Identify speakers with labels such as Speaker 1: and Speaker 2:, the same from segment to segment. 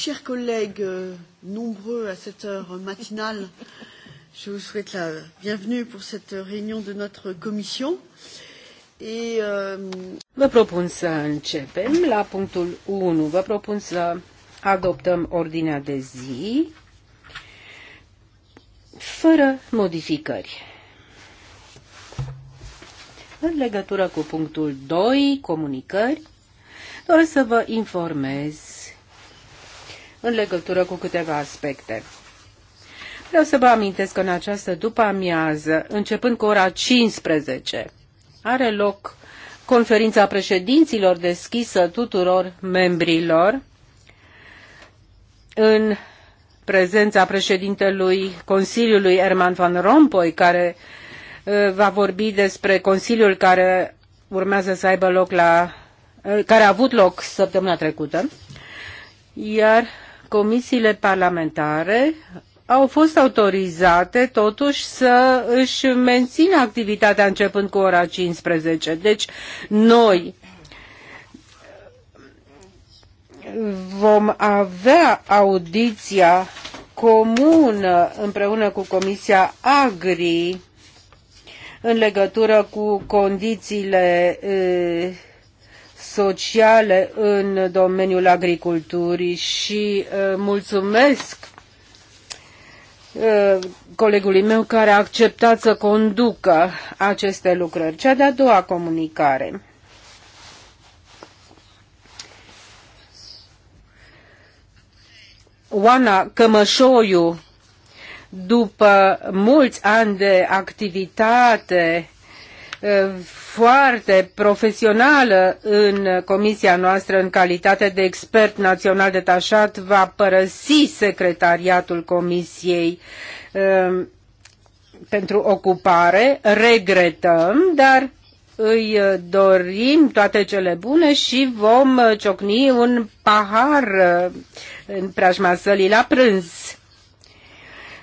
Speaker 1: Chers collègues, euh, nombreux à cette heure matinale, je vous souhaite la bienvenue pour cette réunion de notre commission. Et, uh...
Speaker 2: Vă propun să începem la punctul 1. Vă propun să adoptăm ordinea de zi fără modificări. În legătură cu punctul 2, comunicări, doresc să vă informez în legătură cu câteva aspecte. Vreau să vă amintesc că în această după-amiază, începând cu ora 15, are loc conferința președinților deschisă tuturor membrilor în prezența președintelui Consiliului Herman Van Rompuy, care uh, va vorbi despre Consiliul care urmează să aibă loc la uh, care a avut loc săptămâna trecută, iar comisiile parlamentare au fost autorizate totuși să își mențină activitatea începând cu ora 15. Deci noi vom avea audiția comună împreună cu Comisia Agri în legătură cu condițiile eh, sociale în domeniul agriculturii și uh, mulțumesc uh, colegului meu care a acceptat să conducă aceste lucrări. Cea de-a doua comunicare. Oana Cămășoiu, după mulți ani de activitate uh, foarte profesională în comisia noastră în calitate de expert național detașat va părăsi secretariatul comisiei um, pentru ocupare. Regretăm, dar îi dorim toate cele bune și vom ciocni un pahar în preajma sălii la prânz.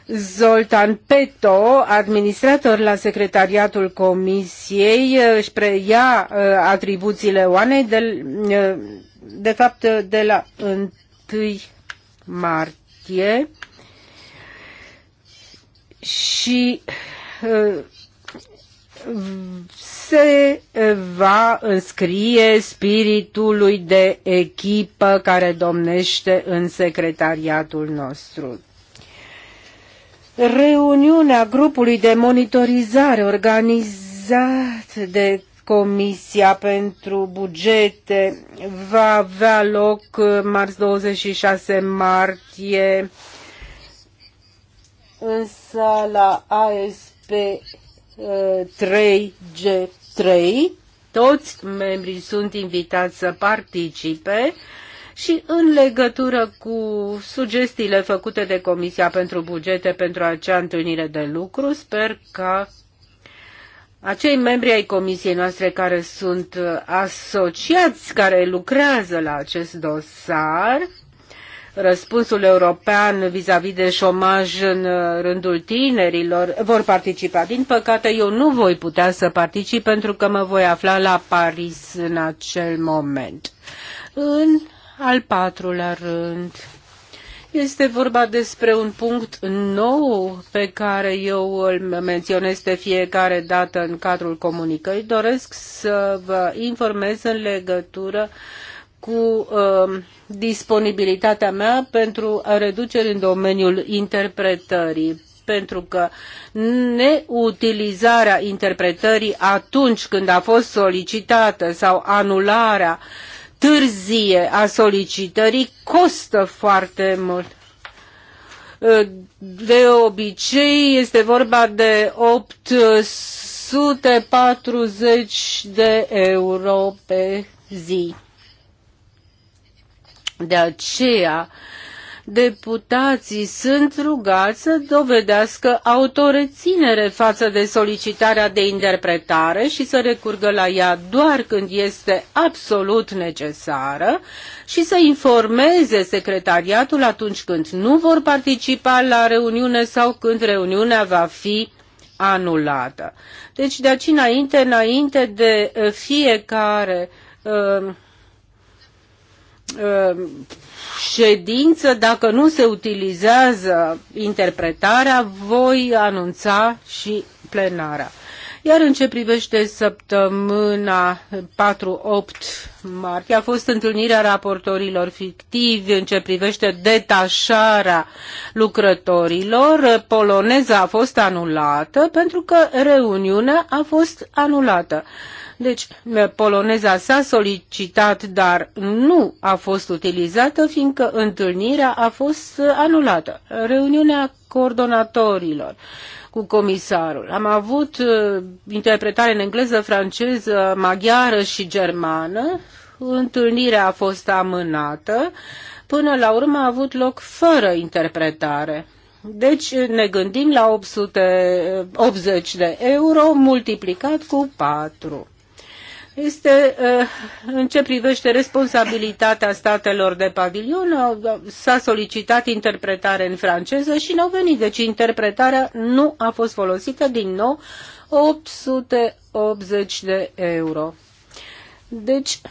Speaker 2: Zoltan Peto, administrator la secretariatul comisiei, își preia ă, atribuțiile Oanei de, ă, de fapt de la 1 martie și ă, se va înscrie spiritului de echipă care domnește în secretariatul nostru. Reuniunea grupului de monitorizare organizat de Comisia pentru Bugete va avea loc uh, marți 26 martie în sala ASP 3G3. Uh, Toți membrii sunt invitați să participe și în legătură cu sugestiile făcute de Comisia pentru Bugete pentru acea întâlnire de lucru. Sper ca acei membri ai comisiei noastre care sunt asociați, care lucrează la acest dosar, răspunsul european vis-a-vis -vis de șomaj în rândul tinerilor vor participa. Din păcate, eu nu voi putea să particip pentru că mă voi afla la Paris în acel moment. În al patrulea rând, este vorba despre un punct nou pe care eu îl menționez de fiecare dată în cadrul comunicării. Doresc să vă informez în legătură cu uh, disponibilitatea mea pentru a reduceri în domeniul interpretării pentru că neutilizarea interpretării atunci când a fost solicitată sau anularea uh, târzie a solicitării costă foarte mult. Ă, de obicei este vorba de 840 de euro pe zi. De aceea deputații sunt rugați să dovedească autoreținere față de solicitarea de interpretare și să recurgă la ea doar când este absolut necesară și să informeze secretariatul atunci când nu vor participa la reuniune sau când reuniunea va fi anulată. Deci de aici înainte, înainte de eh, fiecare uh, Ehm, ședință, dacă nu se utilizează interpretarea, voi anunța și plenara. Iar în ce privește săptămâna 4-8 martie, a fost întâlnirea raportorilor fictivi în ce privește detașarea lucrătorilor. Poloneza a fost anulată pentru că reuniunea a fost anulată. Deci, eh, poloneza s-a solicitat, dar nu a fost utilizată, fiindcă întâlnirea a fost eh, anulată. Reuniunea coordonatorilor cu comisarul. Am avut eh, interpretare în engleză, franceză, maghiară și germană. Întâlnirea a fost amânată. Până la urmă a avut loc fără interpretare. Deci ne gândim la 880 de euro multiplicat cu 4 este eh, în ce privește responsabilitatea statelor de pavilion. S-a solicitat interpretare în franceză și n-au venit, deci interpretarea nu a fost folosită din nou 880 de euro. Deci,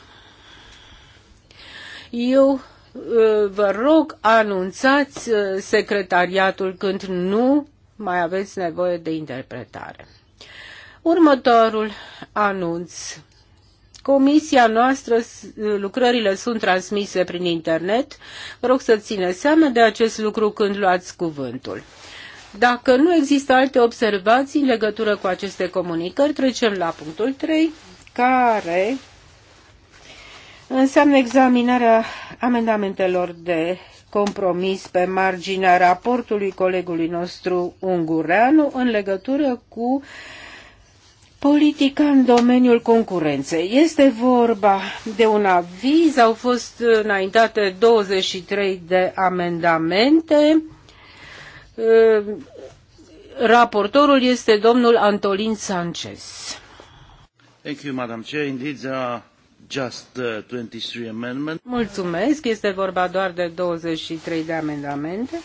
Speaker 2: eu eh, vă rog, anunțați eh, secretariatul când nu mai aveți nevoie de interpretare. Următorul anunț comisia noastră, lucrările sunt transmise prin internet. Vă rog să țineți seama de acest lucru când luați cuvântul. Dacă nu există alte observații în legătură cu aceste comunicări, trecem la punctul 3, care înseamnă examinarea amendamentelor de compromis pe marginea raportului colegului nostru ungureanu în legătură cu uh, Politica în domeniul concurenței. Este vorba de un aviz, au fost înaintate 23 de amendamente. Uh, raportorul este domnul Antolin Sanchez.
Speaker 3: Thank you, Madam Chair. Indeed, there are
Speaker 2: just 23 uh, amendments. Mulțumesc, este vorba doar de 23 de amendamente.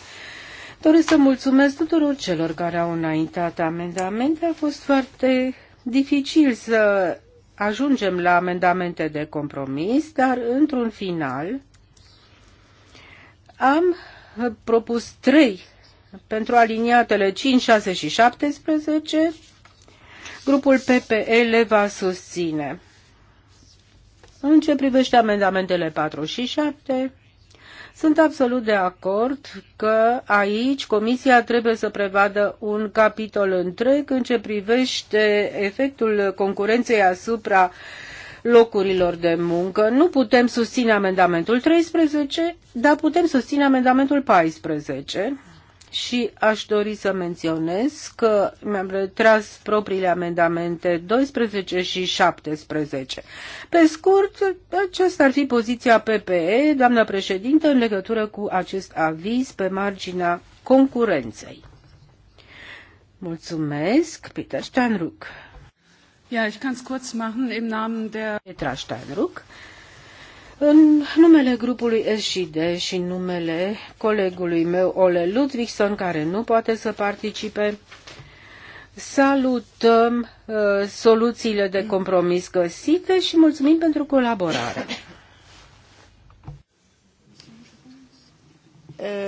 Speaker 2: Doresc să mulțumesc tuturor celor care au înaintat amendamente. A fost foarte dificil să ajungem la amendamente de compromis, dar într-un final am propus trei pentru aliniatele 5, 6 și 17. Grupul PPE le va susține. În ce privește amendamentele 4 și 7, sunt absolut de acord că aici Comisia trebuie să prevadă un capitol întreg în ce privește efectul concurenței asupra locurilor de muncă. Nu putem susține amendamentul 13, dar putem susține amendamentul 14 și aș dori să menționez că mi-am retras propriile amendamente 12 și 17. Pe scurt, aceasta ar fi poziția PPE, doamna președintă, în legătură cu acest aviz pe marginea concurenței. Mulțumesc, Peter Steinruck. Ja, ich kann es kurz machen im Namen der Petra Steinruck. În numele grupului SJD și în numele colegului meu, Ole Ludvigson, care nu poate să participe, salutăm uh, soluțiile de compromis găsite și mulțumim pentru colaborare.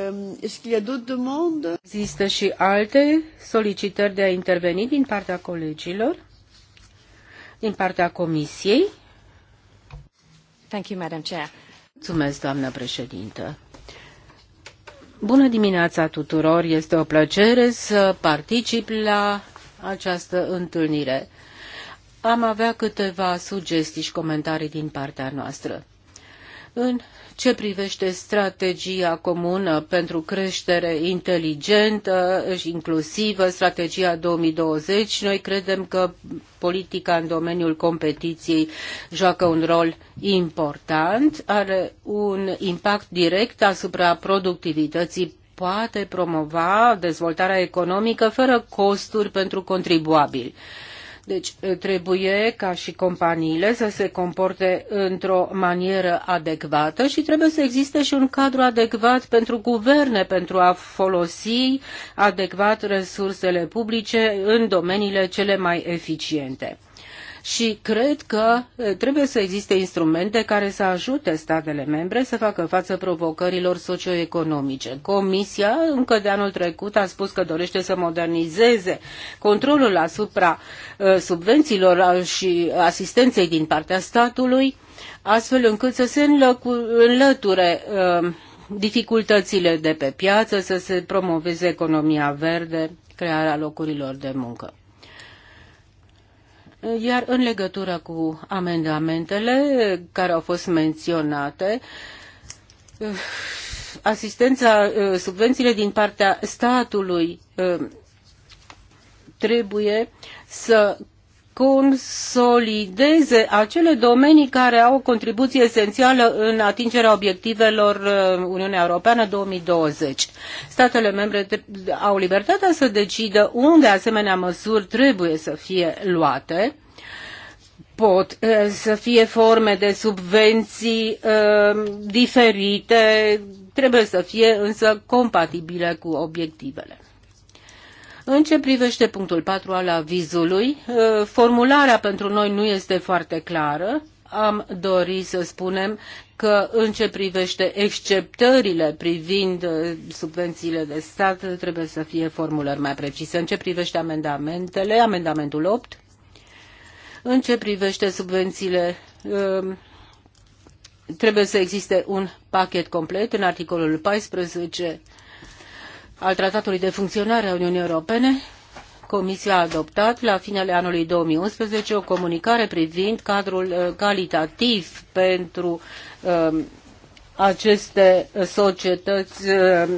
Speaker 2: Um, Există și alte solicitări de a interveni din partea colegilor, din partea comisiei. Mulțumesc, doamnă președintă. Bună dimineața tuturor! Este o plăcere să particip la această întâlnire. Am avea câteva sugestii și comentarii din partea noastră. În ce privește strategia comună pentru creștere inteligentă și inclusivă, strategia 2020, noi credem că politica în domeniul competiției joacă un rol important, are un impact direct asupra productivității poate promova dezvoltarea economică fără costuri pentru contribuabili. Deci trebuie ca și companiile să se comporte într-o manieră adecvată și trebuie să existe și un cadru adecvat pentru guverne pentru a folosi adecvat resursele publice în domeniile cele mai eficiente și cred că trebuie să existe instrumente care să ajute statele membre să facă față provocărilor socioeconomice. Comisia încă de anul trecut a spus că dorește să modernizeze controlul asupra subvențiilor și asistenței din partea statului, astfel încât să se înlăture dificultățile de pe piață, să se promoveze economia verde, crearea locurilor de muncă. Iar în legătură cu amendamentele care au fost menționate, asistența, uh, subvențiile din partea statului uh, trebuie să consolideze acele domenii care au o contribuție esențială în atingerea obiectivelor uh, Uniunea Europeană 2020. Statele membre au libertatea să decidă unde asemenea măsuri trebuie să fie luate. Pot uh, să fie forme de subvenții uh, diferite, trebuie să fie însă compatibile cu obiectivele. În ce privește punctul 4 al avizului, uh, formularea pentru noi nu este foarte clară. Am dorit să spunem că în ce privește exceptările privind uh, subvențiile de stat trebuie să fie formulări mai precise. În ce privește amendamentele, amendamentul 8, în ce privește subvențiile uh, trebuie să existe un pachet complet în articolul 14 al Tratatului de Funcționare a Uniunii Europene, Comisia a adoptat la finele anului 2011 o comunicare privind cadrul uh, calitativ pentru um, aceste societăți, um,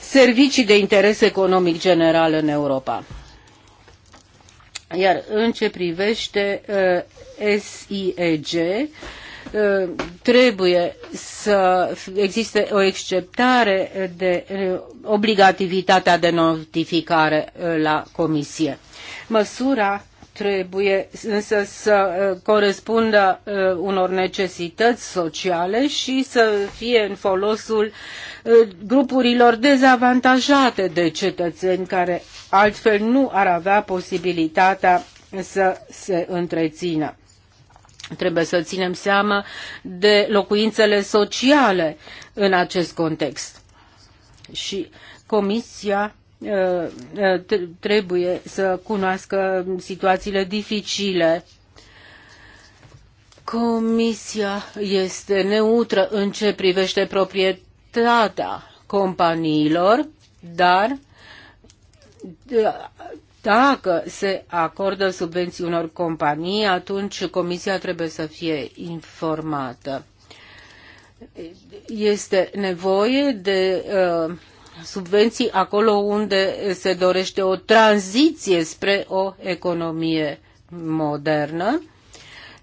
Speaker 2: servicii de interes economic general în Europa. Iar în ce privește uh, SIEG, trebuie să existe o exceptare de eh, obligativitatea de notificare eh, la comisie. Măsura trebuie însă să eh, corespundă unor necesități sociale și să fie în folosul grupurilor dezavantajate de cetățeni care altfel nu ar avea posibilitatea să se întrețină. Trebuie să ținem seama de locuințele sociale în acest context. Și Comisia uh, uh, trebuie să cunoască situațiile dificile. Comisia este neutră în ce privește proprietatea companiilor, dar uh, dacă se acordă subvenții unor companii, atunci comisia trebuie să fie informată. Este nevoie de uh, subvenții acolo unde se dorește o tranziție spre o economie modernă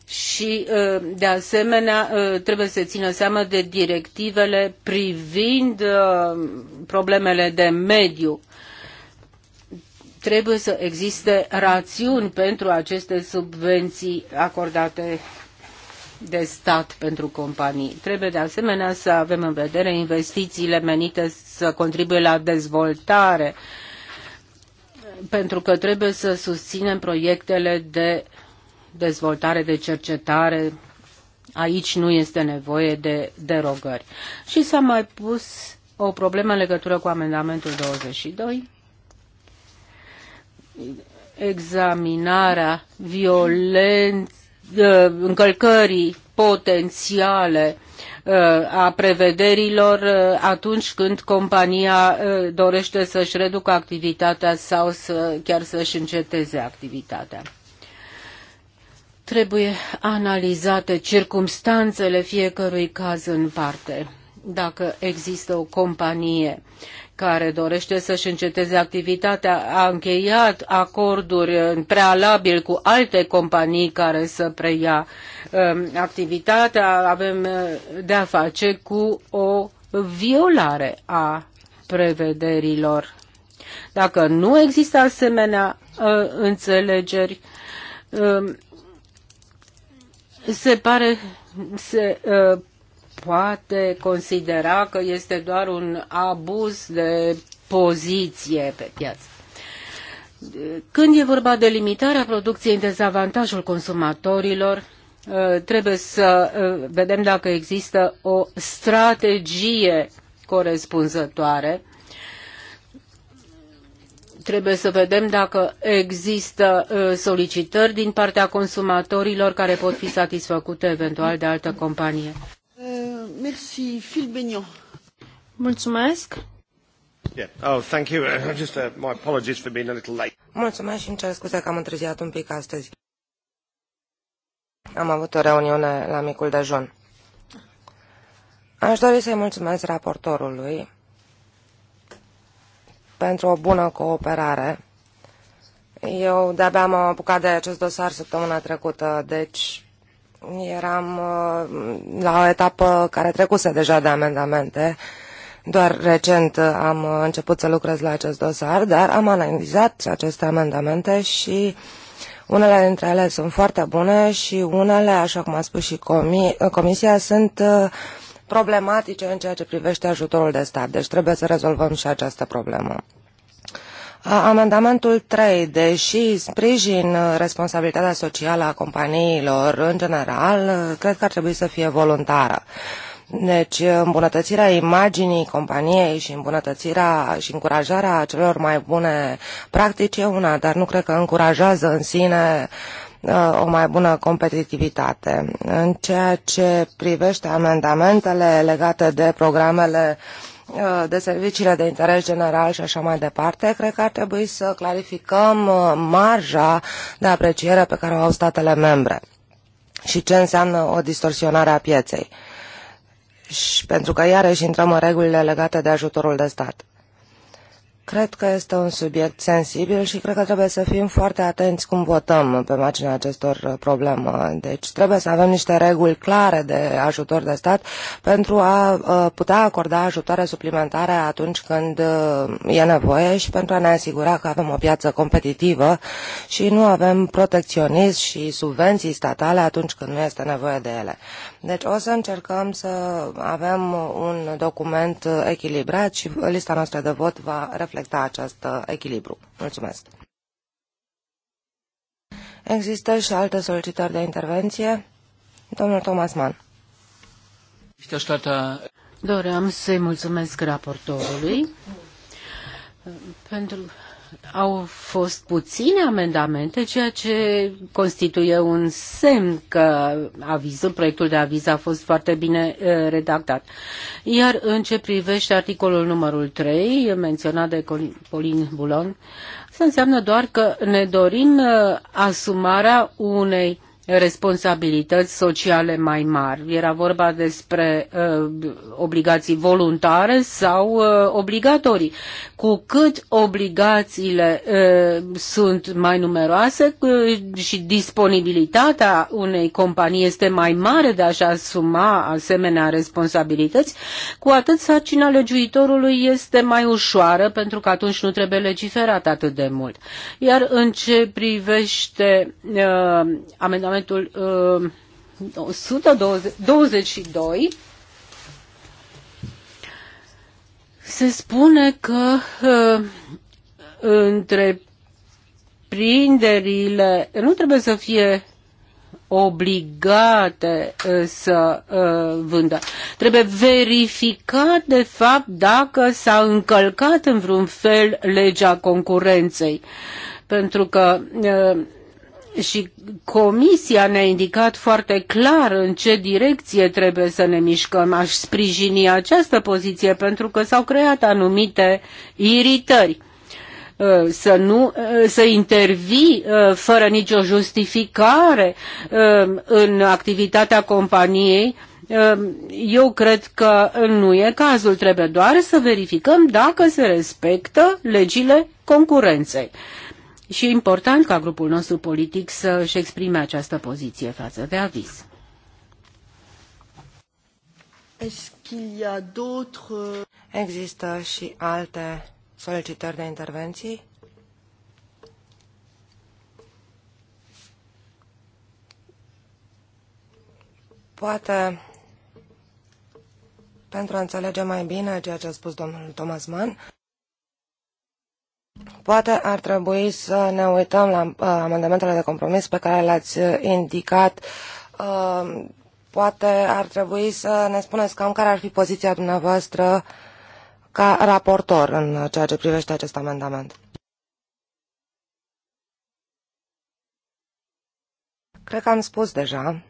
Speaker 2: și, uh, de asemenea, uh, trebuie să țină seama de directivele privind problemele de mediu trebuie să existe rațiuni pentru aceste subvenții acordate de stat pentru companii. Trebuie de asemenea să avem în vedere investițiile menite să contribuie la dezvoltare, pentru că trebuie să susținem proiectele de dezvoltare, de cercetare. Aici nu este nevoie de derogări. Și s-a mai pus o problemă în legătură cu amendamentul 22 examinarea violenței, încălcării potențiale uh, a prevederilor uh, atunci când compania uh, dorește să-și reducă activitatea sau să, chiar să-și înceteze activitatea. Trebuie analizate circumstanțele fiecărui caz în parte. Dacă există o companie care dorește să-și înceteze activitatea a încheiat acorduri în prealabil cu alte companii care să preia um, activitatea, avem uh, de-a face cu o violare a prevederilor. Dacă nu există asemenea uh, înțelegeri, uh, se pare se uh, poate considera că este doar un abuz de poziție pe piață. Când e vorba de limitarea producției în dezavantajul consumatorilor, ă, trebuie să ă, vedem dacă există o strategie corespunzătoare. Trebuie să vedem dacă există ă, solicitări din partea consumatorilor care pot fi satisfăcute eventual de altă companie.
Speaker 1: Merci, Phil Mulțumesc.
Speaker 3: Yeah. Oh, thank you. Uh, just uh, my apologies for being a little late. Mulțumesc și îmi cer scuze că am întârziat un pic astăzi. Am avut o reuniune la micul dejun. Aș dori să-i mulțumesc raportorului pentru o bună cooperare. Eu de-abia m-am apucat de acest dosar săptămâna trecută, deci Eram uh, la o etapă care trecuse deja de amendamente. Doar recent uh, am uh, început să lucrez la acest dosar, dar am analizat aceste amendamente și unele dintre ele sunt foarte bune și unele, așa cum a spus și comi Comisia, sunt problematice în ceea ce privește ajutorul de stat. Deci trebuie să rezolvăm și această problemă. Amendamentul 3, deși sprijin uh, responsabilitatea socială a companiilor în general, uh, cred că ar trebui să fie voluntară. Deci uh, îmbunătățirea imaginii companiei și îmbunătățirea și încurajarea celor mai bune practici e una, dar nu cred că încurajează în sine o mai bună competitivitate. În ceea ce privește amendamentele legate de programele uh, Uh, de serviciile de interes general și așa mai departe, cred că ar trebui să clarificăm uh, marja de apreciere pe care o au statele membre și ce înseamnă o distorsionare a pieței. Și pentru că iarăși intrăm în regulile legate de ajutorul de stat. Cred că este un subiect sensibil și cred că trebuie să fim foarte atenți cum votăm pe marginea acestor uh, probleme. Deci trebuie să avem niște reguli clare de ajutor de stat pentru a uh, putea acorda ajutoare suplimentare atunci când uh, e nevoie și pentru a ne asigura că avem o piață competitivă și nu avem protecționism și subvenții statale atunci când nu este nevoie de ele. Deci o să încercăm să avem un document echilibrat și lista noastră de vot va reflecta acest echilibru. Mulțumesc! Există și alte solicitări de intervenție? Domnul Thomas Mann. Doream să-i mulțumesc raportorului
Speaker 2: pentru au fost puține amendamente, ceea ce constituie un semn că avizul, proiectul de aviz a fost foarte bine uh, redactat. Iar în ce privește articolul numărul 3, menționat de Colin Bulon, se înseamnă doar că ne dorim uh, asumarea unei responsabilități sociale mai mari. Era vorba despre uh, obligații voluntare sau uh, obligatorii. Cu cât obligațiile uh, sunt mai numeroase uh, și disponibilitatea unei companii este mai mare de a-și asuma asemenea responsabilități, cu atât sarcina legiuitorului este mai ușoară pentru că atunci nu trebuie legiferat atât de mult. Iar în ce privește uh, amendamentul uh, 122 se spune că uh, întreprinderile nu trebuie să fie obligate uh, să uh, vândă. Trebuie verificat, de fapt, dacă s-a încălcat în vreun fel legea concurenței. Pentru că și Comisia ne-a indicat foarte clar în ce direcție trebuie să ne mișcăm. Aș sprijini această poziție pentru că s-au creat anumite iritări uh, să, nu, uh, să intervii uh, fără nicio justificare în activitatea companiei, eu cred că nu e cazul. Trebuie doar să verificăm dacă se respectă legile concurenței și e important ca grupul nostru politic să își exprime această poziție față de avis.
Speaker 3: Există și alte solicitări de intervenții? Poate pentru a înțelege mai bine ceea ce a spus domnul Thomas Mann, Poate ar trebui să ne uităm la uh, amendamentele de compromis pe care le-ați uh, indicat. Uh, poate ar trebui să ne spuneți cam care ar fi poziția dumneavoastră ca raportor în ceea ce privește acest amendament. Cred că am spus deja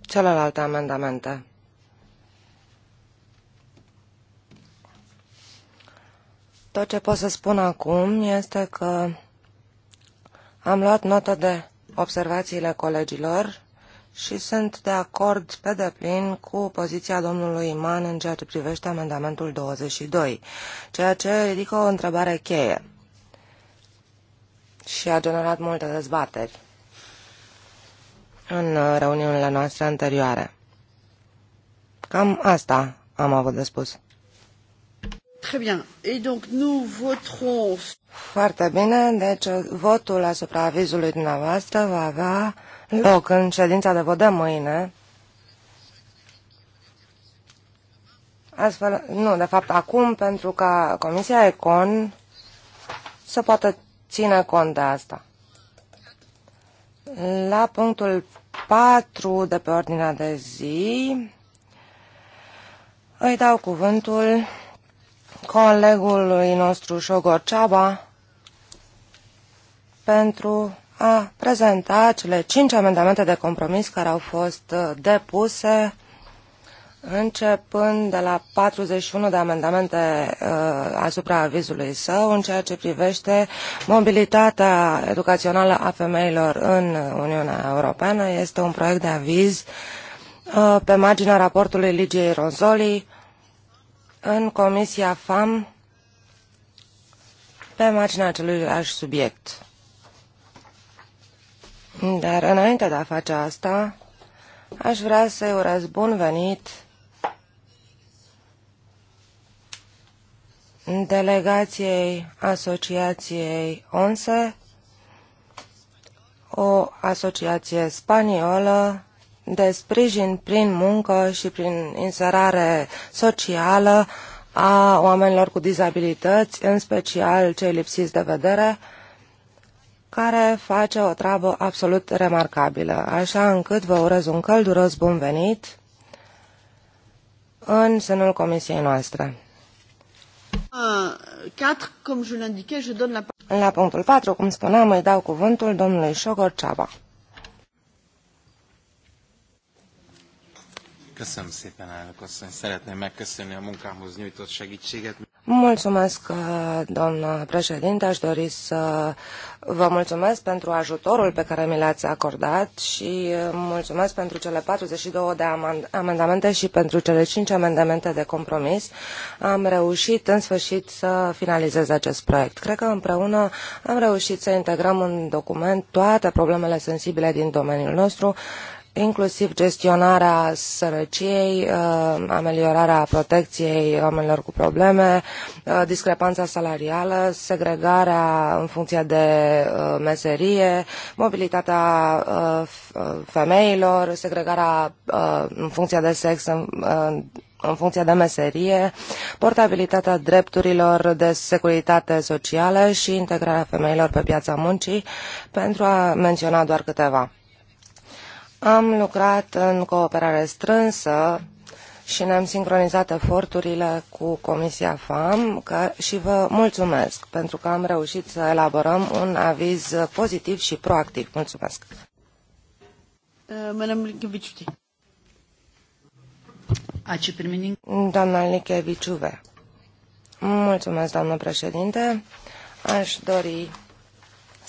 Speaker 3: celelalte amendamente. Tot ce pot să spun acum este că am luat notă de observațiile colegilor și sunt de acord pe deplin cu poziția domnului Iman în ceea ce privește amendamentul 22, ceea ce ridică o întrebare cheie și a generat multe dezbateri în reuniunile noastre anterioare. Cam asta am avut de spus.
Speaker 2: Très bien. Et donc nous voterons...
Speaker 3: Foarte bine, deci uh, votul asupra avizului dumneavoastră va avea loc în ședința de vot de mâine. Astfel, nu, de fapt acum, pentru ca Comisia Econ să poată ține cont de asta. La punctul 4 de pe ordinea de zi, îi dau cuvântul colegului nostru Șogor Ceaba pentru a prezenta cele cinci amendamente de compromis care au fost uh, depuse, începând de la 41 de amendamente uh, asupra avizului său în ceea ce privește mobilitatea educațională a femeilor în Uniunea Europeană. Este un proiect de aviz uh, pe marginea raportului Ligiei Ronzoli, în Comisia FAM pe marginea acelui subiect. Dar înainte de a face asta, aș vrea să-i urez bun venit delegației Asociației ONSE, o asociație spaniolă de sprijin prin muncă și prin inserare socială a oamenilor cu dizabilități, în special cei lipsiți de vedere, care face o treabă absolut remarcabilă, așa încât vă urez un călduros bun venit în sânul comisiei noastre.
Speaker 2: Uh,
Speaker 3: la punctul 4, cum spuneam, îi dau cuvântul domnului Șogor Ceaba.
Speaker 4: Köszönöm szépen, elnök asszony. Szeretném megköszönni a munkámhoz nyújtott segítséget.
Speaker 3: Mulțumesc, uh, doamnă președinte. Aș dori să uh, vă mulțumesc pentru ajutorul pe care mi l-ați acordat și uh, mulțumesc pentru cele 42 de amendamente și pentru cele 5 amendamente de compromis. Am reușit în sfârșit să finalizez acest proiect. Cred că împreună am reușit să integrăm în document toate problemele sensibile din domeniul nostru inclusiv gestionarea sărăciei, uh, ameliorarea protecției oamenilor cu probleme, uh, discrepanța salarială, segregarea în funcție de uh, meserie, mobilitatea femeilor, segregarea în funcție de sex, în funcție de meserie, portabilitatea drepturilor de securitate socială și integrarea femeilor pe piața muncii, pentru a menționa doar câteva. Am lucrat în cooperare strânsă și ne-am sincronizat eforturile cu Comisia FAM și vă mulțumesc pentru că am reușit să elaborăm un aviz pozitiv și proactiv. Mulțumesc!
Speaker 2: Uh,
Speaker 3: Doamna Licheviciuve, mulțumesc, doamnă președinte. Aș dori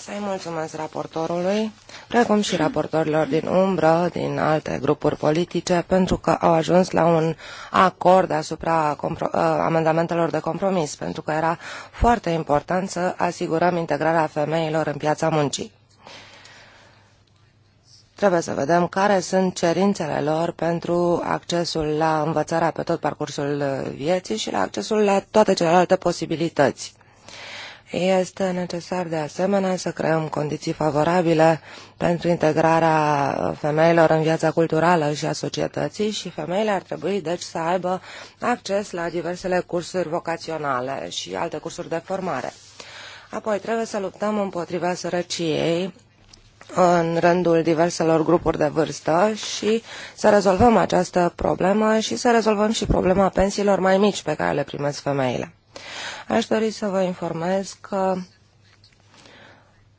Speaker 3: să-i mulțumesc raportorului, precum și raportorilor din umbră, din alte grupuri politice, pentru că au ajuns la un acord asupra ă, amendamentelor de compromis, pentru că era foarte important să asigurăm integrarea femeilor în piața muncii. Trebuie să vedem care sunt cerințele lor pentru accesul la învățarea pe tot parcursul vieții și la accesul la toate celelalte posibilități este necesar de asemenea să creăm condiții favorabile pentru integrarea femeilor în viața culturală și a societății și femeile ar trebui deci să aibă acces la diversele cursuri vocaționale și alte cursuri de formare. Apoi trebuie să luptăm împotriva sărăciei în rândul diverselor grupuri de vârstă și să rezolvăm această problemă și să rezolvăm și problema pensiilor mai mici pe care le primesc femeile. Aș dori să vă informez că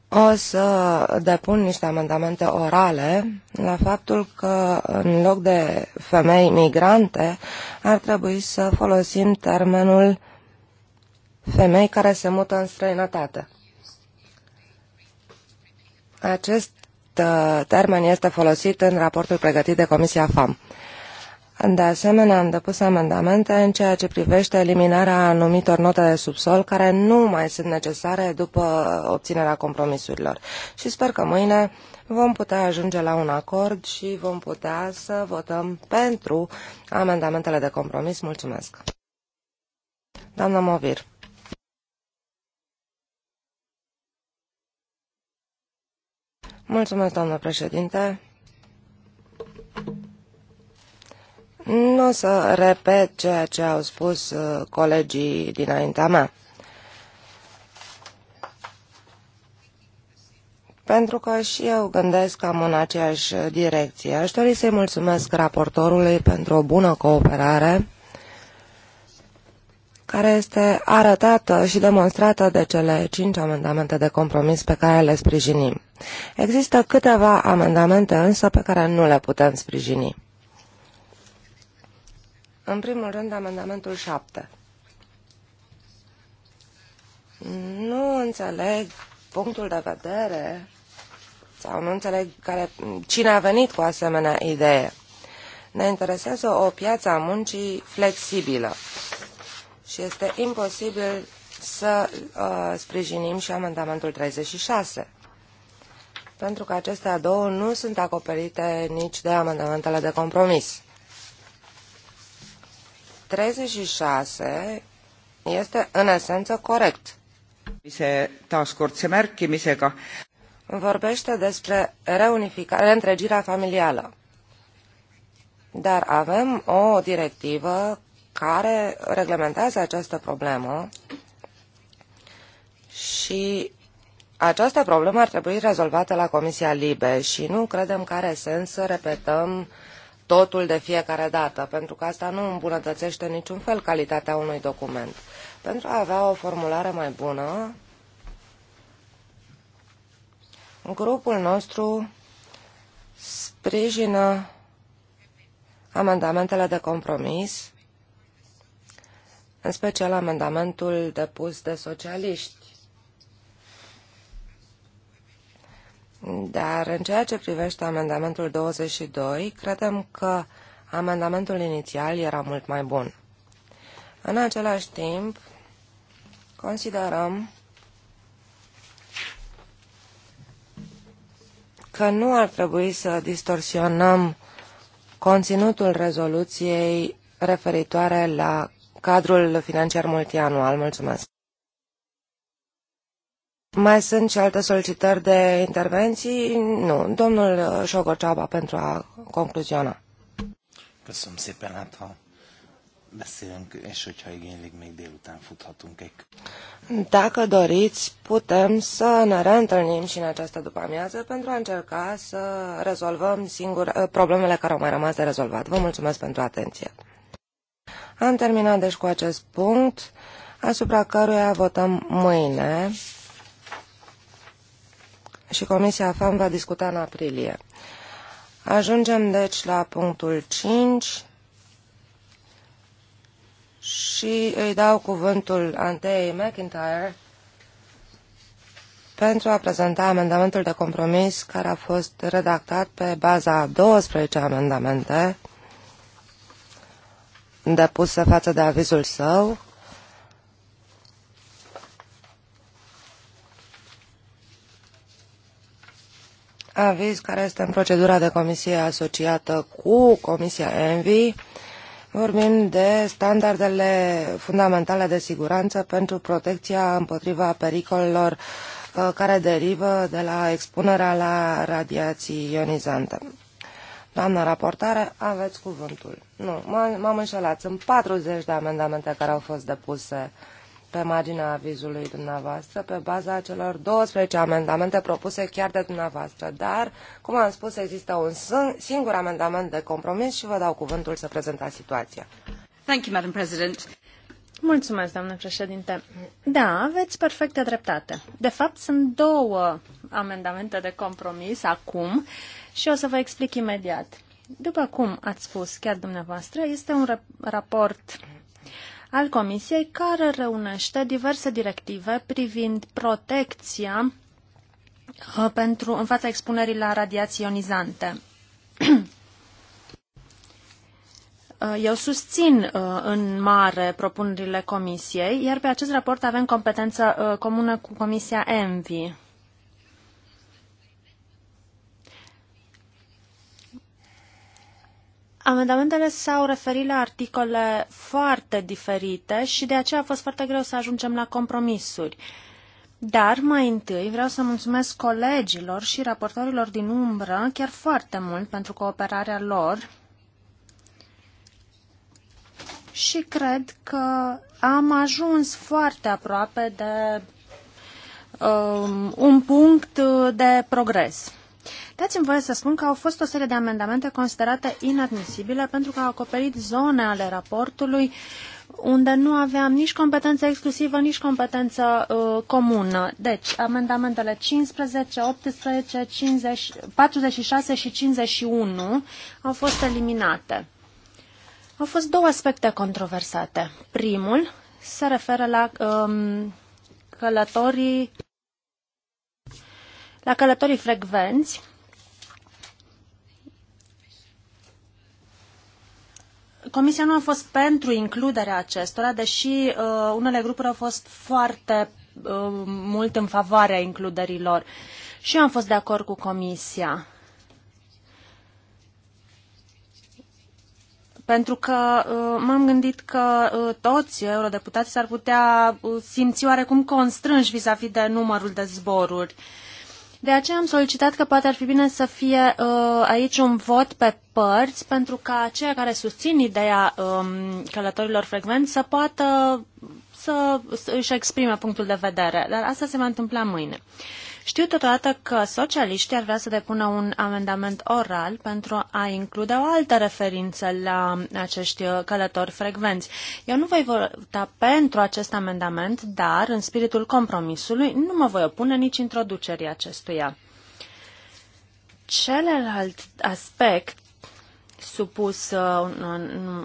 Speaker 3: o să depun niște amendamente orale la faptul că în loc de femei migrante ar trebui să folosim termenul femei care se mută în străinătate. Acest uh, termen este folosit în raportul pregătit de Comisia FAM. De asemenea, am depus amendamente în ceea ce privește eliminarea anumitor note de subsol care nu mai sunt necesare după obținerea compromisurilor. Și sper că mâine vom putea ajunge la un acord și vom putea să votăm pentru amendamentele de compromis. Mulțumesc! Doamna Movir. Mulțumesc, doamnă președinte. Nu o să repet ceea ce au spus uh, colegii dinaintea mea. pentru că și eu gândesc cam în aceeași direcție. Aș dori să-i mulțumesc raportorului pentru o bună cooperare care este arătată și demonstrată de cele cinci amendamente de compromis pe care le sprijinim. Există câteva amendamente însă pe care nu le putem sprijini. În primul rând, amendamentul 7. Nu înțeleg punctul de vedere sau nu înțeleg care, cine a venit cu asemenea idee. Ne interesează o piață a muncii flexibilă și este imposibil să uh, sprijinim și amendamentul 36, pentru că acestea două nu sunt acoperite nici de amendamentele de compromis. 36 este în esență corect. Vorbește despre reunificare, întregirea familială. Dar avem o directivă care reglementează această problemă și această problemă ar trebui rezolvată la Comisia Libe și nu credem că are sens să repetăm uh, totul de fiecare dată, pentru că asta nu îmbunătățește niciun fel calitatea unui document. Pentru a avea o formulare mai bună, grupul nostru sprijină amendamentele de compromis, în special amendamentul depus de socialiști, Dar în ceea ce privește amendamentul 22, credem că amendamentul inițial era mult mai bun. În același timp, considerăm că nu ar trebui să distorsionăm conținutul rezoluției referitoare la cadrul financiar multianual. Mulțumesc! Mai sunt și alte solicitări de intervenții? Nu. Domnul uh, Șogoceaba pentru a concluziona. Köszönöm szépen, hát ha beszélünk, és hogyha igénylik, még délután futhatunk egy... Dacă doriți, putem să ne reîntâlnim și în această după-amiază pentru a încerca să rezolvăm singur uh, problemele care au mai rămas de rezolvat. Vă mulțumesc pentru atenție. Am terminat deci cu acest punct, asupra căruia votăm mâine și Comisia FAM va discuta în aprilie. Ajungem deci la punctul 5 și îi dau cuvântul Antei McIntyre pentru a prezenta amendamentul de compromis care a fost redactat pe baza 12 amendamente depuse față de avizul său aviz care este în procedura de comisie asociată cu Comisia ENVI. Vorbim de standardele fundamentale de siguranță pentru protecția împotriva pericolelor uh, care derivă de la expunerea la radiații ionizante. Doamna raportare, aveți cuvântul. Nu, m-am înșelat. Sunt 40 de amendamente care au fost depuse uh, pe marginea avizului dumneavoastră, pe baza celor 12 amendamente propuse chiar de dumneavoastră. Dar, cum am spus, există un singur amendament de compromis și vă dau cuvântul să prezentați situația.
Speaker 1: Thank you, Madam President. Mulțumesc, doamnă președinte.
Speaker 3: Da, aveți perfectă dreptate.
Speaker 1: De fapt, sunt două amendamente de compromis acum și o să vă explic imediat. După cum ați spus chiar dumneavoastră, este un raport al Comisiei care reunește diverse directive privind protecția uh, pentru, în fața expunerii la radiații ionizante. Uh, eu susțin uh, în mare propunerile Comisiei, iar pe acest raport avem competență comună cu Comisia ENVI. Amendamentele s-au referit la articole foarte diferite și de aceea a fost foarte greu să ajungem la compromisuri. Dar, mai întâi, vreau să mulțumesc colegilor și raportorilor din umbră chiar foarte mult pentru cooperarea lor și cred că am ajuns foarte aproape de um, un punct de progres. Dați-mi voie să spun că au fost o serie de amendamente considerate inadmisibile pentru că au acoperit zone ale raportului unde nu aveam nici competență exclusivă, nici competență uh, comună. Deci, amendamentele 15, 18, 50, 46 și 51 au fost eliminate. Au fost două aspecte controversate. Primul se referă la um, călătorii la călătorii frecvenți, Comisia nu a fost pentru includerea acestora, deși uh, unele grupuri au fost foarte uh, mult în favoarea includerilor. Și eu am fost de acord cu Comisia. Pentru că uh, m-am gândit că uh, toți eurodeputații s-ar putea uh, simți oarecum constrânși vis-a-vis -vis de numărul de zboruri. Uh, de aceea am solicitat că poate ar fi bine să fie uh, aici un vot pe părți, pentru ca aceia care susțin ideea um, călătorilor frecvenți să poată să își exprime punctul de vedere. Dar asta se va întâmpla mâine. Uh, știu totodată că socialiștii ar vrea să depună un amendament oral pentru a include o altă referință la acești uh, călători frecvenți. Eu nu voi vota pentru acest amendament, dar, în spiritul compromisului, nu mă voi opune nici introducerii acestuia. Celălalt aspect supus uh,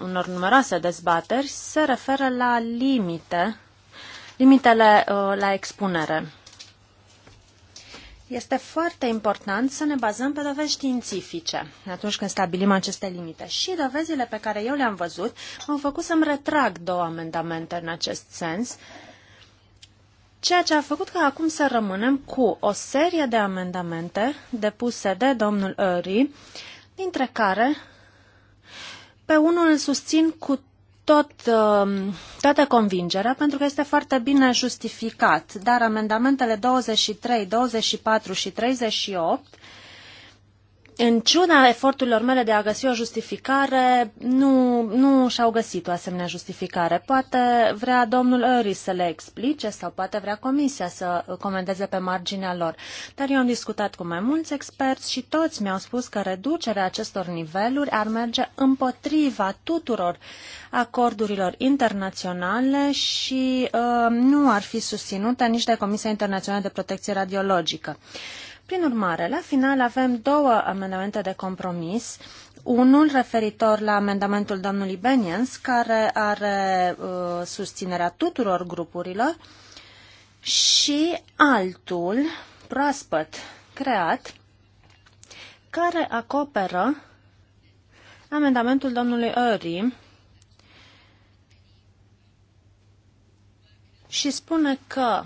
Speaker 1: unor numeroase dezbateri se referă la limite, limitele uh, la expunere. Este foarte important să ne bazăm pe dovezi științifice atunci când stabilim aceste limite. Și dovezile pe care eu le-am văzut m-au făcut să-mi retrag două amendamente în acest sens, ceea ce a făcut ca acum să rămânem cu o serie de amendamente depuse de domnul Ori, dintre care pe unul îl susțin cu tot, um, toată convingerea pentru că este foarte bine justificat, dar amendamentele 23, 24 și 38 în ciuna eforturilor mele de a găsi o justificare, nu, nu și-au găsit o asemenea justificare. Poate vrea domnul Ori să le explice sau poate vrea comisia să comenteze pe marginea lor. Dar eu am discutat cu mai mulți experți și toți mi-au spus că reducerea acestor niveluri ar merge împotriva tuturor acordurilor internaționale și uh, nu ar fi susținută nici de Comisia Internațională de Protecție Radiologică. Uh, prin urmare, la final avem două amendamente de compromis. Unul referitor la amendamentul domnului Benians, care are uh, susținerea tuturor grupurilor, și altul proaspăt creat, care acoperă amendamentul domnului Ori și spune că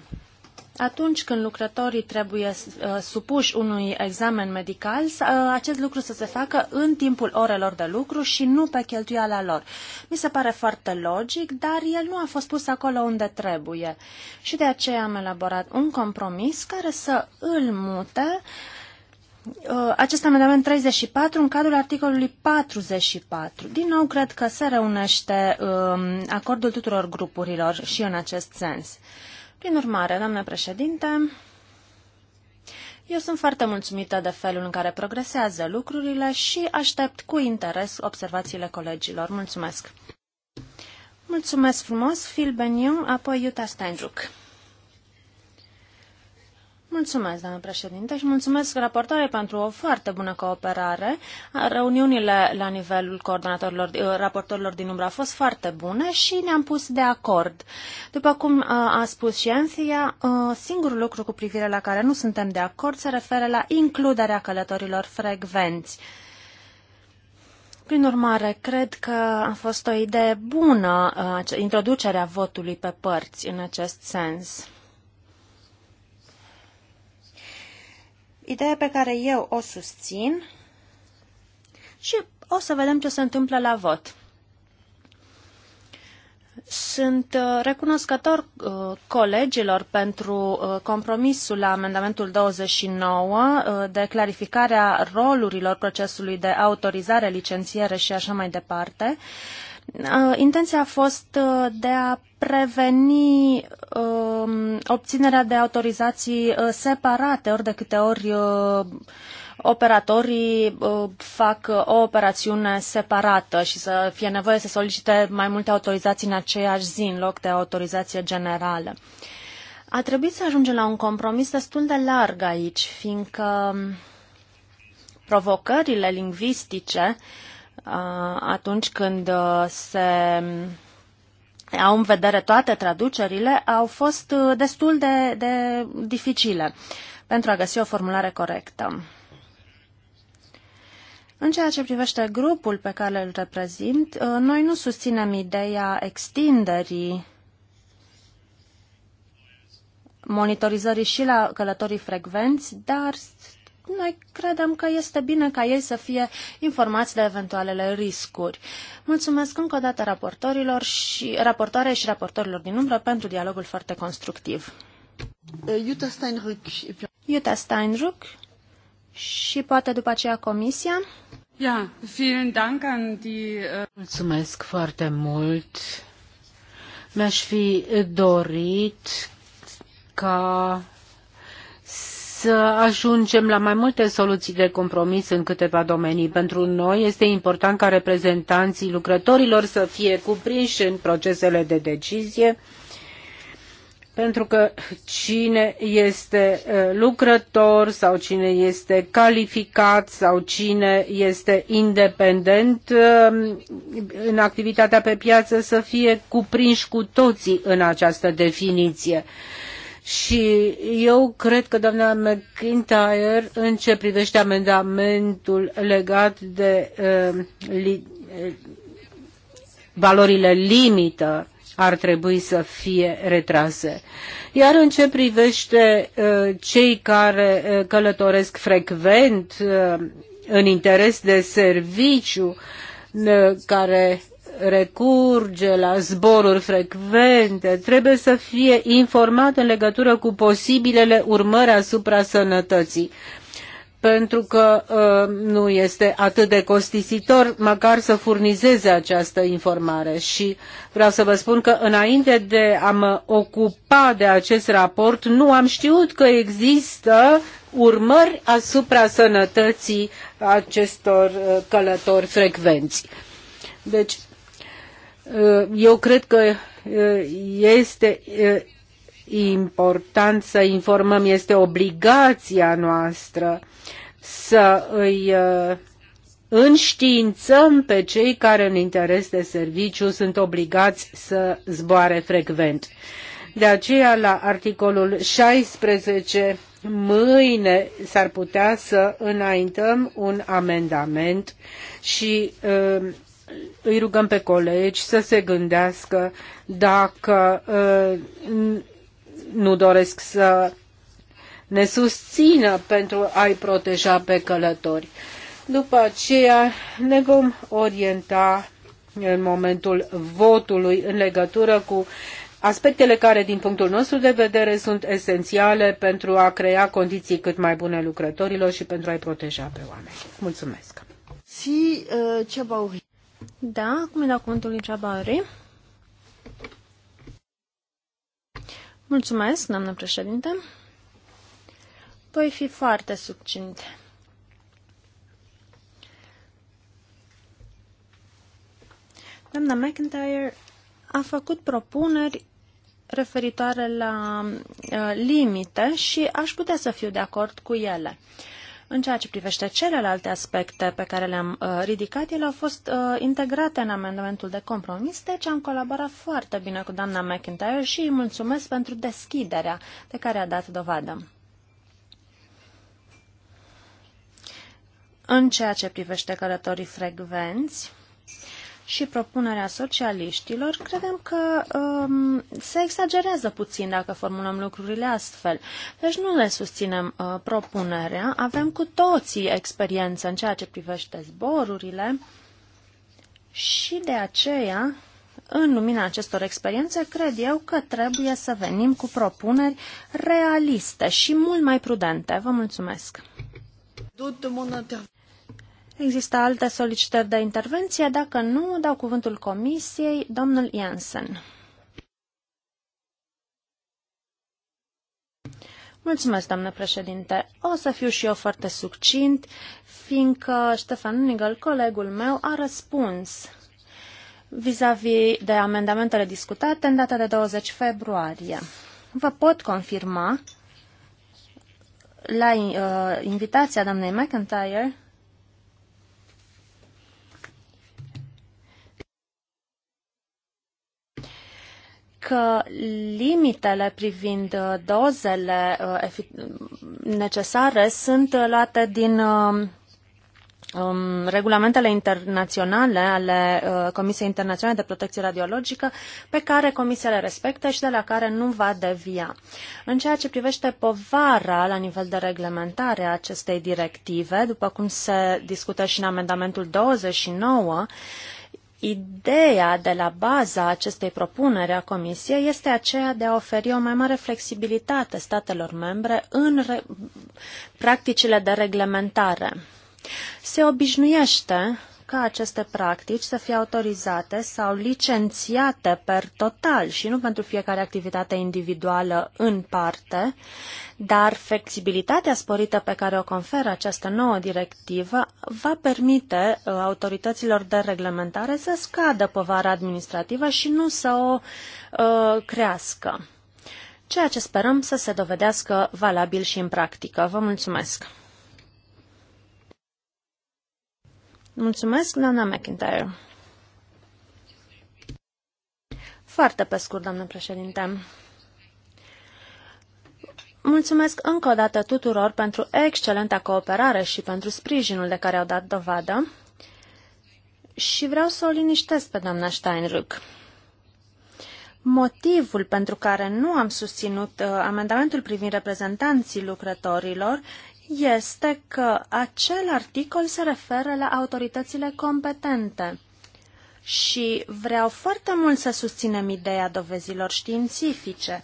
Speaker 1: atunci când lucrătorii trebuie uh, supuși unui examen medical, uh, acest lucru să se facă în timpul orelor de lucru și nu pe cheltuiala lor. Mi se pare foarte logic, dar el nu a fost pus acolo unde trebuie. Și de aceea am elaborat un compromis care să îl mute uh, acest amendament 34 în cadrul articolului 44. Din nou, cred că se reunește um, acordul tuturor grupurilor și în acest sens. Prin urmare, doamnă președinte, eu sunt foarte mulțumită de felul în care progresează lucrurile și aștept cu interes observațiile colegilor. Mulțumesc! Mulțumesc frumos, Phil Benion, apoi Iuta Steinruck. Mulțumesc, doamnă președinte, și mulțumesc raportoare pentru o foarte bună cooperare. Reuniunile la nivelul coordonatorilor, eh, raportorilor din umbră au fost foarte bune și ne-am pus de acord. După cum eh, a spus și Anthea, eh, singurul lucru cu privire la care nu suntem de acord se referă la includerea călătorilor frecvenți. Prin urmare, cred că a fost o idee bună introducerea votului pe părți în acest sens. idee pe care eu o susțin și o să vedem ce se întâmplă la vot. Sunt uh, recunoscător uh, colegilor pentru uh, compromisul la amendamentul 29 de clarificarea rolurilor procesului de autorizare, licențiere și așa mai departe Uh, intenția a fost uh, de a preveni um, obținerea de autorizații uh, separate ori de câte ori operatorii fac o operațiune separată și să fie nevoie să solicite mai multe autorizații în aceeași zi în loc de autorizație generală. A trebuit să ajungem la un compromis destul de larg aici, fiindcă um, provocările lingvistice uh, Uh, atunci când uh, se au în vedere toate traducerile, au fost uh, destul de, de dificile pentru a găsi o formulare corectă. În ceea ce privește grupul pe care îl reprezint, noi nu susținem ideea extinderii monitorizării și la călătorii frecvenți, dar noi credem că este bine ca ei să fie informați de eventualele riscuri. Mulțumesc încă o dată raportorilor și raportoare și raportorilor din umbră pentru dialogul foarte constructiv. Iuta uh, Steinruck. Iuta Steinruck și poate după aceea comisia. Ja,
Speaker 2: vielen Dank an die... Uh, Mulțumesc foarte mult. Mi-aș fi dorit ca să ajungem la mai multe soluții de compromis în câteva domenii. Pentru noi este important ca reprezentanții lucrătorilor să fie cuprinși în procesele de decizie, pentru că cine este uh, lucrător sau cine este calificat sau cine este independent uh, în activitatea pe piață să fie cuprinși cu toții în această definiție. Și eu cred că doamna McIntyre, în ce privește amendamentul legat de uh, li, uh, valorile limită, ar trebui să fie retrase. Iar în ce privește uh, cei care uh, călătoresc frecvent uh, în interes de serviciu, uh, care recurge la zboruri frecvente, trebuie să fie informat în legătură cu posibilele urmări asupra sănătății pentru că uh, nu este atât de costisitor măcar să furnizeze această informare. Și vreau să vă spun că înainte de a mă ocupa de acest raport, nu am știut că există urmări asupra sănătății acestor uh, călători frecvenți. Deci, Eh, eu cred că eh, este eh, important să informăm, este obligația noastră să îi înștiințăm pe cei care în interes de serviciu sunt obligați să zboare frecvent. De aceea, la articolul 16, mâine s-ar putea să înaintăm un amendament și uh, îi rugăm pe colegi să se gândească dacă ă, nu doresc să ne susțină pentru a-i proteja pe călători. După aceea ne vom orienta în momentul votului în legătură cu aspectele care, din punctul nostru de vedere, sunt esențiale pentru a crea condiții cât mai bune lucrătorilor și pentru a-i proteja pe oameni. Mulțumesc!
Speaker 1: Si, uh, da, acum e la cuvântul lui Jabari. Mulțumesc, doamnă președinte. Voi fi foarte succint. Doamna McIntyre a făcut propuneri referitoare la uh, limite și aș putea să fiu de acord cu ele. Uh, în ceea ce privește celelalte aspecte pe care le-am uh, ridicat, ele au fost uh, integrate în amendamentul de compromis, deci am colaborat foarte bine cu doamna McIntyre și îi mulțumesc pentru deschiderea de care a dat dovadă. În ceea ce privește călătorii frecvenți, și propunerea socialiștilor, credem că um, se exagerează puțin dacă formulăm lucrurile astfel. Deci nu le susținem uh, propunerea, avem cu toții experiență în ceea ce privește zborurile și de aceea în lumina acestor experiențe, cred eu că trebuie să venim cu propuneri realiste și mult mai prudente. Vă mulțumesc! Există alte solicitări de intervenție? Dacă nu, dau cuvântul comisiei, domnul Jansen. Mulțumesc, doamnă președinte. O să fiu și eu foarte succint, fiindcă Ștefan Nigel, colegul meu, a răspuns vis-a-vis -vis de amendamentele discutate în data de 20 februarie. Vă pot confirma la uh, invitația doamnei McIntyre că limitele privind uh, dozele uh, necesare sunt uh, luate din um, um, regulamentele internaționale ale Comisiei Internaționale de Protecție Radiologică pe care Comisia le respectă și de la care nu va devia. În ceea ce privește povara la nivel de reglementare a acestei directive, după cum se discută și în amendamentul 29, Ideea de la baza acestei propuneri a Comisiei este aceea de a oferi o mai mare flexibilitate statelor membre în practicile de reglementare. Se obișnuiește ca aceste practici să fie autorizate sau licențiate per total și nu pentru fiecare activitate individuală în parte, dar flexibilitatea sporită pe care o conferă această nouă directivă va permite uh, autorităților de reglementare să scadă povara administrativă și nu să o uh, crească ceea ce sperăm să se dovedească valabil și în practică. Vă mulțumesc! Mulțumesc, doamna McIntyre. Foarte pe scurt, doamnă președinte. Mulțumesc încă o dată tuturor pentru excelenta cooperare și pentru sprijinul de care au dat dovadă și vreau să o liniștesc pe doamna Steinrück. Motivul pentru care nu am susținut uh, amendamentul privind reprezentanții lucrătorilor este că acel articol se referă la autoritățile competente și vreau foarte mult să susținem ideea dovezilor științifice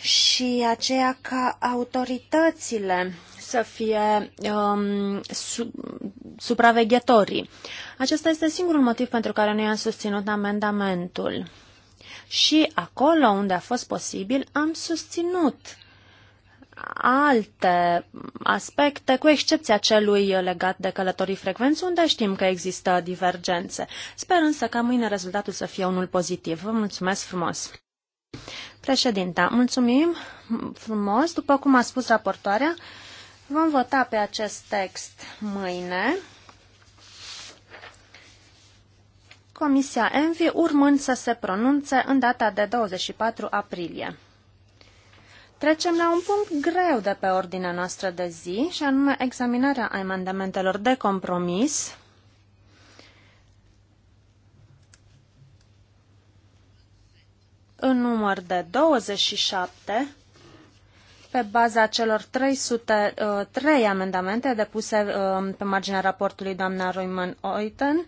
Speaker 1: și aceea ca autoritățile să fie um, su- supraveghetorii. Acesta este singurul motiv pentru care noi am susținut amendamentul. Și acolo unde a fost posibil, am susținut alte aspecte, cu excepția celui legat de călătorii frecvenți, unde știm că există divergențe. Sper însă ca mâine rezultatul să fie unul pozitiv. Vă mulțumesc frumos! Președinta, mulțumim frumos. După cum a spus raportoarea, vom vota pe acest text mâine. Comisia Envi urmând să se pronunțe în data de 24 aprilie. Trecem la un punct greu de pe ordinea noastră de zi, și anume examinarea amendamentelor de compromis. în număr de 27 pe baza celor 303 uh, amendamente depuse uh, pe marginea raportului doamna Roiman Oiten,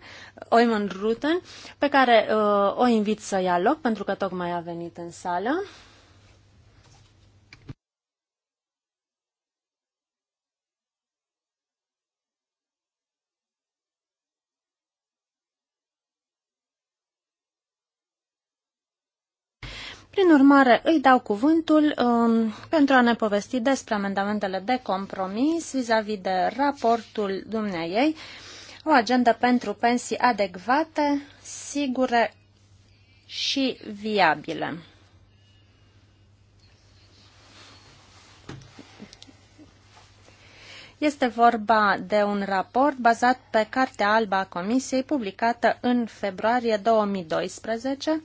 Speaker 1: Oiman Ruten, pe care uh, o invit să ia loc pentru că tocmai a venit în sală. Prin urmare, îi dau cuvântul um, pentru a ne povesti despre amendamentele de compromis vis-a-vis -vis de raportul dumneaei, o agendă pentru pensii adecvate, sigure și viabile. Este vorba de un raport bazat pe Cartea Albă a Comisiei publicată în februarie 2012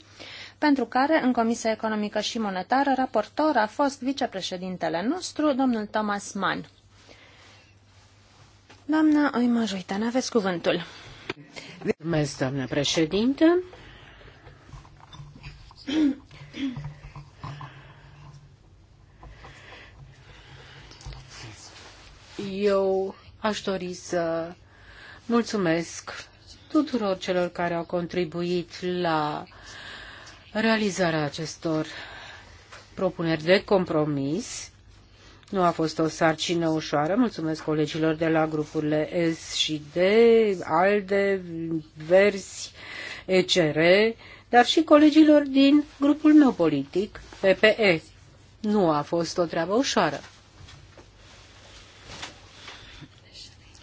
Speaker 1: pentru care, în Comisia Economică și Monetară, raportor a fost vicepreședintele nostru, domnul Thomas Mann. Doamna Oima Joitan, aveți cuvântul.
Speaker 2: Mulțumesc, doamnă președinte. Eu aș dori să mulțumesc tuturor celor care au contribuit la Realizarea acestor propuneri de compromis nu a fost o sarcină ușoară. Mulțumesc colegilor de la grupurile S și D, ALDE, Verzi, ECR, dar și colegilor din grupul meu politic, PPE. Nu a fost o treabă ușoară.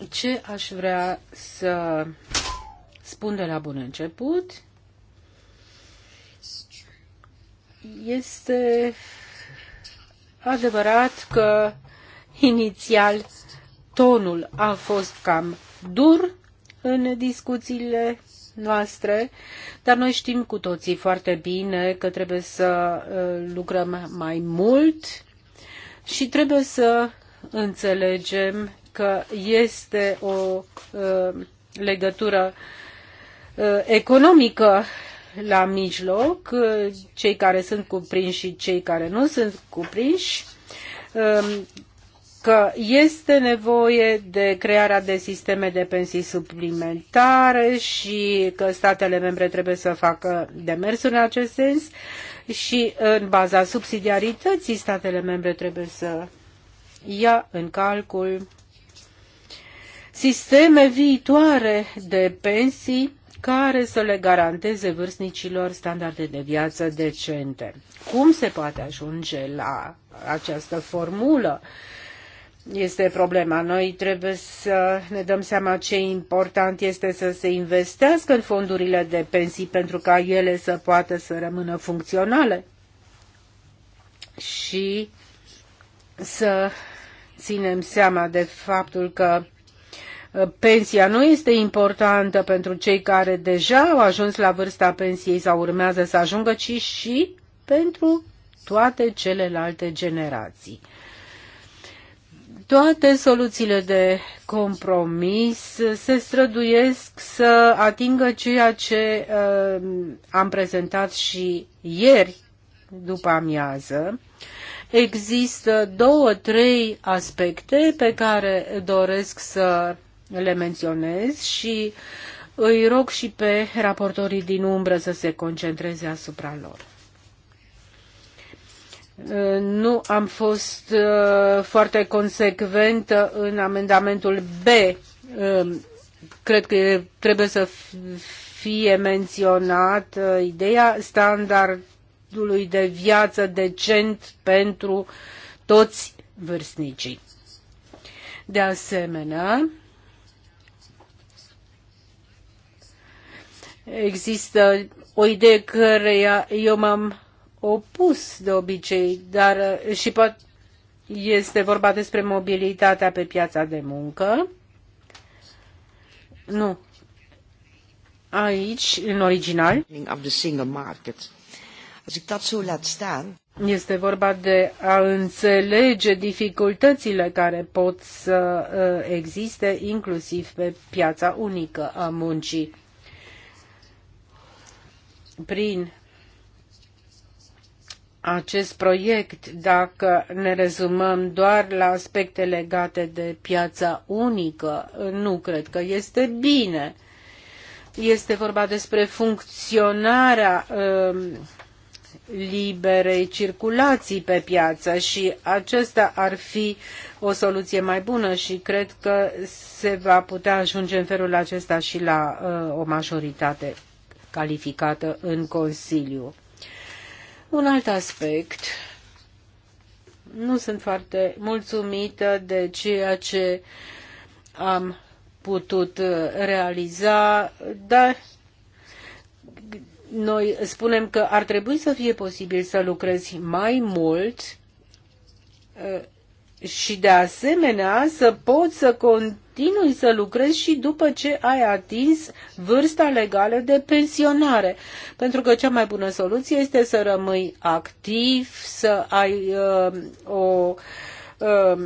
Speaker 2: Ce aș vrea să spun de la bun început Este adevărat că inițial tonul a fost cam dur în discuțiile noastre, dar noi știm cu toții foarte bine că trebuie să uh, lucrăm mai mult și trebuie să înțelegem că este o uh, legătură uh, economică la mijloc, cei care sunt cuprinși și cei care nu sunt cuprinși, um, că este nevoie de crearea de sisteme de pensii suplimentare și că statele membre trebuie să facă demersuri în acest sens și în baza subsidiarității statele membre trebuie să ia în calcul sisteme viitoare de pensii care să le garanteze vârstnicilor standarde de viață decente. Cum se poate ajunge la această formulă? Este problema. Noi trebuie să ne dăm seama ce important este să se investească în fondurile de pensii pentru ca ele să poată să rămână funcționale și să ținem seama de faptul că Uh, pensia nu este importantă pentru cei care deja au ajuns la vârsta pensiei sau urmează să ajungă, ci și pentru toate celelalte generații. Toate soluțiile de compromis se străduiesc să atingă ceea ce uh, am prezentat și ieri după amiază. Există două, trei aspecte pe care doresc să le menționez și îi rog și pe raportorii din umbră să se concentreze asupra lor. Nu am fost uh, foarte consecventă în amendamentul B. Um, cred că trebuie să fie menționat uh, ideea standardului de viață decent pentru toți vârstnicii. De asemenea, Există o idee căreia eu m-am opus de obicei, dar eh, și pot, este vorba despre mobilitatea pe piața de muncă. Nu. Aici, în original. Of the single market. Este vorba de a înțelege dificultățile care pot să eh, existe inclusiv pe piața unică a muncii prin acest proiect, dacă ne rezumăm doar la aspecte legate de piața unică, nu cred că este bine. Este vorba despre funcționarea um, liberei circulații pe piață și acesta ar fi o soluție mai bună și cred că se va putea ajunge în felul acesta și la uh, o majoritate calificată în Consiliu. Un alt aspect. Nu sunt foarte mulțumită de ceea ce am putut uh, realiza, dar noi spunem că ar trebui să fie posibil să lucrezi mai mult uh, și de asemenea să poți să continui să lucrezi și după ce ai atins vârsta legală de pensionare. Pentru că cea mai bună soluție este să rămâi activ, să ai uh, o uh,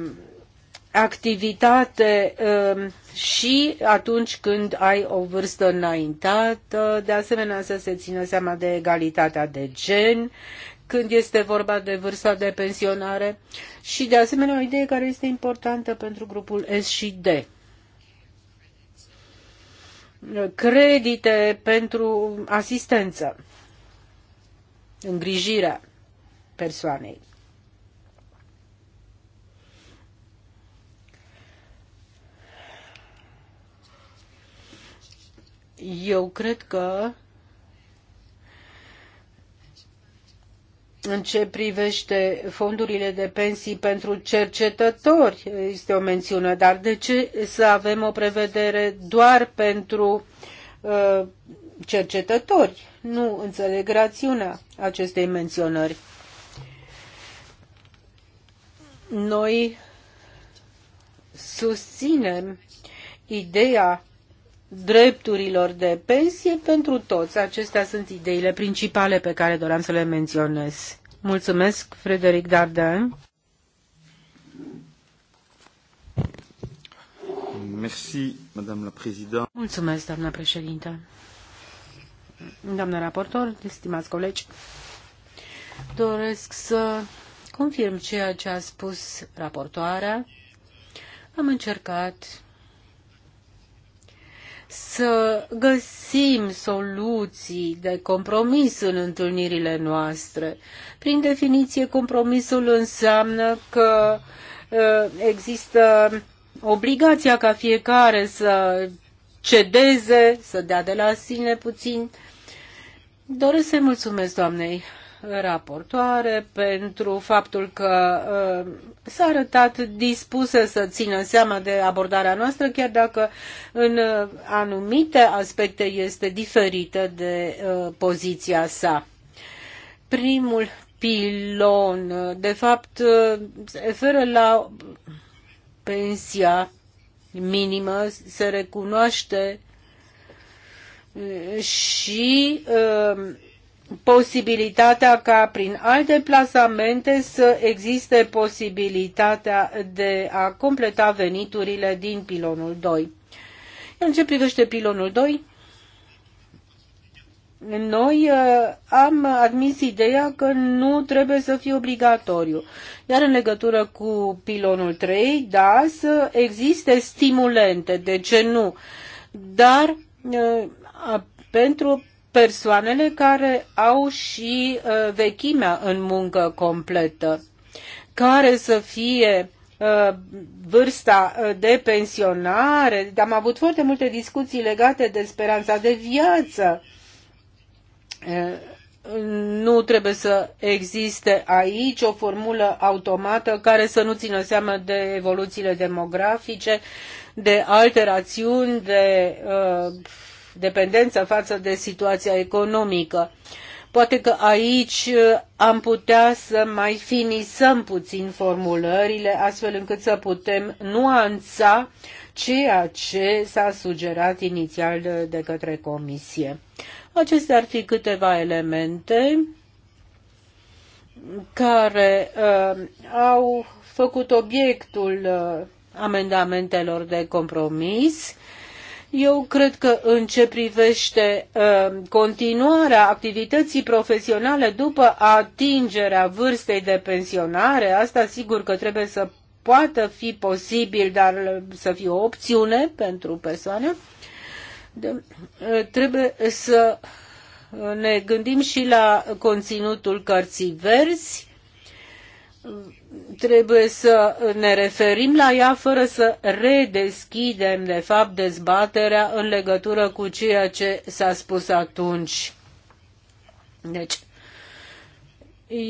Speaker 2: activitate uh, și atunci când ai o vârstă înaintată, de asemenea să se țină seama de egalitatea de gen când este vorba de vârsta de pensionare și de asemenea o idee care este importantă pentru grupul S și D. Credite pentru asistență, îngrijirea persoanei. Eu cred că în ce privește fondurile de pensii pentru cercetători, este o mențiune, dar de ce să avem o prevedere doar pentru uh, cercetători? Nu înțeleg rațiunea acestei menționări. Noi susținem ideea drepturilor de pensie pentru toți. Acestea sunt ideile principale pe care doream să le menționez. Mulțumesc, Frederic Dardin.
Speaker 4: Merci, Madame la Présidente.
Speaker 2: Mulțumesc, doamna președintă. Doamna raportor, stimați colegi, doresc să confirm ceea ce a spus raportoarea. Am încercat să găsim soluții de compromis în întâlnirile noastre. Prin definiție, compromisul înseamnă că uh, există obligația ca fiecare să cedeze, să dea de la sine puțin. Doresc să-i mulțumesc doamnei raportoare pentru faptul că uh, s-a arătat dispusă să țină seama de abordarea noastră, chiar dacă în uh, anumite aspecte este diferită de uh, poziția sa. Primul pilon, de fapt, se referă la pensia minimă, se recunoaște și uh, posibilitatea ca prin alte plasamente să existe posibilitatea de a completa veniturile din pilonul 2. În ce privește pilonul 2, noi uh, am admis ideea că nu trebuie să fie obligatoriu. Iar în legătură cu pilonul 3, da, să existe stimulente, de ce nu? Dar uh, pentru persoanele care au și uh, vechimea în muncă completă, care să fie uh, vârsta uh, de pensionare. Am avut foarte multe discuții legate de speranța de viață. Nu trebuie să existe aici o formulă automată care să nu țină seama de evoluțiile demografice, de alterațiuni, de uh, dependența față de situația economică. Poate că aici uh, am putea să mai finisăm puțin formulările, astfel încât să putem nuanța ceea ce s-a sugerat inițial de, de către Comisie. Acestea ar fi câteva elemente care uh, au făcut obiectul uh, amendamentelor de compromis. Uh, eu cred că în ce privește uh, continuarea activității profesionale după atingerea vârstei de pensionare, asta sigur că trebuie să poată fi posibil, dar să fie o opțiune pentru persoane, de, uh, trebuie să ne gândim și la conținutul cărții verzi, trebuie să ne referim la ea fără să redeschidem, de fapt, dezbaterea în legătură cu ceea ce s-a spus atunci. Deci,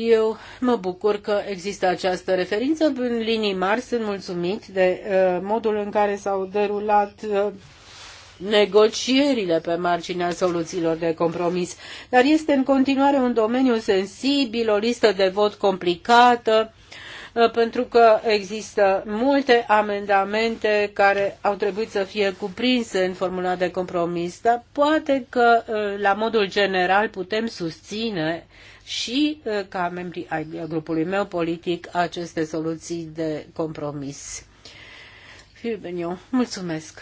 Speaker 2: eu mă bucur că există această referință. În linii mari sunt mulțumit de uh, modul în care s-au derulat uh, negocierile pe marginea soluțiilor de compromis, dar este în continuare un domeniu sensibil, o listă de vot complicată, uh, pentru că există multe amendamente care au trebuit să fie cuprinse în formula de compromis, dar poate că uh, la modul general putem susține și uh, ca membri ai grupului meu politic aceste soluții de compromis. Filbenio, mulțumesc!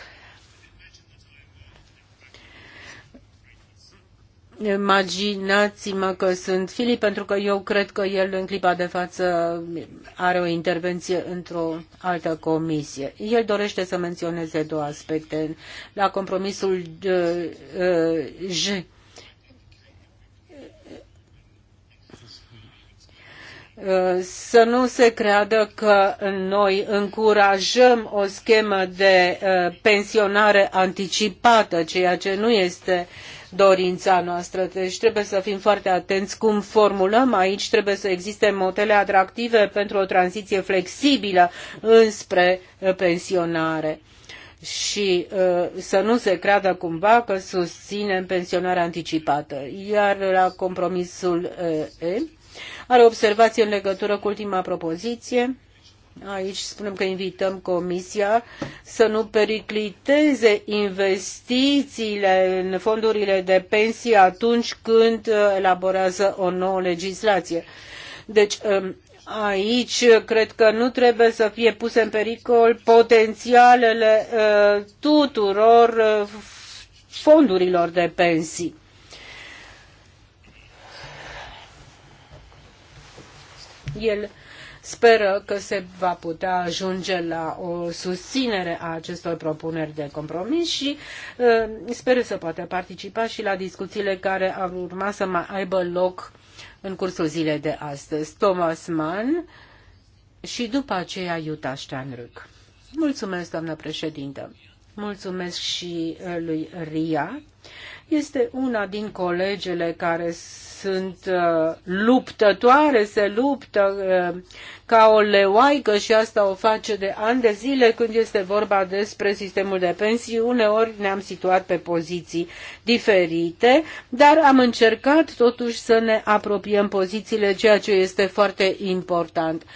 Speaker 2: imaginați-mă că sunt Filip, pentru că eu cred că el în clipa de față are o intervenție într-o altă comisie. El dorește să menționeze două aspecte. La compromisul uh, J. Uh, să nu se creadă că noi încurajăm o schemă de uh, pensionare anticipată, ceea ce nu este uh, dorința noastră. Deci trebuie să fim foarte atenți cum formulăm aici. Trebuie să existe modele atractive pentru o tranziție flexibilă înspre uh, pensionare și uh, să nu se creadă cumva că susținem pensionarea anticipată. Iar la compromisul uh, E are observație în legătură cu ultima propoziție. Aici spunem că invităm Comisia să nu pericliteze investițiile în fondurile de pensii atunci când elaborează o nouă legislație. Deci, um, aici cred că nu trebuie să fie puse în pericol potențialele uh, tuturor uh, fondurilor de pensii. El speră că se va putea ajunge la o susținere a acestor propuneri de compromis și uh, sper să poată participa și la discuțiile care ar urma să mai aibă loc în cursul zilei de astăzi. Thomas Mann și după aceea Iuta Steinrück. Mulțumesc, doamnă președintă. Mulțumesc și uh, lui Ria. Este una din colegele care sunt uh, luptătoare, se luptă uh, ca o leoaică și asta o face de ani de zile când este vorba despre sistemul de pensii. Uneori ne-am situat pe poziții diferite, dar am încercat totuși să ne apropiem pozițiile, ceea ce este foarte important. Uh,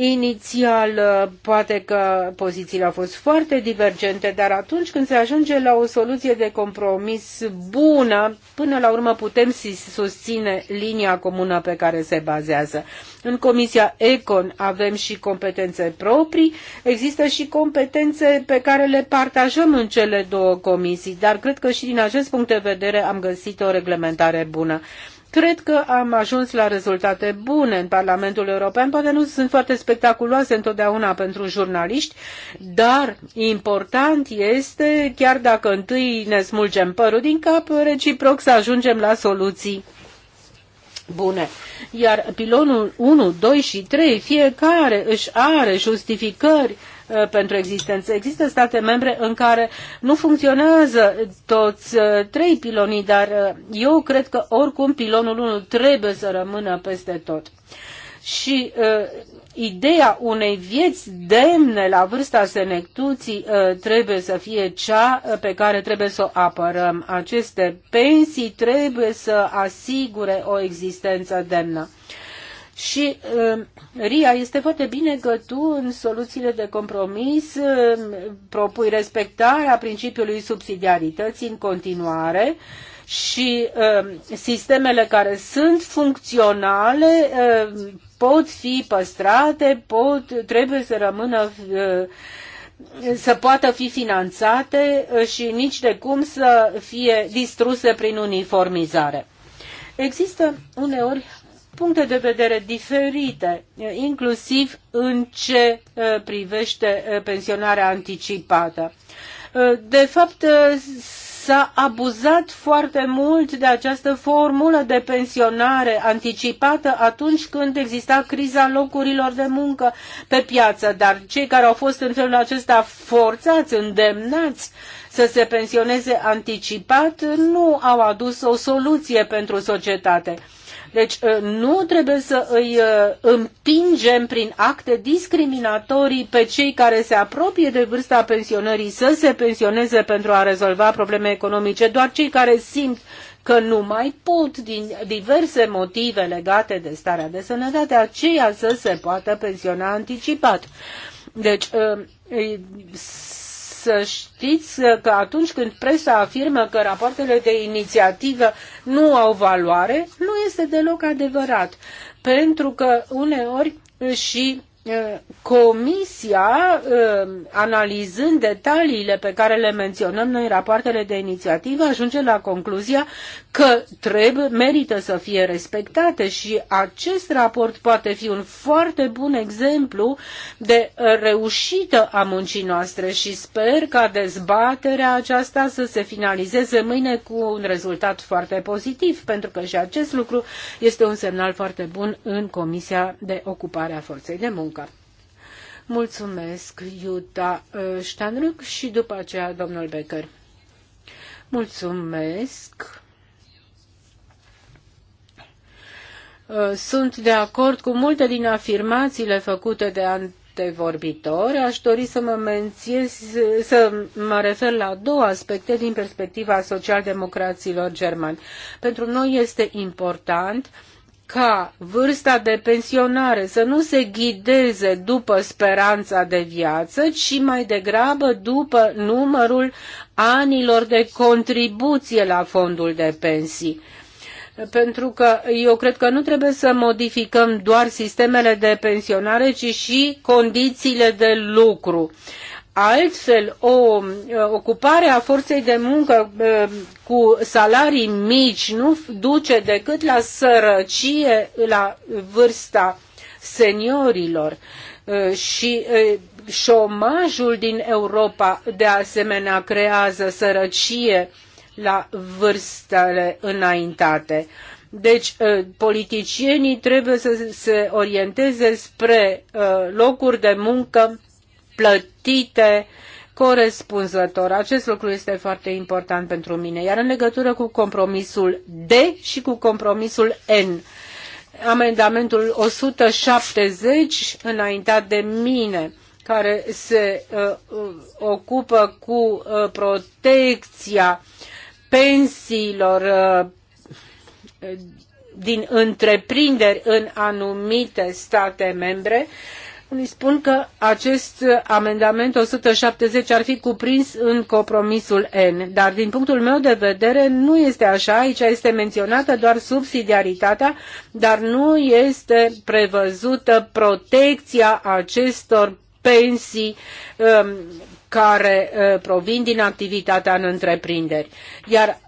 Speaker 2: Inițial, uh, poate că pozițiile au fost foarte divergente, dar atunci când se ajunge la o soluție de compromis bună, până la urmă putem susține linia comună pe care se bazează. În Comisia Econ avem și competențe proprii, există și competențe pe care le partajăm în cele două comisii, dar cred că și din acest punct de vedere am găsit o reglementare bună. Cred că am ajuns la rezultate bune în Parlamentul European. Poate nu sunt foarte spectaculoase întotdeauna pentru jurnaliști, dar important este, chiar dacă întâi ne smulgem părul din cap, reciproc să ajungem la soluții bune. Iar pilonul 1, 2 și 3, fiecare își are justificări Uh, pentru existență. Există state membre în care nu funcționează toți uh, trei pilonii, dar uh, eu cred că oricum pilonul 1 trebuie să rămână peste tot. Și uh, ideea unei vieți demne la vârsta senectuții uh, trebuie să fie cea pe care trebuie să o apărăm. Aceste pensii trebuie să asigure o existență demnă. Uh, și um, RIA este foarte bine că tu în soluțiile de compromis um, propui respectarea principiului subsidiarității în continuare și um, sistemele care sunt funcționale pot fi păstrate, pot, trebuie să rămână uh, să poată fi finanțate uh, și nici de cum să fie distruse prin uniformizare. Există uneori puncte de vedere diferite, inclusiv în ce eh, privește eh, pensionarea anticipată. Eh, de fapt, s-a abuzat foarte mult de această formulă de pensionare anticipată atunci când exista criza locurilor de muncă pe piață, dar cei care au fost în felul acesta forțați, îndemnați să se pensioneze anticipat, nu au adus o soluție pentru societate. Deci uh, nu trebuie să îi uh, împingem prin acte discriminatorii pe cei care se apropie de vârsta pensionării să se pensioneze pentru a rezolva probleme economice. Doar cei care simt că nu mai pot din diverse motive legate de starea de sănătate, aceia să se poată pensiona anticipat. Deci, uh, să știți că atunci când presa afirmă că rapoartele de inițiativă nu au valoare, nu este deloc adevărat, pentru că uneori și Uh, comisia, uh, analizând detaliile pe care le menționăm noi în rapoartele de inițiativă, ajunge la concluzia că trebuie, merită să fie respectate și acest raport poate fi un foarte bun exemplu de reușită a muncii noastre și sper ca dezbaterea aceasta să se finalizeze mâine cu un rezultat foarte pozitiv, pentru că și acest lucru este un semnal foarte bun în Comisia de Ocupare a Forței de Muncă. Mulțumesc, Iuda, Ștanruc uh, și după aceea domnul Becker. Mulțumesc. Uh, sunt de acord cu multe din afirmațiile făcute de antevorbitori. Aș dori să mă mențiez, să mă refer la două aspecte din perspectiva socialdemocraților germani. Pentru noi este important ca vârsta de pensionare să nu se ghideze după speranța de viață, ci mai degrabă după numărul anilor de contribuție la fondul de pensii. Pentru că eu cred că nu trebuie să modificăm doar sistemele de pensionare, ci și condițiile de lucru. Uh, Altfel, o ocupare a forței de muncă cu salarii mici nu duce decât la sărăcie la vârsta seniorilor și șomajul din Europa de asemenea creează sărăcie la vârstele înaintate. Deci, politicienii trebuie să se orienteze spre locuri de muncă plătite corespunzător. Acest lucru este foarte important pentru mine. Iar în legătură cu compromisul D și cu compromisul N, amendamentul 170 înaintat de mine, care se uh, uh, ocupă cu uh, protecția pensiilor uh, din întreprinderi în anumite state membre, îi spun că acest amendament 170 ar fi cuprins în compromisul N, dar din punctul meu de vedere nu este așa. Aici este menționată doar subsidiaritatea, dar nu este prevăzută protecția acestor pensii um, care uh, provin din activitatea în întreprinderi. Iar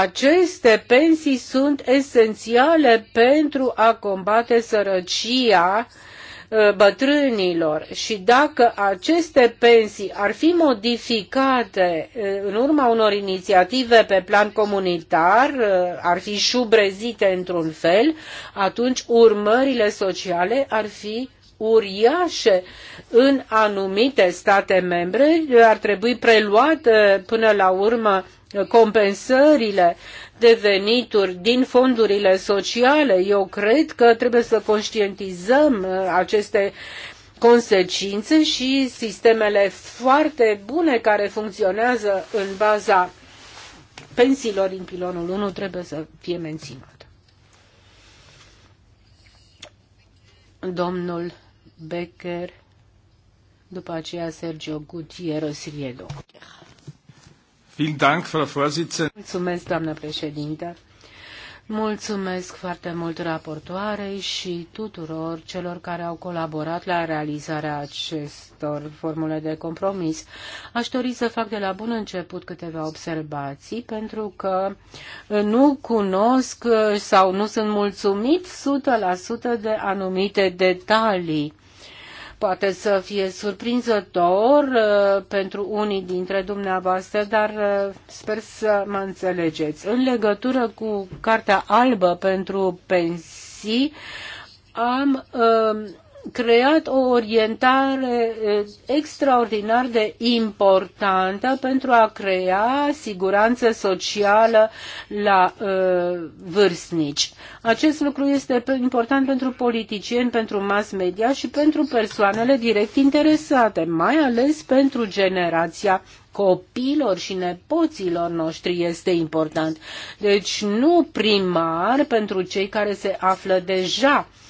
Speaker 2: aceste pensii sunt esențiale pentru a combate sărăcia uh, Uh, bătrânilor și dacă aceste pensii ar fi modificate uh, în urma unor inițiative pe plan comunitar, uh, ar fi șubrezite într-un fel, atunci urmările sociale ar fi uriașe în anumite state membre, ar trebui preluată până la urmă compensările de venituri din fondurile sociale. Eu cred că trebuie să conștientizăm uh, aceste consecințe și sistemele foarte bune care funcționează în baza pensiilor din pilonul 1 trebuie să fie menținut. Domnul Becker, după aceea Sergio Gutierrez Riedo. Mulțumesc, doamnă președintă. Mulțumesc foarte mult raportoarei și tuturor celor care au colaborat la realizarea acestor formule de compromis. Aș dori să fac de la bun început câteva observații, pentru că nu cunosc sau nu sunt mulțumit 100% de anumite detalii poate să fie surprinzător uh, pentru unii dintre dumneavoastră, dar uh, sper să mă înțelegeți. În legătură cu Cartea Albă pentru Pensii, am uh, creat o orientare extraordinar de importantă pentru a crea siguranță socială la uh, vârstnici. Acest lucru este important pentru politicieni, pentru mass media și pentru persoanele direct interesate, mai ales pentru generația copilor și nepoților noștri este important. Deci nu primar pentru cei care se află deja uh,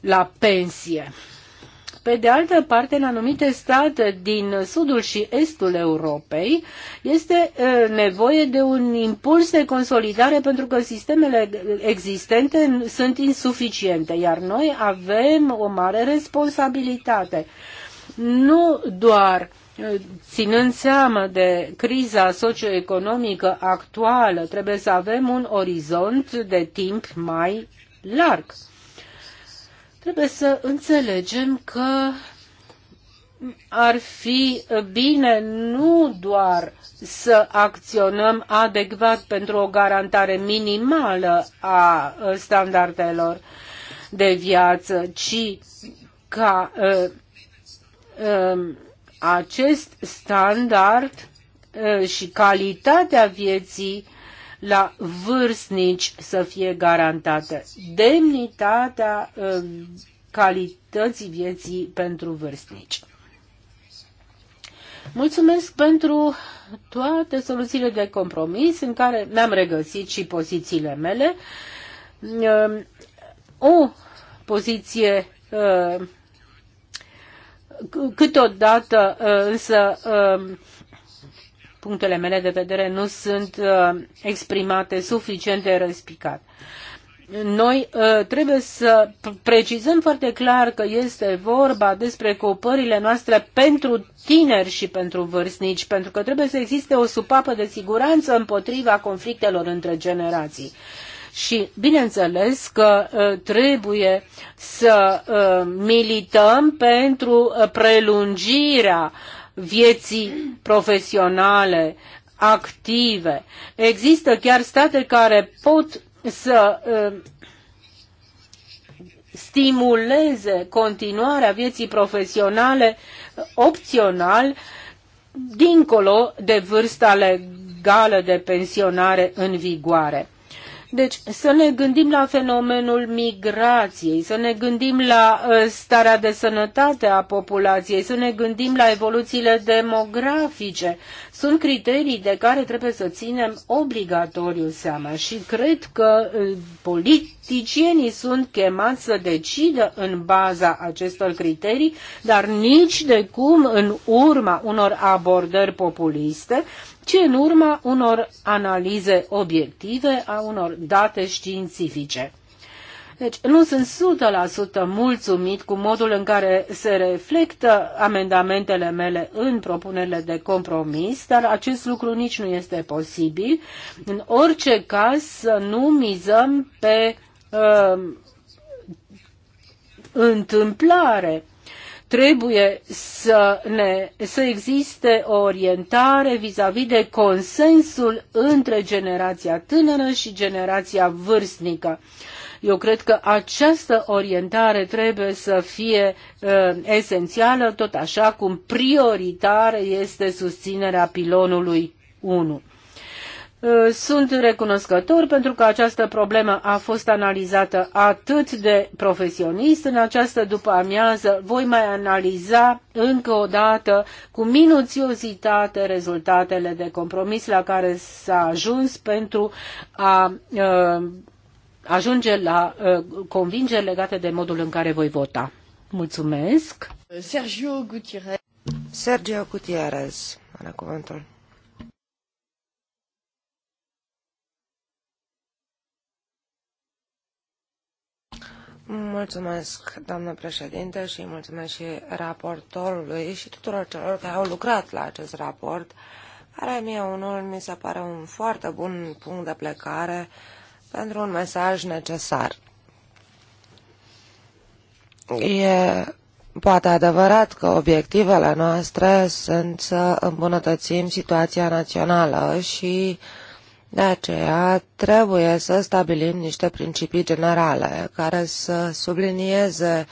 Speaker 2: la pensie. Pe de altă parte, în anumite state din sudul și estul Europei este nevoie de un impuls de consolidare pentru că sistemele existente sunt insuficiente, iar noi avem o mare responsabilitate. Nu doar Ținând seama de criza socioeconomică actuală, trebuie să avem un orizont de timp mai larg. Trebuie să înțelegem că ar fi bine nu doar să acționăm adecvat pentru o garantare minimală a standardelor de viață, ci ca uh, uh, acest standard uh, și calitatea vieții la vârstnici să fie garantată. Demnitatea um, calității vieții pentru vârstnici. Mulțumesc pentru toate soluțiile de compromis în care mi-am regăsit și pozițiile mele. Um, o poziție uh, câteodată uh, însă um, punctele mele de vedere nu sunt uh, exprimate suficient de răspicat. Noi uh, trebuie să precizăm foarte clar că este vorba despre copările noastre pentru tineri și pentru vârstnici, pentru că trebuie să existe o supapă de siguranță împotriva conflictelor între generații. Și bineînțeles că uh, trebuie să milităm pentru prelungirea uh, vieții profesionale active. Există chiar state care pot să uh, stimuleze continuarea vieții profesionale uh, opțional dincolo de vârsta legală de pensionare în vigoare. Deci să ne gândim la fenomenul migrației, să ne gândim la ă, starea de sănătate a populației, să ne gândim la evoluțiile demografice. Sunt criterii de care trebuie să ținem obligatoriu seama și cred că ă, politicienii sunt chemați să decidă în baza acestor criterii, dar nici de cum în urma unor abordări populiste ci în urma unor analize obiective a unor date științifice. Deci nu sunt 100% mulțumit cu modul în care se reflectă amendamentele mele în propunerile de compromis, dar acest lucru nici nu este posibil. În orice caz să nu mizăm pe uh, întâmplare. Trebuie să, ne, să existe o orientare vis-a-vis -vis de consensul între generația tânără și generația vârstnică. Eu cred că această orientare trebuie să fie uh, esențială, tot așa cum prioritară este susținerea pilonului 1. Uh, sunt recunoscător pentru că această problemă a fost analizată atât de profesionist. În această după-amiază voi mai analiza încă o dată cu minuțiozitate rezultatele de compromis la care s-a ajuns pentru a uh, ajunge la uh, convingeri legate de modul în care voi vota. Mulțumesc! Sergio Gutierrez.
Speaker 3: Sergio Gutierrez la cuvântul. Mulțumesc, doamnă președinte, și mulțumesc și raportorului și tuturor celor care au lucrat la acest raport, care mie unul mi se pare un foarte bun punct de plecare pentru un mesaj necesar. E poate adevărat că obiectivele noastre sunt să îmbunătățim situația națională și de aceea trebuie să stabilim niște principii generale care să sublinieze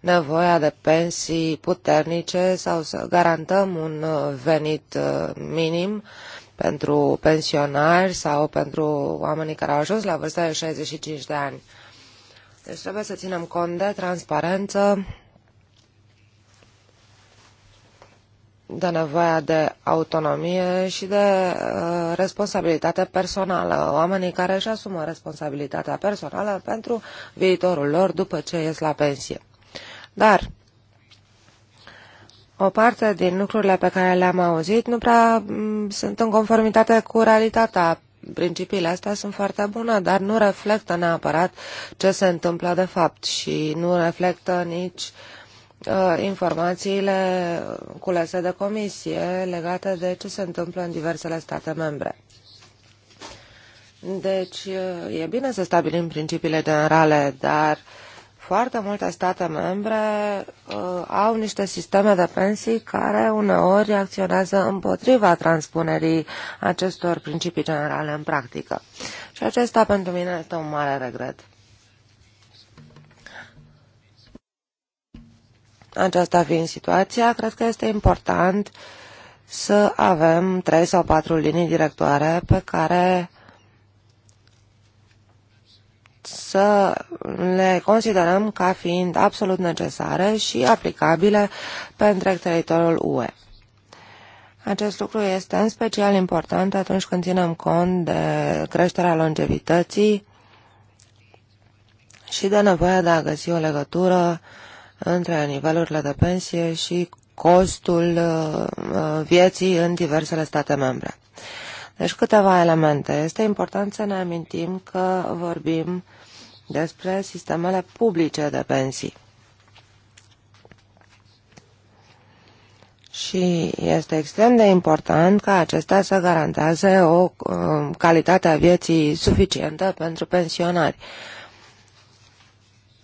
Speaker 3: nevoia de pensii puternice sau să garantăm un uh, venit uh, minim pentru pensionari sau pentru oamenii care au ajuns la vârsta de 65 de ani. Deci trebuie să ținem cont de transparență, de nevoia de autonomie și de uh, responsabilitate personală. Oamenii care își asumă responsabilitatea personală pentru viitorul lor după ce ies la pensie. Dar o parte din lucrurile pe care le-am auzit nu prea mm, sunt în conformitate cu realitatea. Principiile astea sunt foarte bune, dar nu reflectă neapărat ce se întâmplă de fapt și nu reflectă nici uh, Uh, informațiile culese de comisie legate de ce se întâmplă în diversele state membre. Deci, uh, e bine să stabilim principiile generale, dar foarte multe state membre uh, au niște sisteme de pensii care uneori acționează împotriva transpunerii acestor principii generale în practică. Și acesta pentru mine este un mare regret. Aceasta fiind situația, cred că este important să avem trei sau patru linii directoare pe care să le considerăm ca fiind absolut necesare și aplicabile pe întreg teritoriul UE. Acest lucru este în special important atunci când ținem cont de creșterea longevității și de nevoia de a găsi o legătură uh, între nivelurile de pensie și costul uh, uh, vieții în diversele state membre. Deci câteva elemente. Este important să ne amintim că vorbim despre sistemele publice de pensii. Și este extrem de important ca acestea să garanteze o uh, calitate a vieții suficientă pentru pensionari. Uh,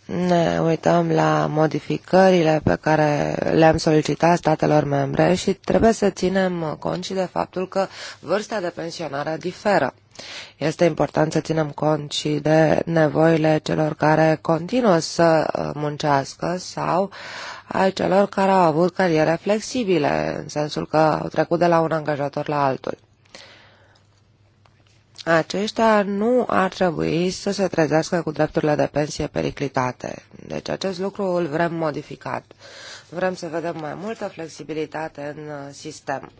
Speaker 3: ne uităm la modificările pe care le-am solicitat statelor membre și trebuie să ținem cont și de faptul că vârsta de pensionare diferă. Este important să ținem cont și de nevoile celor care continuă să muncească sau ai celor care au avut cariere flexibile, în sensul că au trecut de la un angajator la altul aceștia nu ar trebui să se trezească cu drepturile de pensie periclitate. Deci acest lucru îl vrem modificat. Vrem să vedem mai multă flexibilitate în uh, sistem.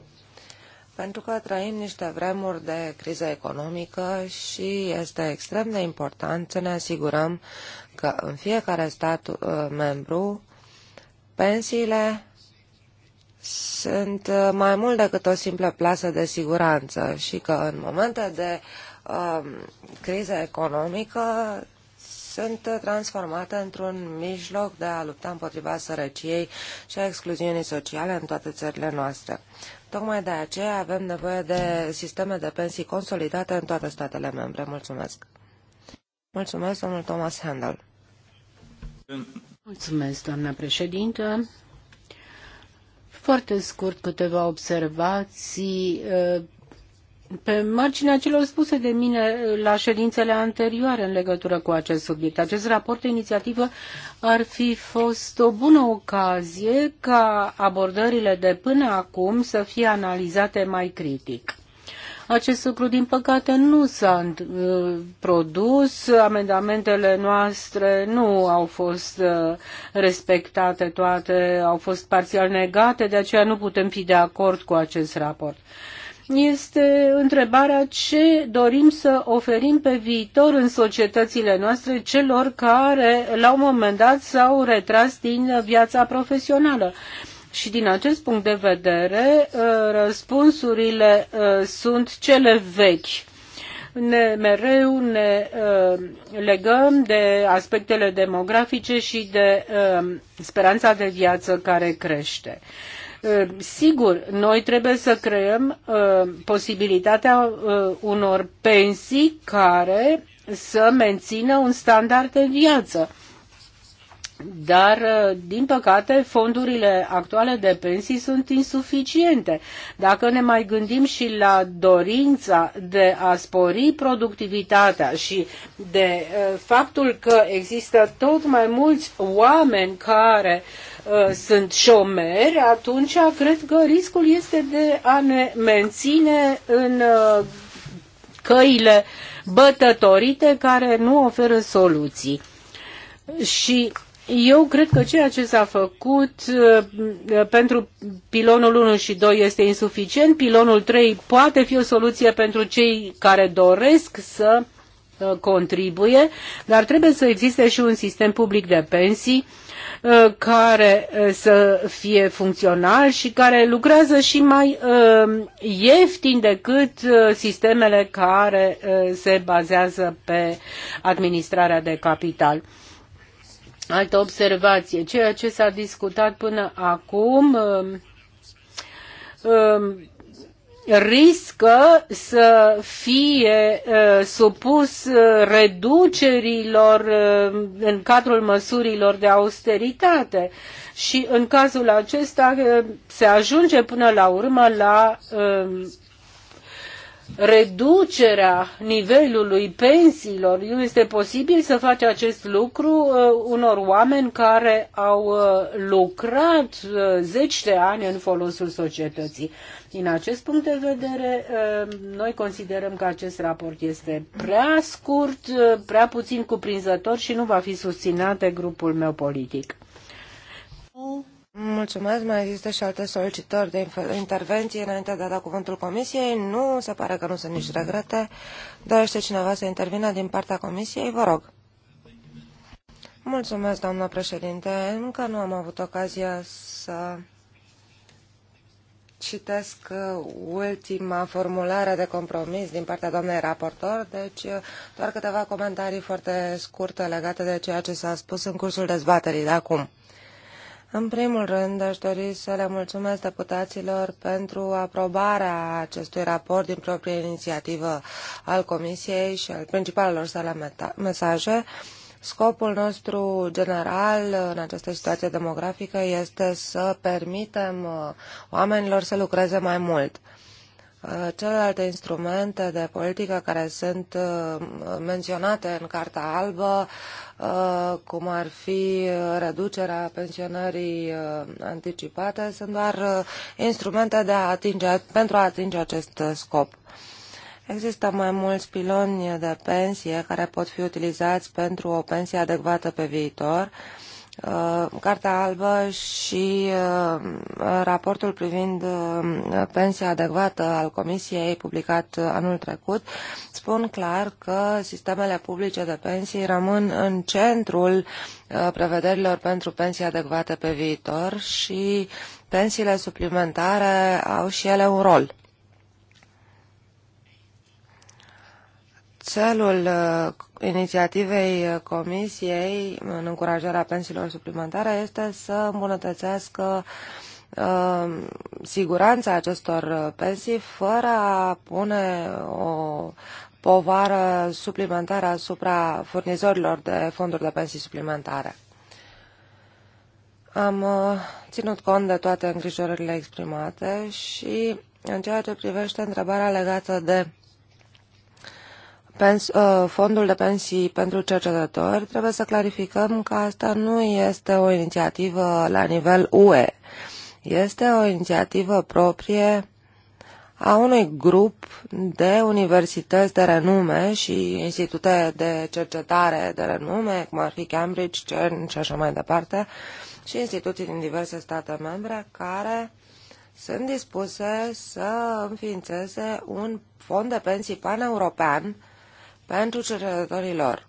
Speaker 3: Pentru că trăim niște vremuri de criză economică și este extrem de important să ne asigurăm că în fiecare stat uh, membru pensiile sunt uh, mai mult decât o simplă plasă de siguranță și că în momente de uh, criză economică sunt transformate într-un mijloc de a lupta împotriva sărăciei și a excluziunii sociale în toate țările noastre. Tocmai de aceea avem nevoie de sisteme de pensii consolidate în toate statele membre. Mulțumesc! Mulțumesc, domnul Thomas Handel! Mulțumesc, doamna președintă!
Speaker 2: Foarte scurt câteva observații uh, pe marginea celor spuse de mine la ședințele anterioare în legătură cu acest subiect. Acest raport de inițiativă ar fi fost o bună ocazie ca abordările de până acum să fie analizate mai critic. Acest lucru, din păcate, nu s-a uh, produs. Amendamentele noastre nu au fost uh, respectate toate, au fost parțial negate, de aceea nu putem fi de acord cu acest raport este întrebarea ce dorim să oferim pe viitor în societățile noastre celor care la un moment dat s-au retras din viața profesională. Și din acest punct de vedere, uh, răspunsurile uh, sunt cele vechi. Ne, mereu ne uh, legăm de aspectele demografice și de speranța de viață care crește. Sigur, noi trebuie să creăm posibilitatea unor pensii care să mențină un standard de viață dar, uh, din păcate, fondurile actuale de pensii sunt insuficiente. Dacă ne mai gândim și la dorința de a spori productivitatea și de uh, faptul că există tot mai mulți oameni care uh, sunt șomeri, atunci cred că riscul este de a ne menține în căile bătătorite care nu oferă soluții. Și eu cred că ceea ce s-a făcut uh, pentru pilonul 1 și 2 este insuficient. Pilonul 3 poate fi o soluție pentru cei care doresc să uh, contribuie, dar trebuie să existe și un sistem public de pensii uh, care să fie funcțional și care lucrează și mai ieftin decât sistemele care se bazează pe administrarea de capital altă observație. Ceea ce s-a discutat până acum um, um, riscă să fie uh, supus uh, reducerilor uh, în cadrul măsurilor de austeritate și în cazul acesta se ajunge până la urmă la um, reducerea nivelului pensiilor. Nu este posibil să faci acest lucru uh, unor oameni care au uh, lucrat uh, zeci de ani în folosul societății. Din acest punct de vedere, noi considerăm că acest raport este prea scurt, prea puțin cuprinzător și nu va fi susținat de
Speaker 3: grupul meu politic. Mulțumesc. Mai există și alte solicitări de intervenție înainte de a da cuvântul Comisiei. Nu, se pare că nu sunt nici regrete. Dorește cineva să intervină din partea Comisiei? Vă rog. Mulțumesc, doamnă președinte. Încă nu am avut ocazia să citesc ultima formulare de compromis din partea doamnei raportor, deci doar câteva comentarii foarte scurte legate de ceea ce s-a spus în cursul dezbaterii de acum. În primul rând, aș dori să le mulțumesc deputaților pentru aprobarea acestui raport din proprie inițiativă al Comisiei și al principalelor sale mesaje. Scopul nostru general în această situație demografică este să permitem uh, oamenilor să lucreze mai mult. Uh, celelalte instrumente de politică care sunt uh, menționate în Carta Albă, uh, cum ar fi reducerea pensionării anticipate, sunt doar instrumente de a atinge, pentru a atinge acest scop. Există mai mulți piloni de pensie care pot fi utilizați pentru o pensie adecvată pe viitor. Uh, Uh, Cartea albă și uh, raportul privind uh, pensia adecvată al Comisiei publicat anul trecut spun clar că sistemele publice de pensii rămân în centrul prevederilor pentru pensii adecvate pe viitor și pensiile suplimentare au și ele un rol Celul uh, inițiativei uh, Comisiei în încurajarea pensiilor suplimentare este să îmbunătățească uh, siguranța acestor pensii fără a pune o povară suplimentară asupra furnizorilor de fonduri de pensii suplimentare. Am ținut cont de toate îngrijorările exprimate și în ceea ce privește întrebarea legată de pens, uh, fondul de pensii pentru cercetători, trebuie să clarificăm că asta nu este o inițiativă la nivel UE. Este o inițiativă proprie a unui grup de universități de renume și institute de cercetare de renume, cum ar fi Cambridge, CERN și așa mai departe, și instituții din diverse state membre care sunt dispuse să înființeze un fond de pensii pan-european pentru cercetătorii lor.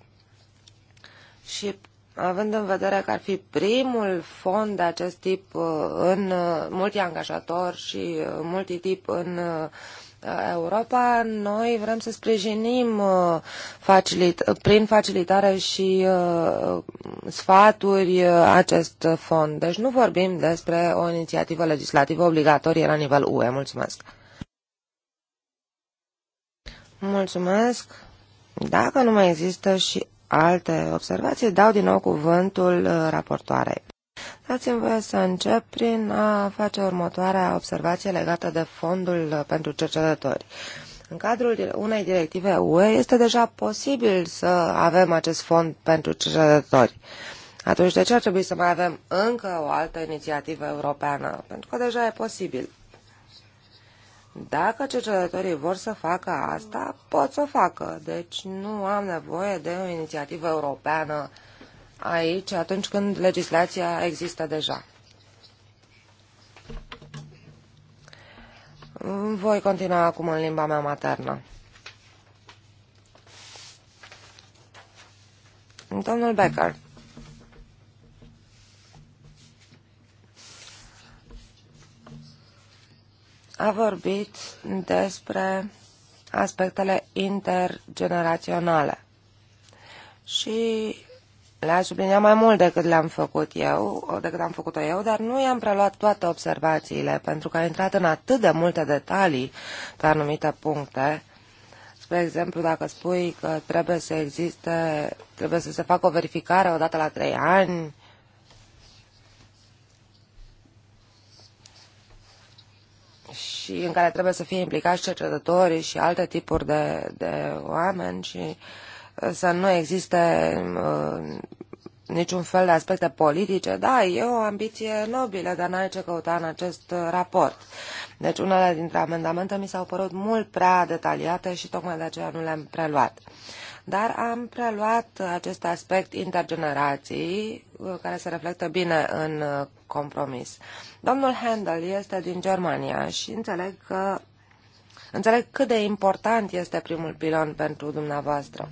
Speaker 3: Și având în vedere că ar fi primul fond de acest tip uh, în uh, multiangajator și uh, multitip în Europa, noi vrem să sprijinim facilit prin facilitare și sfaturi acest fond. Deci nu vorbim despre o inițiativă legislativă obligatorie la nivel UE. Mulțumesc! Mulțumesc! Dacă nu mai există și alte observații, dau din nou cuvântul uh, raportoarei. Dați-mi voie să încep prin a face următoarea observație legată de fondul uh, pentru cercetători. În cadrul unei directive UE este deja posibil să avem acest fond pentru cercetători. Atunci de ce ar trebui să mai avem încă o altă inițiativă europeană? Pentru că deja e posibil. Dacă cercetătorii vor să facă asta, pot să o facă. Deci nu am nevoie de o inițiativă europeană aici atunci când legislația există deja. Voi continua acum în limba mea maternă. Domnul Becker. a vorbit despre aspectele intergeneraționale și le-a subliniat mai mult decât le-am făcut eu, decât am făcut-o eu, dar nu i-am preluat toate observațiile, pentru că a intrat în atât de multe detalii pe anumite puncte. Spre exemplu, dacă spui că trebuie să existe, trebuie să se facă o verificare odată la trei ani, și în care trebuie să fie implicați cercetătorii și alte tipuri de, de oameni și uh, să nu existe uh, niciun fel de aspecte politice. Da, e o ambiție nobilă, dar n-ai ce căuta în acest uh, raport. Deci unele dintre amendamente mi s-au părut mult prea detaliate și tocmai de aceea nu le-am preluat. Uh, dar am preluat acest aspect intergenerații, uh, care se reflectă bine în uh, compromis. Domnul Handel este din Germania și înțeleg că înțeleg cât de important este primul pilon pentru dumneavoastră.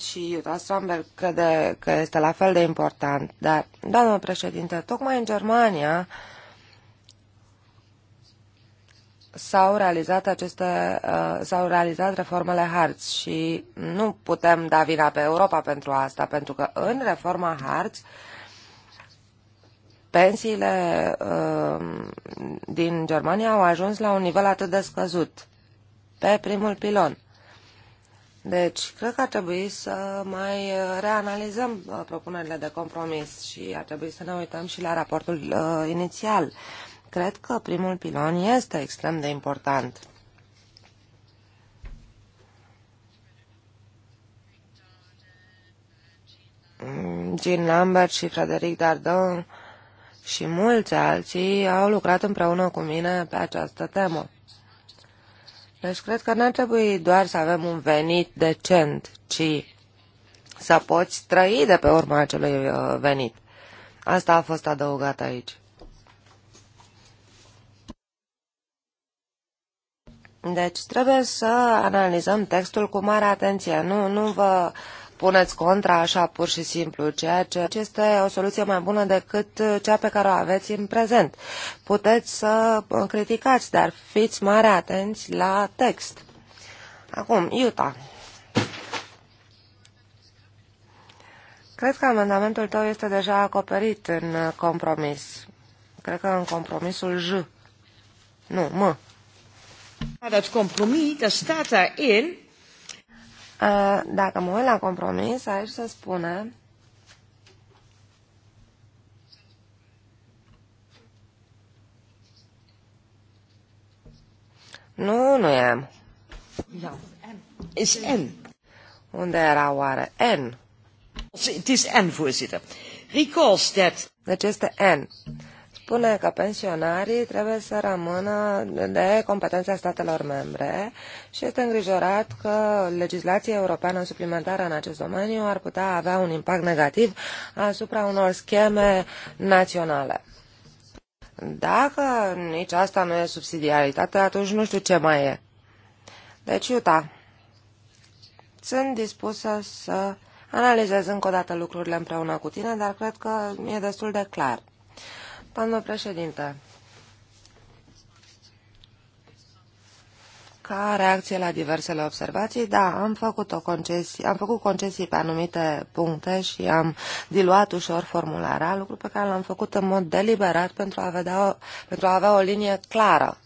Speaker 3: și Jutta Stromberg crede că este la fel de important, dar, doamnă președinte, tocmai în Germania, uh, s-au realizat aceste, uh, s-au realizat reformele Hartz și nu putem da vina pe Europa pentru asta, pentru că în reforma Hartz pensiile uh, din Germania au ajuns la un nivel atât de scăzut pe primul pilon. Deci, cred că ar trebui să mai reanalizăm uh, propunerile de compromis și ar trebui să ne uităm și la raportul uh, inițial. Uh, Cred că primul pilon este extrem de important. Jean Lambert și Frederic Dardon și mulți alții au lucrat împreună cu mine pe această temă. Deci cred că n-ar trebui doar să avem un venit decent, ci să poți trăi de pe urma acelui uh, venit. Asta a fost adăugat aici. Deci trebuie să analizăm textul cu mare atenție. Nu, nu vă puneți contra așa pur și simplu, ceea ce este o soluție mai bună decât cea pe care o aveți în prezent. Puteți să criticați, dar fiți mare atenți la text. Acum, Iuta. Cred că amendamentul tău este deja acoperit în compromis. Cred că în compromisul J. Nu, M. Dat compromis, dat staat daarin. Uh, Dacă mă uit la compromis, aici se spune Nu, nu e M. Da. Is N. Unde era oare N? Het is N, voorzitter. Recalls that... Deci este N spune că pensionarii trebuie să rămână de competența statelor membre și este îngrijorat că legislația europeană suplimentară în acest domeniu ar putea avea un impact negativ asupra unor scheme naționale. Dacă nici asta nu e subsidiaritate, atunci nu știu ce mai e. Deci, Iuta, sunt dispusă să analizez încă o dată lucrurile împreună cu tine, dar cred că e destul de clar. Doamnă președinte, Ca reacție la diversele observații, da, am făcut, o concesie, am făcut concesii pe anumite puncte și am diluat ușor formularea, lucru pe care l-am făcut în mod deliberat pentru a, vedea, pentru a avea o linie clară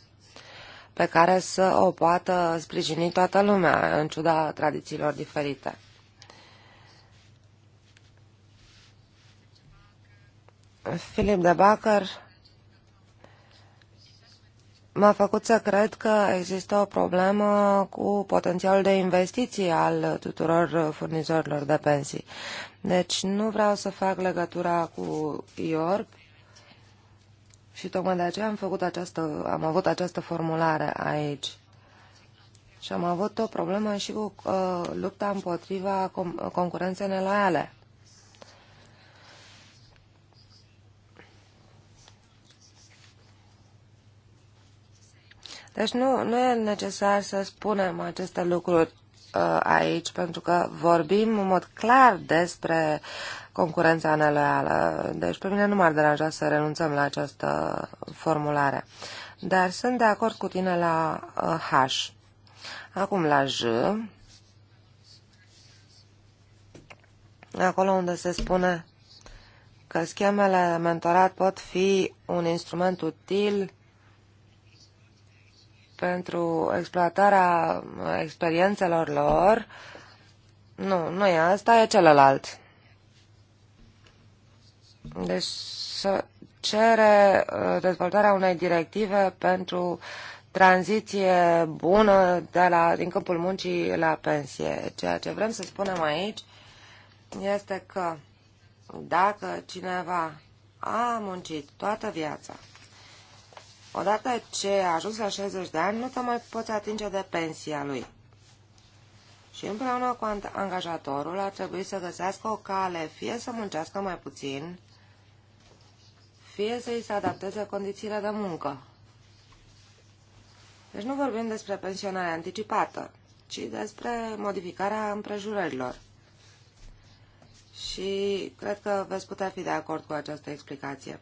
Speaker 3: pe care să o poată sprijini toată lumea, în ciuda tradițiilor diferite. Filip de Bacăr m-a făcut să cred că există o problemă cu potențialul de investiții al tuturor furnizorilor de pensii. Deci nu vreau să fac legătura cu IORP și tocmai de aceea am, făcut această, am avut această formulare aici. Și am avut o problemă și cu uh, lupta împotriva com- concurenței neloiale. Deci nu, nu e necesar să spunem aceste lucruri uh, aici, pentru că vorbim în mod clar despre concurența neloială. Deci pe mine nu m-ar deranja să renunțăm la această formulare. Dar sunt de acord cu tine la uh, H. Acum la J. Acolo unde se spune că schemele mentorat pot fi un instrument util pentru exploatarea uh, experiențelor lor. Nu, nu e asta, e celălalt. Deci să cere uh, dezvoltarea unei directive pentru tranziție bună de la, din câmpul muncii la pensie. Ceea ce vrem să spunem aici este că dacă cineva a muncit toată viața Odată ce a ajuns la 60 de ani, nu te mai poți atinge de pensia lui. Și împreună cu angajatorul ar trebui să găsească o cale fie să muncească mai puțin, fie să îi se adapteze condițiile de muncă. Deci nu vorbim despre pensionare anticipată, ci despre modificarea împrejurărilor. Și cred că veți putea fi de acord cu această explicație.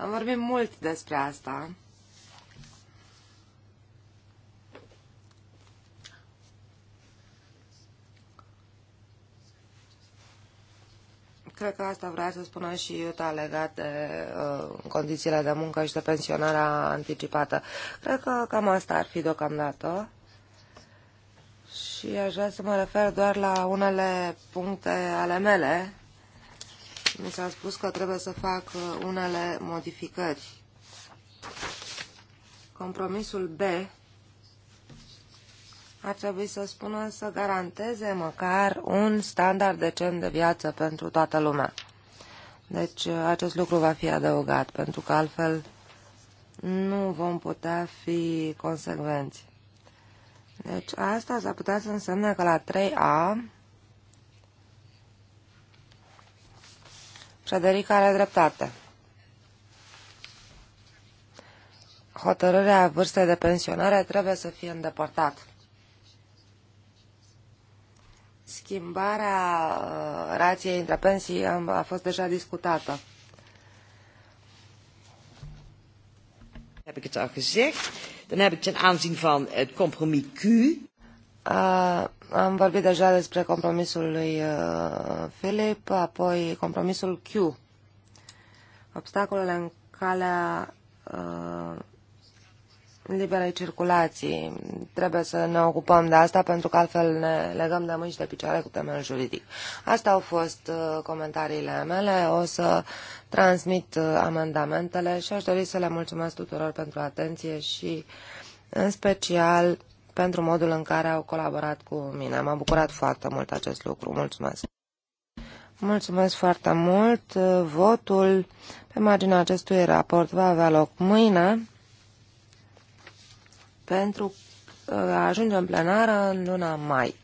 Speaker 3: Am vorbit mult despre asta. Cred că asta vrea să spună și Iuta legat de uh, condițiile de muncă și de pensionarea anticipată. Cred că cam asta ar fi deocamdată. Și aș vrea să mă refer doar la unele puncte ale mele mi s-a spus că trebuie să fac uh, unele modificări. Compromisul B ar trebui să spună să garanteze măcar un standard decent de viață pentru toată lumea. Deci uh, acest lucru va fi adăugat, pentru că altfel nu vom putea fi consecvenți. Deci asta s-ar putea să însemne că la 3A Frederica are dreptate. Hotărârea vârstei de pensionare trebuie să fie îndepărtat. Schimbarea uh, rației între pensii a fost deja discutată. Heb ik het al gezegd? Dan heb ik ten aanzien van het compromis Q a, am vorbit deja despre compromisul lui uh, Philip, apoi compromisul Q. Obstacolele în calea uh, liberei circulații. Trebuie să ne ocupăm de asta pentru că altfel ne legăm de mâini și de picioare cu temel juridic. Asta au fost comentariile mele. O să transmit amendamentele și aș dori să le mulțumesc tuturor pentru atenție și în special pentru modul în care au colaborat cu mine. M-a bucurat foarte mult acest lucru. Mulțumesc! Mulțumesc foarte mult! Votul pe marginea acestui raport va avea loc mâine pentru uh, a ajunge în plenară în luna mai.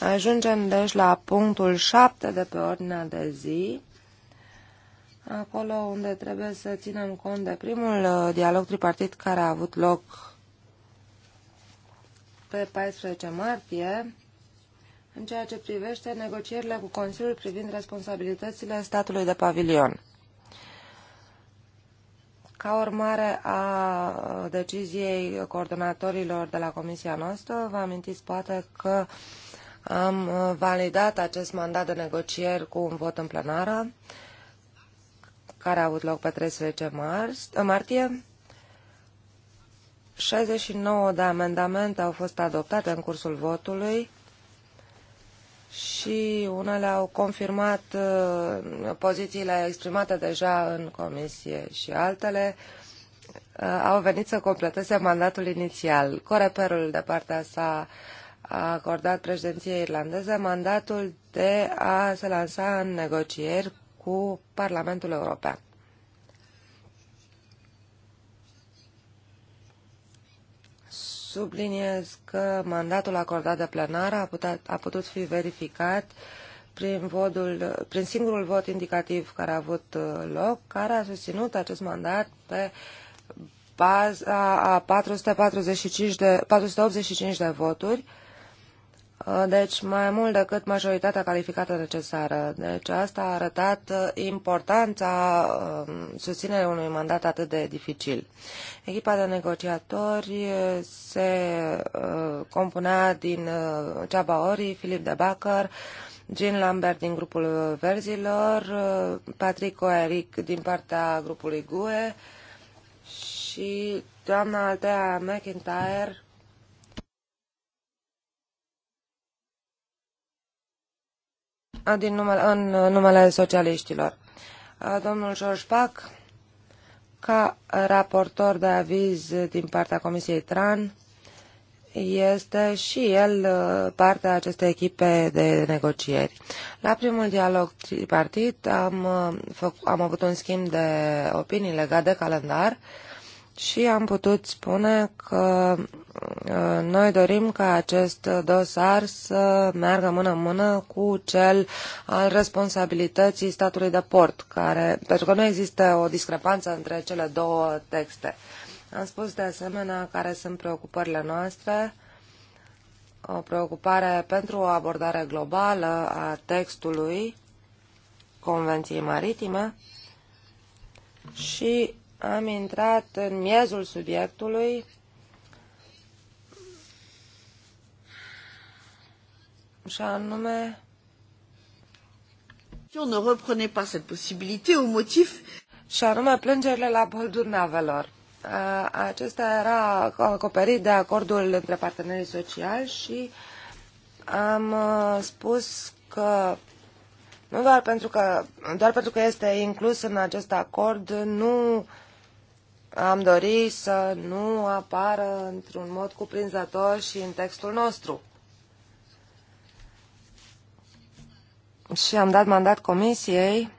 Speaker 3: Ajungem deci la punctul 7 de pe ordinea de zi, acolo unde trebuie să ținem cont de primul uh, dialog tripartit care a avut loc pe 14 martie în ceea ce privește negocierile cu Consiliul privind responsabilitățile statului de pavilion. Ca urmare a deciziei coordonatorilor de la Comisia noastră, vă amintiți poate că am validat acest mandat de negocieri cu un vot în plenară, care a avut loc pe 13 martie 69 de amendamente au fost adoptate în cursul votului și unele au confirmat uh, pozițiile exprimate deja în comisie și altele uh, au venit să completeze mandatul inițial. Coreperul de partea sa a acordat președinției irlandeze mandatul de a se lansa în negocieri cu Parlamentul European. subliniez că mandatul acordat de plenară a, a putut fi verificat prin, vodul, prin singurul vot indicativ care a avut uh, loc, care a susținut acest mandat pe baza a 445 de, 485 de voturi, Uh, deci mai mult decât majoritatea calificată necesară. Deci asta a arătat uh, importanța uh, susținerii unui mandat atât de dificil. Echipa de negociatori se compunea din Ceaba Ori, Filip de Bacăr, Jean Lambert din grupul Verzilor, Patrick Oeric din partea grupului GUE și doamna Altea McIntyre din numele, în numele socialiștilor. Domnul George Pac, ca raportor de aviz din partea Comisiei TRAN, este și el partea acestei echipe de negocieri. La primul dialog tripartit am, făc, am avut un schimb de opinii legat de calendar uh, și am putut spune că uh, noi dorim ca acest dosar să meargă mână-mână cu cel al responsabilității statului de port, care, pentru că nu există o discrepanță între cele două texte. Am spus de asemenea care sunt preocupările noastre, o preocupare pentru o abordare globală a textului Convenției Maritime și am intrat în miezul subiectului și anume ne reprenait pas cette posibilité au motif și anume plângerile la bordul navelor. Acesta era acoperit de acordul între partenerii sociali și am spus că nu doar pentru că, doar pentru că este inclus în acest acord, nu am dori să nu apară într-un mod cuprinzător și în textul nostru. Și am dat mandat comisiei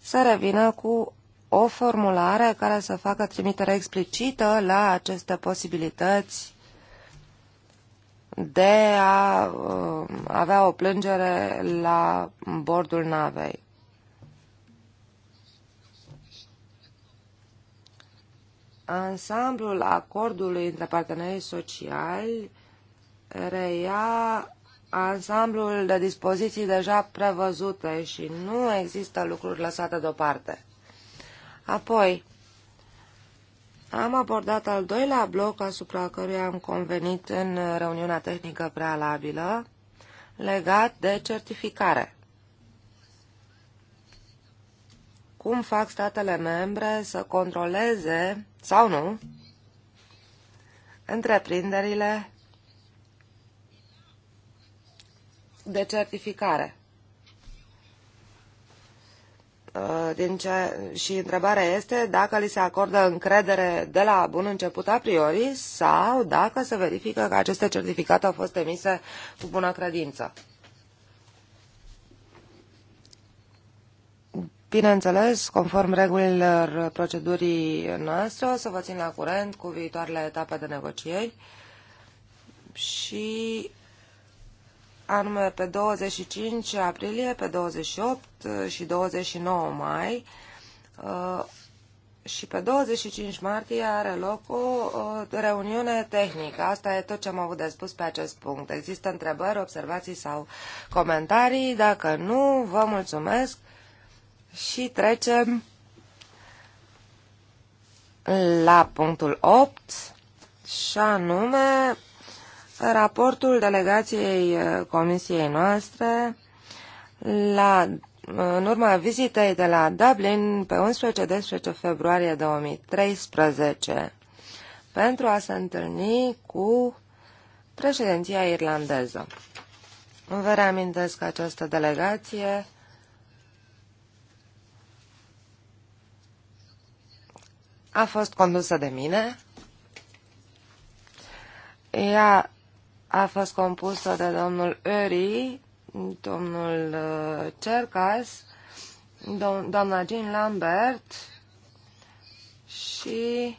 Speaker 3: să revină cu o formulare care să facă trimitere explicită la aceste posibilități de a uh, avea o plângere la bordul navei. Ansamblul acordului între partenerii sociali reia ansamblul de dispoziții deja prevăzute și nu există lucruri lăsate deoparte. Apoi, am abordat al doilea bloc asupra căruia am convenit în reuniunea tehnică prealabilă, legat de certificare. cum fac statele membre să controleze sau nu întreprinderile de certificare. Uh, din ce, și întrebarea este dacă li se acordă încredere de la bun început a priori sau dacă se verifică că aceste certificate au fost emise cu bună credință. Bineînțeles, conform regulilor procedurii noastre, o să vă țin la curent cu viitoarele etape de negocieri și anume pe 25 aprilie, pe 28 și 29 mai uh, și pe 25 martie are loc o, reuniune tehnică. Asta e tot ce am avut de spus pe acest punct. Există întrebări, observații sau comentarii? Dacă nu, vă mulțumesc și trecem la punctul 8, și anume raportul delegației uh, comisiei noastre la, uh, în urma vizitei de la Dublin pe 11-12 februarie 2013 pentru a se întâlni cu președinția irlandeză. Vă reamintesc că această delegație a fost condusă de mine. Ea a fost compusă de domnul Eri, domnul uh, Cercas, do doamna Jean Lambert și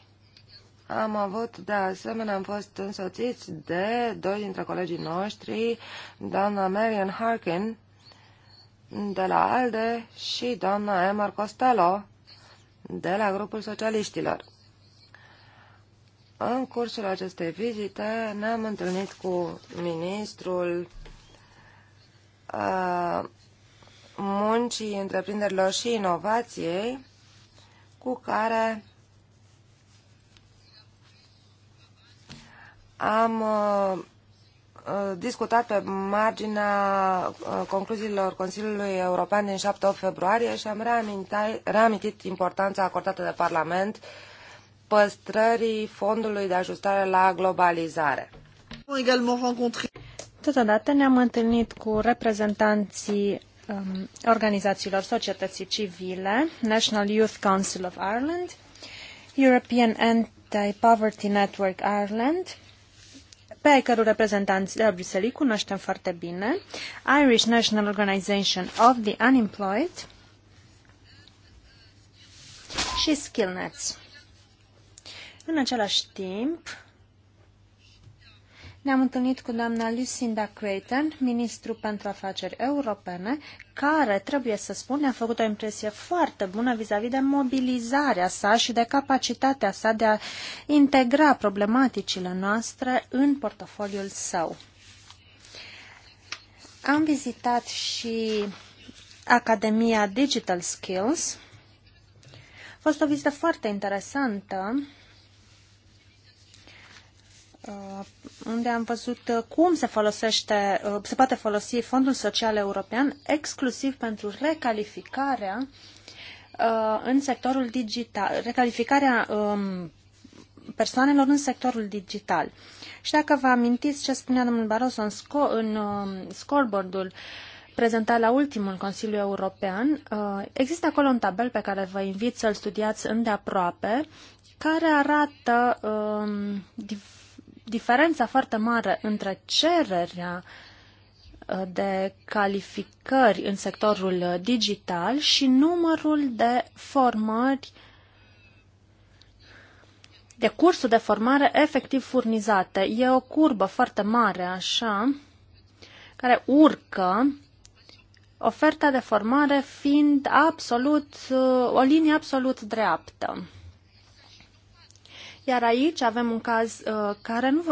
Speaker 3: am avut, de asemenea, am fost însoțiți de doi dintre colegii noștri, doamna Marian Harkin de la ALDE și doamna Emma Costello de la grupul socialiștilor. În cursul acestei vizite ne-am întâlnit cu ministrul a, muncii, întreprinderilor și inovației, cu care am a, Uh, discutat pe marginea uh, concluziilor Consiliului European din 7-8 februarie și am reamintit importanța acordată de Parlament păstrării Fondului de Ajustare la Globalizare.
Speaker 1: Totodată ne-am întâlnit cu reprezentanții um, organizațiilor societății civile, National Youth Council of Ireland, European Anti-Poverty Network Ireland, pe cărul reprezentanți la Bruxelles cunoaștem foarte bine, Irish National Organization of the Unemployed și Skillnets. În același timp, ne-am întâlnit cu doamna Lucinda Creighton, ministru pentru afaceri europene, care, trebuie să spun, ne-a făcut o impresie foarte bună vis-a-vis -vis de mobilizarea sa și de capacitatea sa de a integra problematicile noastre în portofoliul său. Am vizitat și Academia Digital Skills. A fost o vizită foarte interesantă Uh, unde am văzut uh, cum se folosește, uh, se poate folosi Fondul Social European exclusiv pentru recalificarea în sectorul digital, recalificarea um, persoanelor în sectorul digital. Și dacă vă amintiți ce spunea domnul Barroso în, sco- în um, scoreboard-ul prezentat la ultimul Consiliu European, există acolo un tabel pe care vă invit să-l studiați îndeaproape, care arată um, diferența foarte mare între cererea uh, de calificări în sectorul digital și numărul de formări, de cursuri de formare efectiv furnizate. E o curbă foarte mare, așa, care urcă oferta de formare fiind absolut, uh, o linie absolut dreaptă. Iar aici avem un caz uh, care nu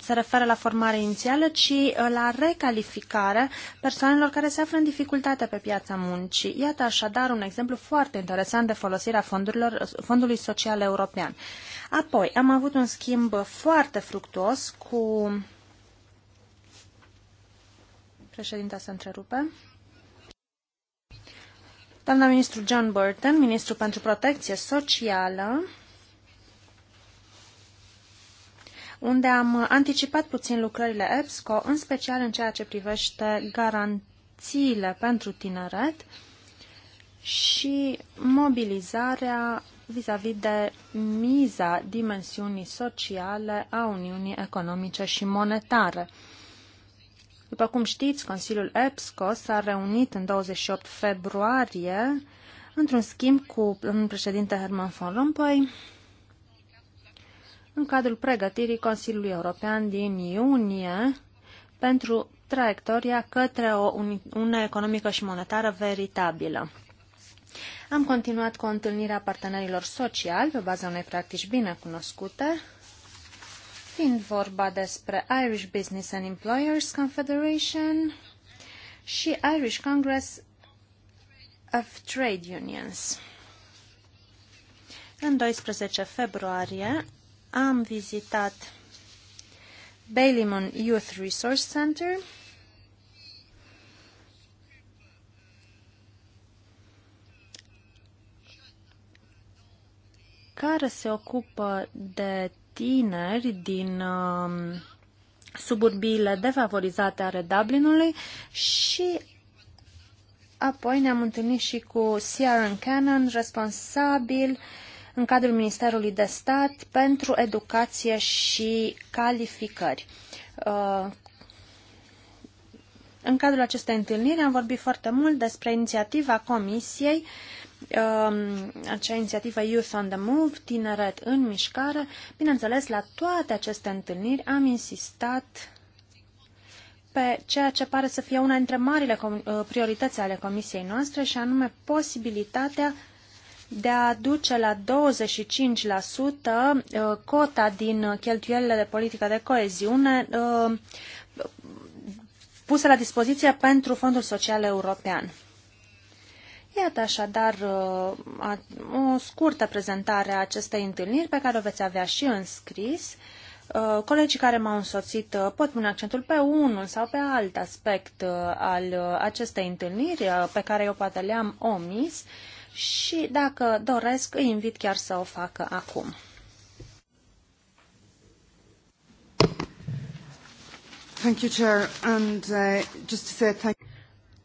Speaker 1: se referă la formare inițială, ci uh, la recalificare persoanelor care se află în dificultate pe piața muncii. Iată așadar un exemplu foarte interesant de folosire a fondurilor, Fondului Social European. Apoi, am avut un schimb foarte fructuos cu... Președinta se întrerupe. Doamna ministru John Burton, ministru pentru protecție socială, unde am anticipat puțin lucrările EBSCO, în special în ceea ce privește garanțiile pentru tineret și mobilizarea vis-a-vis -vis de miza dimensiunii sociale a Uniunii Economice și Monetare. După cum știți, Consiliul EPSCO s-a reunit în 28 februarie într-un schimb cu președinte Herman von Rompuy în cadrul pregătirii Consiliului European din iunie pentru traiectoria către o uniune economică și monetară veritabilă. Am continuat cu întâlnirea partenerilor sociali pe baza unei practici bine cunoscute, fiind vorba despre Irish Business and Employers Confederation și Irish Congress of Trade Unions. În 12 februarie am vizitat Bailimon Youth Resource Center, care se ocupă de tineri din uh, suburbiile defavorizate ale Dublinului și apoi ne-am întâlnit și cu Ciaran Cannon, responsabil în cadrul Ministerului de Stat pentru Educație și Calificări. Uh, în cadrul acestei întâlniri am vorbit foarte mult despre inițiativa Comisiei, um, acea inițiativă Youth on the Move, Tineret în Mișcare. Bineînțeles, la toate aceste întâlniri am insistat pe ceea ce pare să fie una dintre marile uh, priorități ale Comisiei noastre și anume posibilitatea de a duce la 25% uh, cota din cheltuielile de politică de coeziune uh, pusă la dispoziție pentru Fondul Social European. Iată așadar uh, o scurtă prezentare a acestei întâlniri pe care o veți avea și în scris. Colegii care m-au însoțit pot pune accentul pe unul sau pe alt aspect al acestei întâlniri pe care eu poate le-am omis și dacă doresc, îi invit chiar să o facă acum. Thank you,
Speaker 3: Chair, and uh,
Speaker 1: just to say thank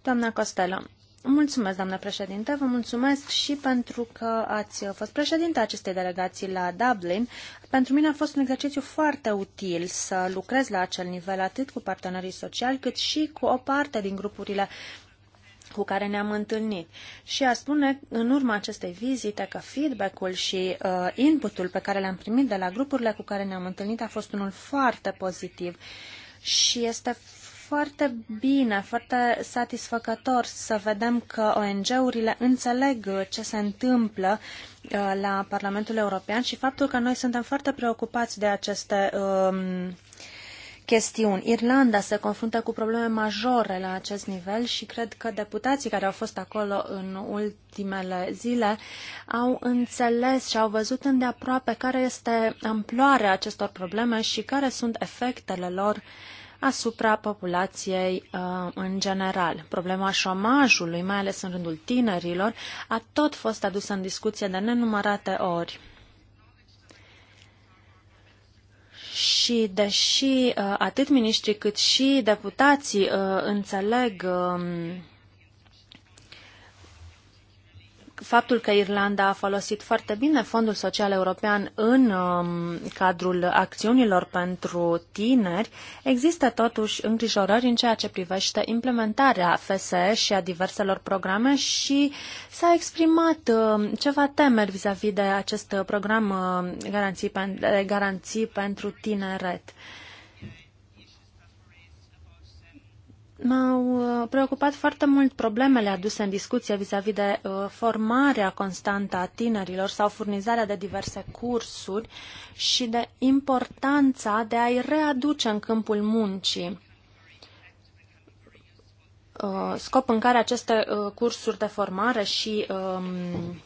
Speaker 1: Doamna Costello, mulțumesc, doamna președinte, vă mulțumesc și pentru că ați fost președinte acestei delegații la Dublin. Pentru mine a fost un exercițiu foarte util să lucrez la acel nivel, atât cu partenerii sociali, cât și cu o parte din grupurile cu care ne-am întâlnit și a spune în urma acestei vizite că feedback-ul și uh, input-ul pe care le-am primit de la grupurile cu care ne-am întâlnit a fost unul foarte pozitiv și este foarte bine, foarte satisfăcător să vedem că ONG-urile înțeleg ce se întâmplă uh, la Parlamentul European și faptul că noi suntem foarte preocupați de aceste uh, chestiuni. Irlanda se confruntă cu probleme majore la acest nivel și cred că deputații care au fost acolo în ultimele zile au înțeles și au văzut îndeaproape care este amploarea acestor probleme și care sunt efectele lor asupra populației uh, în general. Problema șomajului, mai ales în rândul tinerilor, a tot fost adusă în discuție de nenumărate ori. Și deși uh, atât miniștrii cât și deputații uh, înțeleg um, faptul că Irlanda a folosit foarte bine Fondul Social European în um, cadrul acțiunilor pentru tineri, există totuși îngrijorări în ceea ce privește implementarea FSE și a diverselor programe și s-a exprimat um, ceva temeri vis-a-vis -vis de acest program um, garanții, pen, garanții pentru tineret. Uh, M-au uh, preocupat foarte mult problemele aduse în discuție vis-a-vis de uh, formarea constantă a tinerilor sau furnizarea de diverse cursuri și de importanța de a-i readuce în câmpul muncii uh, scop în care aceste cursuri de formare și um,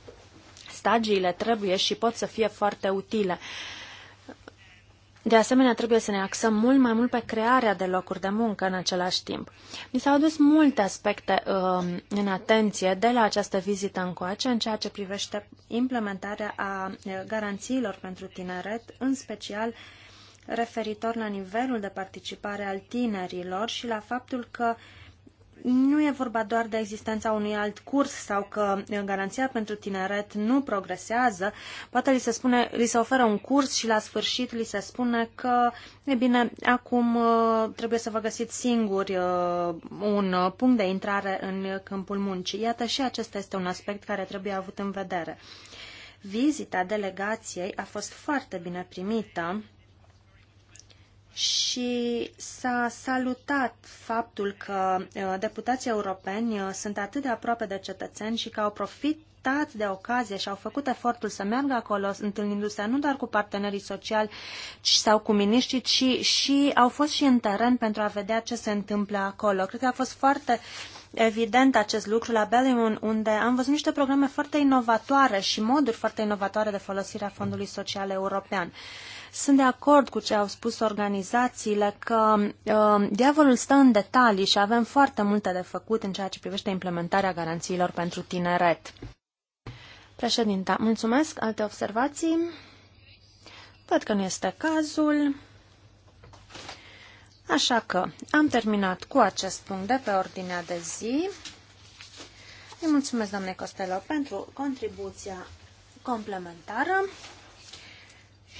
Speaker 1: stagiile trebuie și pot să fie foarte utile. De asemenea, trebuie să ne axăm mult mai mult pe crearea de locuri de muncă în același timp. Mi s-au adus multe aspecte uh, în atenție de la această vizită încoace în ceea ce privește implementarea a garanțiilor pentru tineret, în special referitor la nivelul de participare al tinerilor și la faptul că uh, nu e vorba doar de existența unui alt curs sau că garanția pentru tineret nu progresează. Poate li se, spune, li se oferă un curs și la sfârșit li se spune că, e bine, acum uh, trebuie să vă găsiți singuri uh, un punct de intrare în câmpul muncii. Iată și acesta este un aspect care trebuie avut în vedere. Vizita delegației a fost foarte bine primită și s-a salutat faptul că uh, deputații europeni uh, sunt atât de aproape de cetățeni și că au profitat de ocazie și au făcut efortul să meargă acolo, întâlnindu-se nu doar cu partenerii sociali ci, sau cu miniștrii, ci și au fost și în teren pentru a vedea ce se întâmplă acolo. Cred că a fost foarte evident acest lucru la Bellingham, unde am văzut niște programe foarte inovatoare și moduri foarte inovatoare de folosire a Fondului Social European. Uh, sunt de acord cu ce au spus organizațiile că uh, diavolul stă în detalii și avem foarte multe de făcut în ceea ce privește implementarea garanțiilor pentru tineret. Președinta, mulțumesc. Alte observații? Văd că nu este cazul. Așa că am terminat cu acest punct de pe ordinea de zi. Îi mulțumesc, doamne Costello, pentru contribuția complementară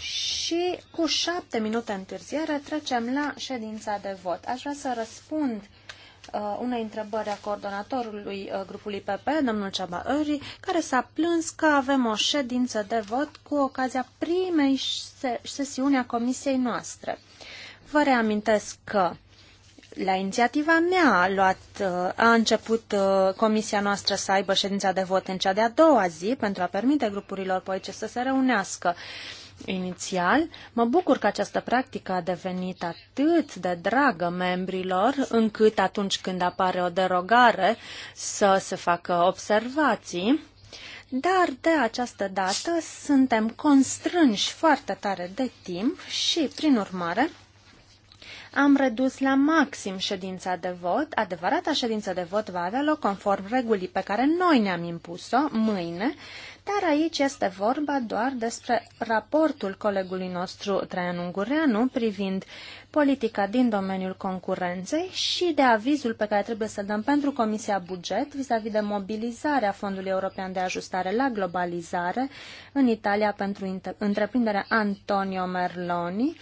Speaker 1: și cu șapte minute întârziere trecem la ședința de vot. Aș vrea să răspund uh, unei întrebări a coordonatorului uh, grupului PP, domnul Ceaba Ări, care s-a plâns că avem o ședință de vot cu ocazia primei sesiuni a comisiei noastre. Vă reamintesc că la inițiativa mea a, luat, uh, a început uh, comisia noastră să aibă ședința de vot în cea de-a doua zi pentru a permite grupurilor politice să se reunească. Uh, inițial. Mă bucur că această practică a devenit atât de dragă membrilor, încât atunci când apare o derogare să se facă observații. Dar de această dată suntem constrânși foarte tare de timp și, prin urmare, am redus la maxim ședința de vot. Adevărata ședință de vot va avea loc conform regulii pe care noi ne-am impus-o mâine dar aici este vorba doar despre raportul colegului nostru Traian Ungureanu privind politica din domeniul concurenței și de avizul pe care trebuie să-l dăm pentru Comisia Buget vis-a-vis -vis de mobilizarea Fondului European de Ajustare la Globalizare în Italia pentru întreprinderea Antonio Merloni,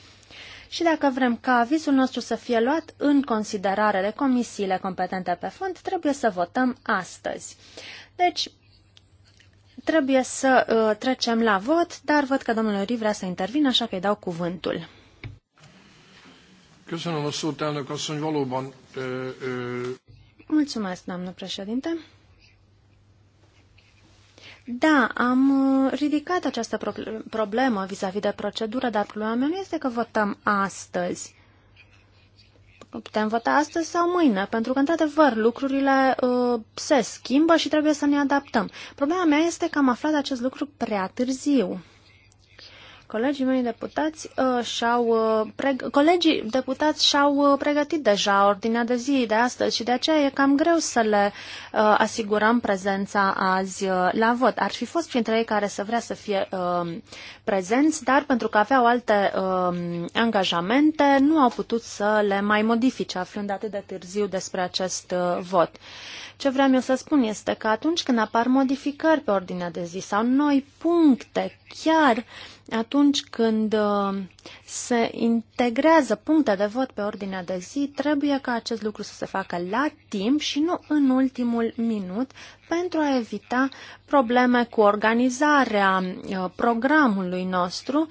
Speaker 1: și dacă vrem ca avizul nostru să fie luat în considerare de comisiile competente pe fond, trebuie să votăm astăzi. Deci, Trebuie să uh, trecem la vot, dar văd că domnul Ori vrea să intervină, așa că îi dau cuvântul. Mulțumesc, doamnă președinte. Da, am uh, ridicat această problemă vis-a-vis -vis de procedură, dar problema mea nu este că votăm astăzi putem vota astăzi sau mâine, pentru că, într-adevăr, lucrurile uh, se schimbă și trebuie să ne adaptăm. Problema mea este că am aflat acest lucru prea târziu. Colegii mei deputați uh, și-au uh, colegii deputați și-au uh, pregătit deja ordinea de zi de astăzi și de aceea e cam greu să le uh, asigurăm prezența azi uh, la vot. Ar fi fost printre ei care să vrea să fie uh, prezenți, dar pentru că aveau alte uh, angajamente, nu au putut să le mai modifice aflând atât de târziu despre acest uh, vot. Uh, ce vreau eu să spun este că atunci când apar modificări pe ordinea de zi sau noi puncte, chiar atunci când uh, se integrează puncte de vot pe ordinea de zi, trebuie ca acest lucru să se facă la timp și nu în ultimul minut pentru a evita probleme cu organizarea uh, programului nostru,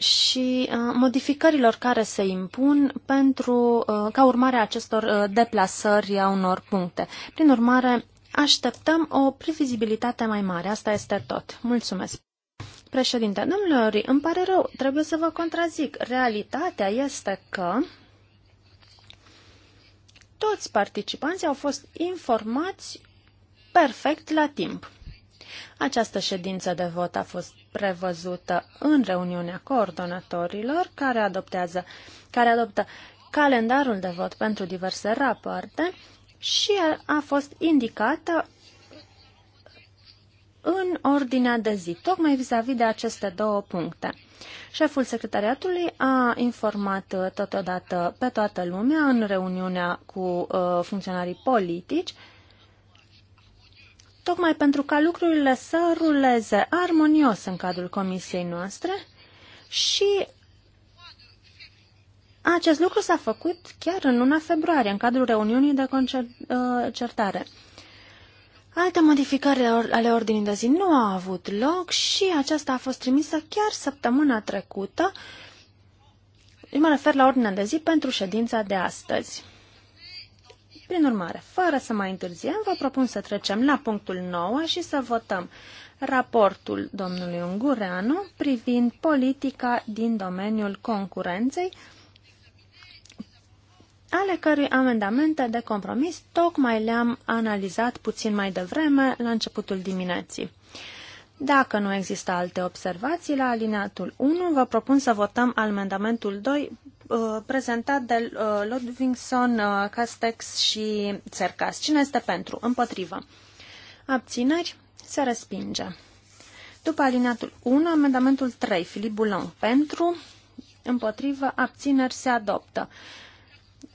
Speaker 1: și uh, modificărilor care se impun pentru, uh, ca urmare a acestor uh, deplasări a unor puncte. Prin urmare, așteptăm o previzibilitate mai mare. Asta este tot. Mulțumesc. Președinte, domnule Ori, îmi pare rău, trebuie să vă contrazic. Realitatea este că toți participanții au fost informați perfect la timp. Această ședință de vot a fost prevăzută în reuniunea coordonatorilor care, adoptează, care adoptă calendarul de vot pentru diverse rapoarte și a fost indicată în ordinea de zi, tocmai vis-a-vis -vis de aceste două puncte. Șeful secretariatului a informat uh, totodată pe toată lumea în reuniunea cu uh, funcționarii politici uh, tocmai pentru ca lucrurile să ruleze armonios în cadrul comisiei noastre și acest lucru s-a făcut chiar în luna februarie, în cadrul reuniunii de concertare. Uh, Alte modificări ale ordinii de zi nu au avut loc și aceasta a fost trimisă chiar săptămâna trecută. Mă refer la ordinea de zi pentru ședința de astăzi. Prin urmare, fără să mai întârziem, vă propun să trecem la punctul 9 și să votăm raportul domnului Ungureanu privind politica din domeniul concurenței, ale cărui amendamente de compromis tocmai le-am analizat puțin mai devreme la începutul dimineții. Dacă nu există alte observații la alineatul 1, vă propun să votăm amendamentul 2 Uh, prezentat de uh, Lodvingson, uh, Castex și Cercas. Cine este pentru? Împotrivă. Abțineri? Se respinge. După alineatul 1, amendamentul 3, Filip Bulon, pentru, împotrivă, abțineri, se adoptă.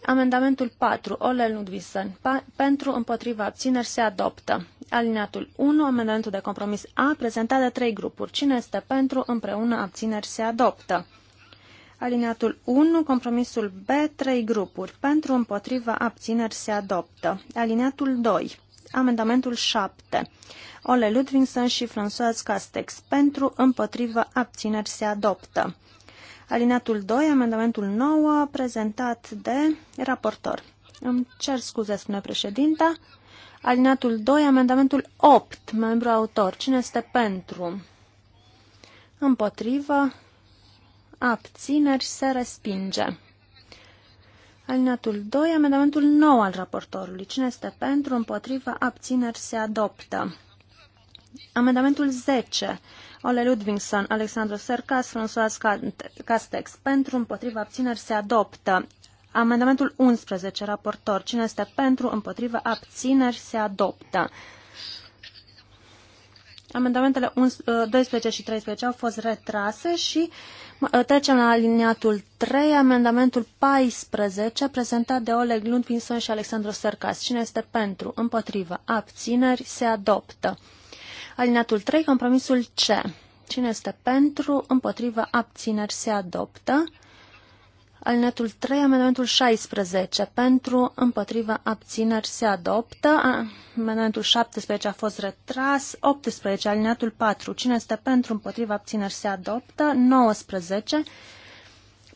Speaker 1: Amendamentul 4, Ole Ludvisen, pentru, împotrivă, abțineri, se adoptă. Alineatul 1, amendamentul de compromis A, prezentat de trei grupuri. Cine este pentru, împreună, abțineri, se adoptă. Alineatul 1, compromisul B, 3 grupuri. Pentru, împotriva, abțineri se adoptă. Alineatul 2, amendamentul 7. Ole Ludvinson și François Castex. Pentru, împotriva, abțineri se adoptă. Alineatul 2, amendamentul 9, prezentat de raportor. Îmi cer scuze, spune președinta. Alineatul 2, amendamentul 8, membru autor. Cine este pentru? Împotrivă, abțineri, se respinge. Alineatul 2, amendamentul 9 al raportorului. Cine este pentru, împotriva, abțineri, se adoptă. Amendamentul 10. Ole Ludvingson, Alexandru Sercas, François Castex. Pentru, împotriva, abțineri, se adoptă. Amendamentul 11, raportor. Cine este pentru, împotriva, abțineri, se adoptă. Amendamentele 12 uh, și 13 au fost retrase și uh, trecem la aliniatul 3, amendamentul 14, prezentat de Oleg Lundvinson și Alexandru Sărcas. Cine este pentru? Împotrivă. Abțineri. Se adoptă. Aliniatul 3, compromisul C. Cine este pentru? Împotrivă. Abțineri. Se adoptă. Alinetul 3, amendamentul 16. Pentru, împotriva, abțineri se adoptă. Amendamentul 17 a fost retras. 18, alinatul 4. Cine este pentru, împotriva, abțineri se adoptă. 19.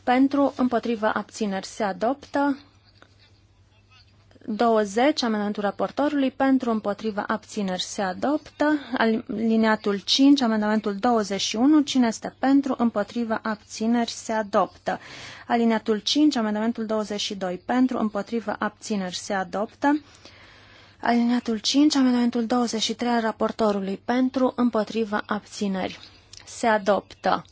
Speaker 1: Pentru, împotriva, abțineri se adoptă. 20, amendamentul raportorului, pentru împotriva abțineri se adoptă. Aliniatul 5, amendamentul 21, cine este pentru împotriva abțineri se adoptă. Aliniatul 5, amendamentul 22, pentru împotriva abțineri se adoptă. Aliniatul 5, amendamentul 23 al raportorului, pentru împotriva abțineri se adoptă.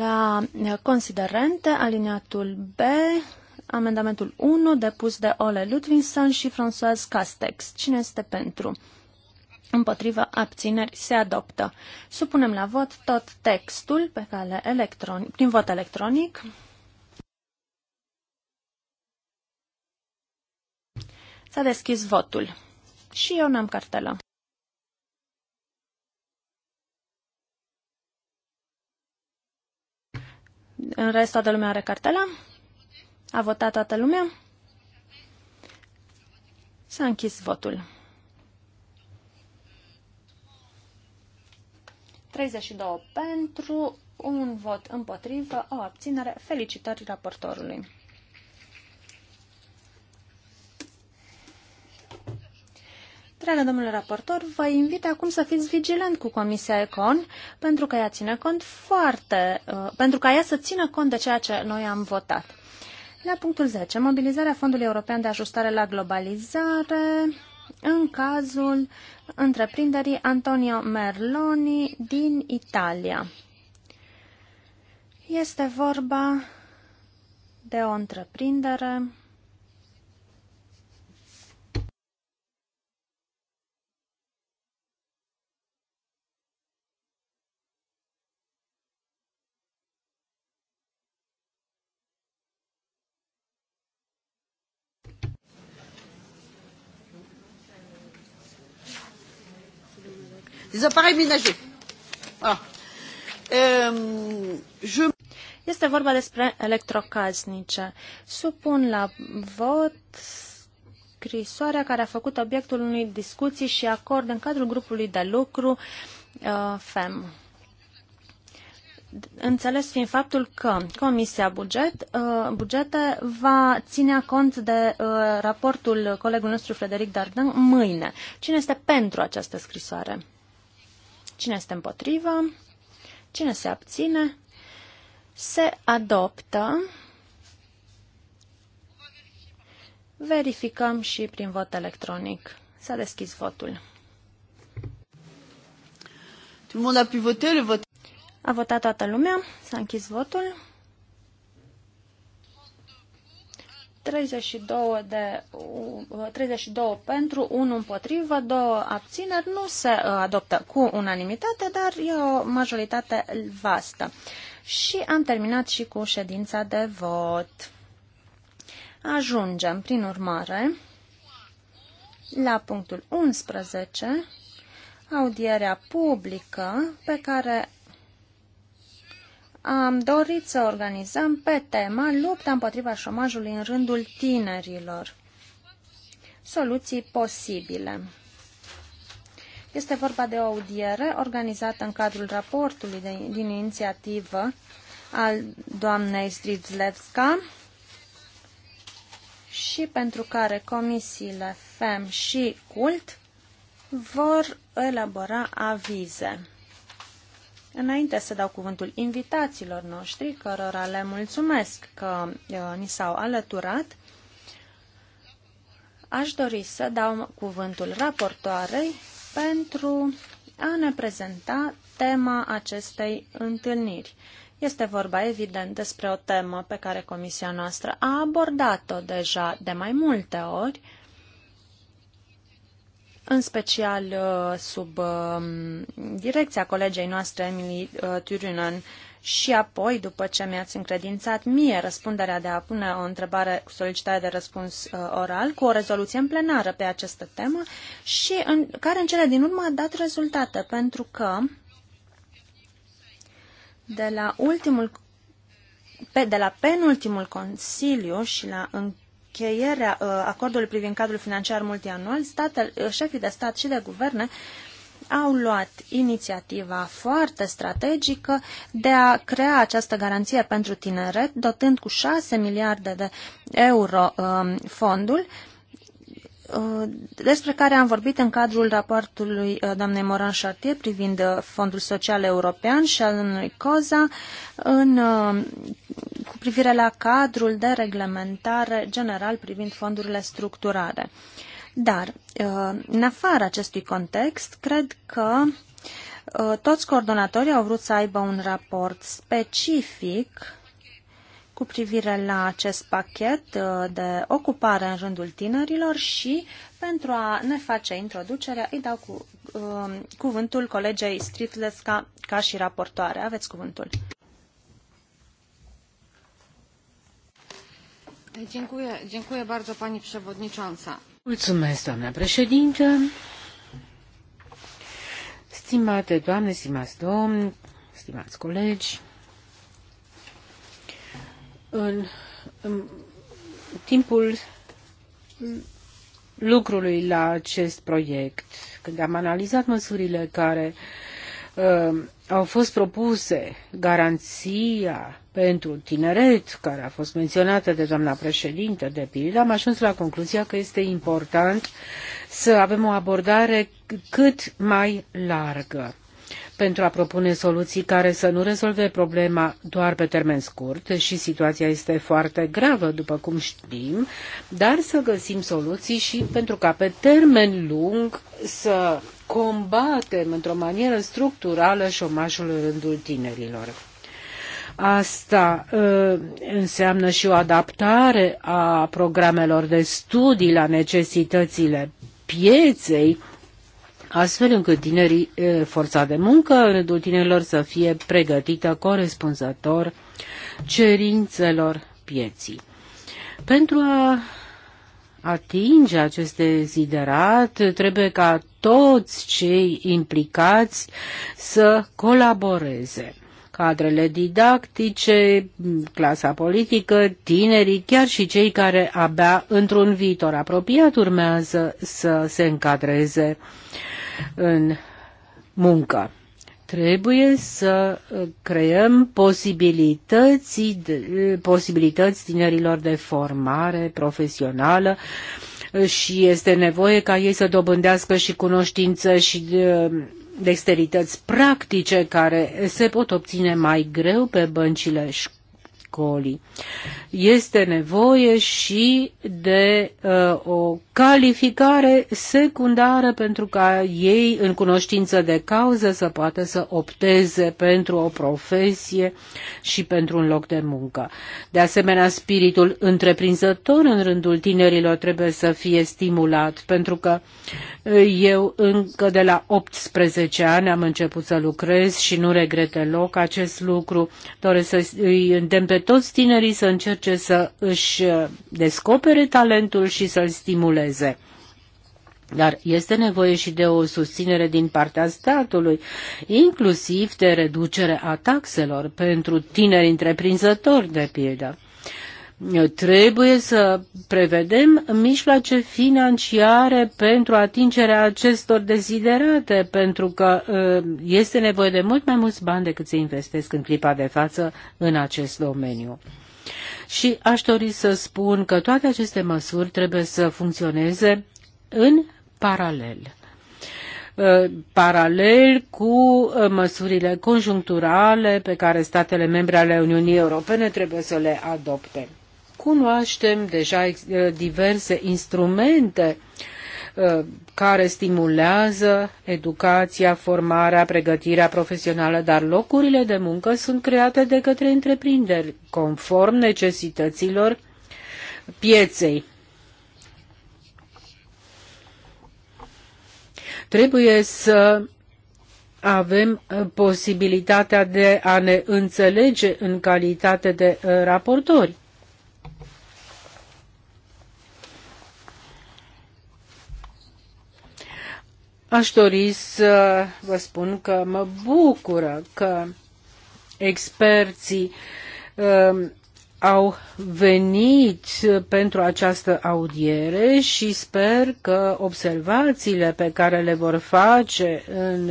Speaker 1: La considerente, aliniatul B, amendamentul 1 depus de Ole Ludvinson și François Castex. Cine este pentru? Împotrivă abțineri se adoptă. Supunem la vot tot textul pe cale electronic, prin vot electronic. S-a deschis votul. Și eu n-am cartelă. În rest, toată lumea are cartela? A votat toată lumea? S-a închis votul. 32 pentru, un vot împotrivă, o abținere. Felicitări raportorului. Dragă domnule raportor, vă invit acum să fiți vigilent cu Comisia Econ, pentru că ea ține cont foarte, uh, pentru ca ea să țină cont de ceea ce noi am votat. La punctul 10, mobilizarea Fondului European de Ajustare la Globalizare în cazul întreprinderii Antonio Merloni din Italia. Este vorba de o întreprindere des appareils ménagers. Voilà. Ah. Euh, je... Este vorba despre electrocasnice. Supun la vot scrisoarea care a făcut obiectul unui discuții și acord în cadrul grupului de lucru uh, FEM. Înțeles fiind faptul că Comisia Buget, uh, Bugete va ține cont de uh, raportul colegului nostru Frederic Dardan mâine. Cine este pentru această scrisoare? Cine este împotrivă? Cine se abține? Se adoptă. Verificăm și prin vot electronic. S-a deschis votul. a A votat toată lumea, s-a închis votul. 32, de, 32 pentru, 1 împotrivă, 2 abțineri. Nu se uh, adoptă cu unanimitate, dar e o majoritate vastă. Și am terminat și cu ședința de vot. Ajungem, prin urmare, la punctul 11, audierea publică pe care am dorit să organizăm pe tema lupta împotriva șomajului în rândul tinerilor. Soluții posibile. Este vorba de o audiere organizată în cadrul raportului de, din inițiativă al doamnei Stridzlevska și pentru care comisiile FEM și CULT vor elabora avize. Înainte să dau cuvântul invitațiilor noștri, cărora le mulțumesc că uh, ni s-au alăturat, aș dori să dau cuvântul raportoarei pentru a ne prezenta tema acestei întâlniri. Este vorba, evident, despre o temă pe care Comisia noastră a abordat-o deja de mai multe ori în special uh, sub um, direcția colegei noastre, Emily uh, Turunen, și apoi, după ce mi-ați încredințat mie răspunderea de a pune o întrebare cu solicitare de răspuns uh, oral, cu o rezoluție în plenară pe această temă și în, care în cele din urmă a dat rezultate, pentru că de la ultimul pe, de la penultimul Consiliu și la încheierea uh, acordului privind cadrul financiar multianual, statele, uh, șefii de stat și de guverne au luat inițiativa foarte strategică de a crea această garanție pentru tineret, dotând cu 6 miliarde de euro um, fondul, Uh, despre care am vorbit în cadrul raportului uh, doamnei Moran Chartier privind uh, Fondul Social European și al lui COZA în, cu privire la cadrul de reglementare general privind fondurile structurare. Dar, în afara acestui context, cred că toți coordonatorii au vrut să aibă un raport specific cu privire la acest pachet uh, de ocupare în rândul tinerilor și pentru a ne face introducerea îi dau cu, um, cuvântul colegei Stritlesca ca, ca și raportoare. Aveți cuvântul.
Speaker 3: Dziękuję, dziękuję bardzo pani przewodnicząca.
Speaker 2: Mulțumesc, doamna președintă. Stimate doamne, stimați domni, stimați colegi, în, în timpul lucrului la acest proiect, când am analizat măsurile care uh, au fost propuse, garanția pentru tineret, care a fost menționată de doamna președintă, de pildă, am ajuns la concluzia că este important să avem o abordare cât mai largă pentru a propune soluții care să nu rezolve problema doar pe termen scurt și situația este foarte gravă, după cum știm, dar să găsim soluții și pentru ca pe termen lung să combatem într-o manieră structurală șomajul în rândul tinerilor. Asta ă, înseamnă și o adaptare a programelor de studii la necesitățile pieței astfel încât tinerii, forța de muncă în rândul tinerilor să fie pregătită corespunzător cerințelor pieții. Pentru a atinge acest deziderat, trebuie ca toți cei implicați să colaboreze. Cadrele didactice, clasa politică, tinerii, chiar și cei care abia într-un viitor apropiat urmează să se încadreze uh, în muncă. Trebuie să creăm posibilități, posibilități tinerilor de formare profesională și este nevoie ca ei să dobândească și cunoștință și de, dexterități practice care se pot obține mai greu pe băncile școlii școlii. Este nevoie și de uh, o calificare secundară pentru ca ei, în cunoștință de cauză, să poată să opteze pentru o profesie și pentru un loc de muncă. De asemenea, spiritul întreprinzător în rândul tinerilor trebuie să fie stimulat, pentru că uh, eu încă de la 18 ani am început să lucrez și nu regret deloc acest lucru. Doresc să îi îndemn pe toți tinerii să încerce să își descopere talentul și să-l stimuleze. Dar este nevoie și de o susținere din partea statului, inclusiv de reducere a taxelor pentru tineri întreprinzători, de pildă. Trebuie să prevedem mijloace financiare pentru atingerea acestor deziderate, pentru că uh, este nevoie de mult mai mulți bani decât se investesc în clipa de față în acest domeniu. Și aș dori să spun că toate aceste măsuri trebuie să funcționeze în paralel uh, paralel cu uh, măsurile conjuncturale pe care statele membre ale Uniunii Europene trebuie să le adopte. Cunoaștem deja eh, diverse instrumente eh, care stimulează educația, formarea, pregătirea profesională, dar locurile de muncă sunt create de către întreprinderi, conform necesităților pieței. Trebuie să avem eh, posibilitatea de a ne înțelege în calitate de raportori. Aș dori să vă spun că mă bucură că experții uh, au venit pentru această audiere și sper că observațiile pe care le vor face în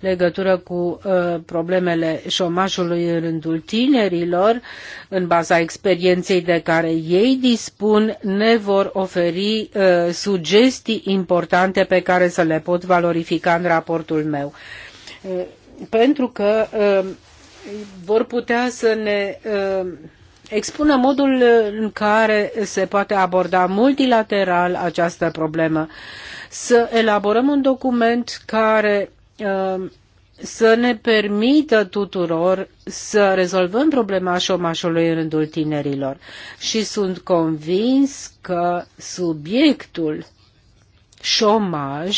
Speaker 2: legătură cu uh, problemele șomajului în rândul tinerilor, în baza experienței de care ei dispun, ne vor oferi uh, sugestii importante pe care să le pot valorifica în raportul meu. Uh, pentru că uh, vor putea să ne uh, expună modul în care se poate aborda multilateral această problemă, să elaborăm un document care Ehm, să ne permită tuturor să rezolvăm problema șomajului în rândul tinerilor. Și sunt convins că subiectul șomaj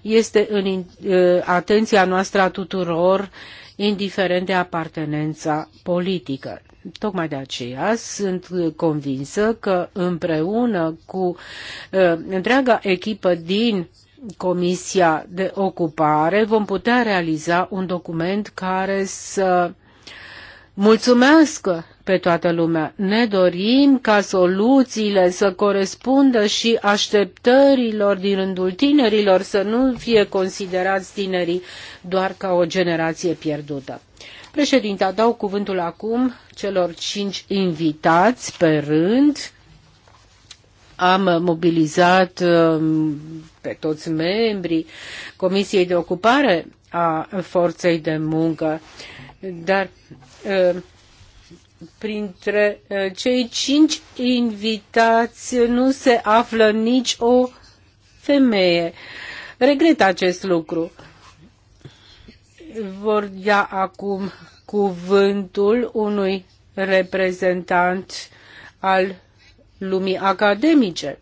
Speaker 2: este în atenția noastră a tuturor, indiferent de apartenența politică. Tocmai de aceea sunt convinsă că împreună cu uh, întreaga echipă din Comisia de Ocupare vom putea realiza un document care să mulțumească pe toată lumea. Ne dorim ca soluțiile să corespundă și așteptărilor din rândul tinerilor, să nu fie considerați tinerii doar ca o generație pierdută. Președinte, dau cuvântul acum celor cinci invitați pe rând. Am mobilizat um, pe toți membrii Comisiei de Ocupare a Forței de Muncă, dar printre cei cinci invitați nu se află nici o femeie. Regret acest lucru. Vor ia acum cuvântul unui reprezentant al lumii academice.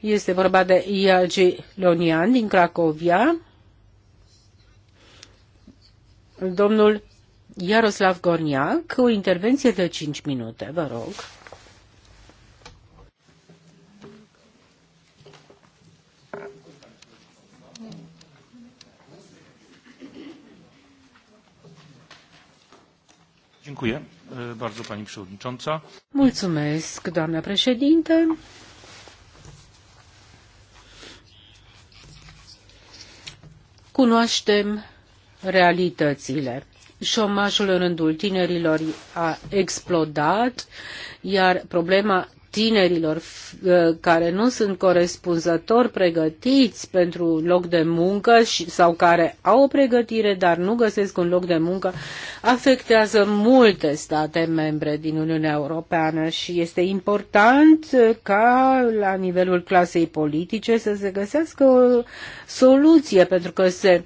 Speaker 2: Este vorba de ILG Lonian din Cracovia. Domnul Iaroslav Gorniac, o intervenție de 5 minute, vă rog.
Speaker 4: Dziękuję bardzo Pani Przewodnicząca.
Speaker 2: Mulțumesc, doamna președinte. cunoaștem realitățile. Șomajul în rândul tinerilor a explodat, iar problema tinerilor uh, care nu sunt corespunzător pregătiți pentru un loc de muncă și, sau care au o pregătire, dar nu găsesc un loc de muncă, afectează multe state membre din Uniunea Europeană și este important uh, ca la nivelul clasei politice să se găsească o soluție, pentru că se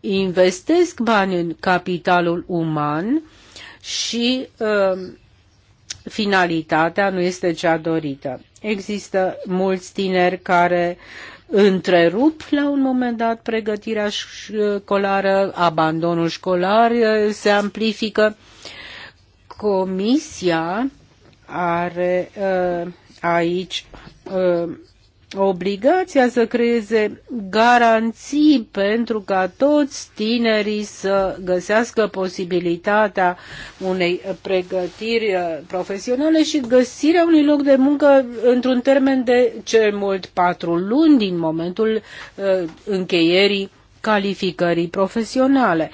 Speaker 2: investesc bani în capitalul uman și uh, finalitatea nu este cea dorită. Există mulți tineri care întrerup la un moment dat pregătirea școlară, abandonul școlar eh, se amplifică. Comisia are eh, aici eh, obligația să creeze garanții pentru ca toți tinerii să găsească posibilitatea unei pregătiri uh, profesionale și găsirea unui loc de muncă într-un termen de cel mult patru luni din momentul uh, încheierii calificării profesionale.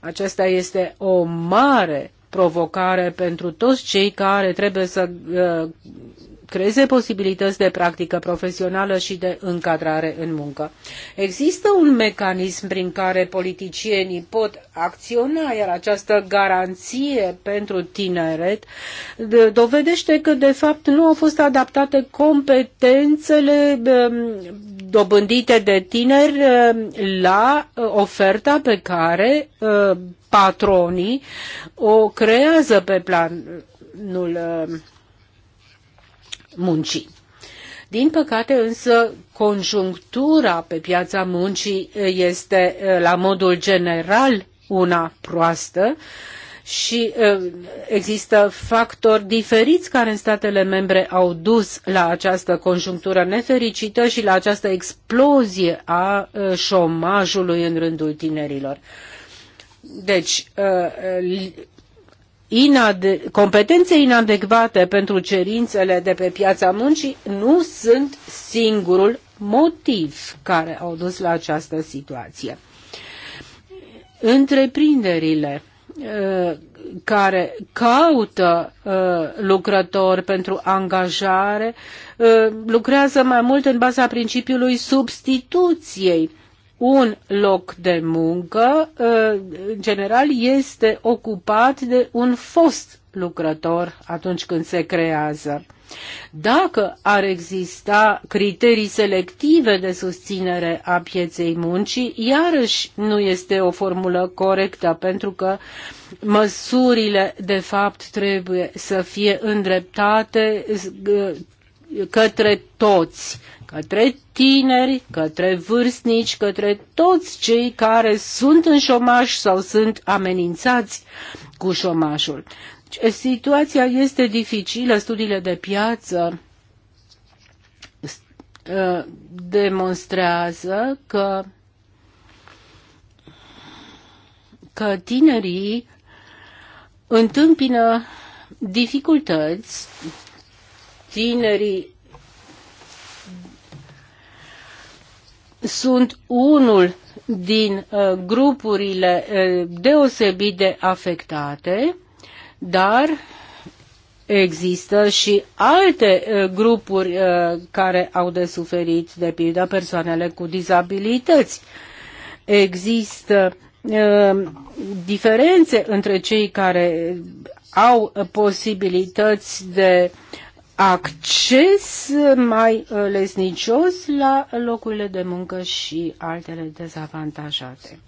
Speaker 2: Aceasta este o mare provocare pentru toți cei care trebuie să uh, creeze posibilități de practică profesională și de încadrare în muncă. Există un mecanism prin care politicienii pot acționa, iar această garanție pentru tineret dovedește că, de fapt, nu au fost adaptate competențele um, dobândite de tineri um, la uh, oferta pe care uh, patronii o creează pe planul uh, muncii. Din păcate însă conjunctura pe piața muncii eh, este eh, la modul general una proastă și eh, există factori diferiți care în statele membre au dus la această conjunctură nefericită și la această explozie a șomajului în rândul tinerilor. Deci, inade- competențe inadecvate pentru cerințele de pe piața muncii nu sunt singurul motiv care au dus la această situație. Întreprinderile uh, care caută uh, lucrători pentru angajare uh, lucrează mai mult în baza principiului substituției un loc de muncă, ă, în general, este ocupat de un fost lucrător atunci când se creează. Dacă ar exista criterii selective de susținere a pieței muncii, iarăși nu este o formulă corectă, pentru că măsurile, de fapt, trebuie să fie îndreptate ă, către toți către tineri, către vârstnici, către toți cei care sunt în șomaș sau sunt amenințați cu șomașul. Situația este dificilă, studiile de piață ă, demonstrează că, că tinerii întâmpină dificultăți, tinerii sunt unul din uh, grupurile uh, deosebit de afectate, dar există și alte uh, grupuri uh, care au de suferit, de pildă persoanele cu dizabilități. Există uh, diferențe între cei care au posibilități de acces mai uh, lesnicios la locurile de muncă și altele dezavantajate.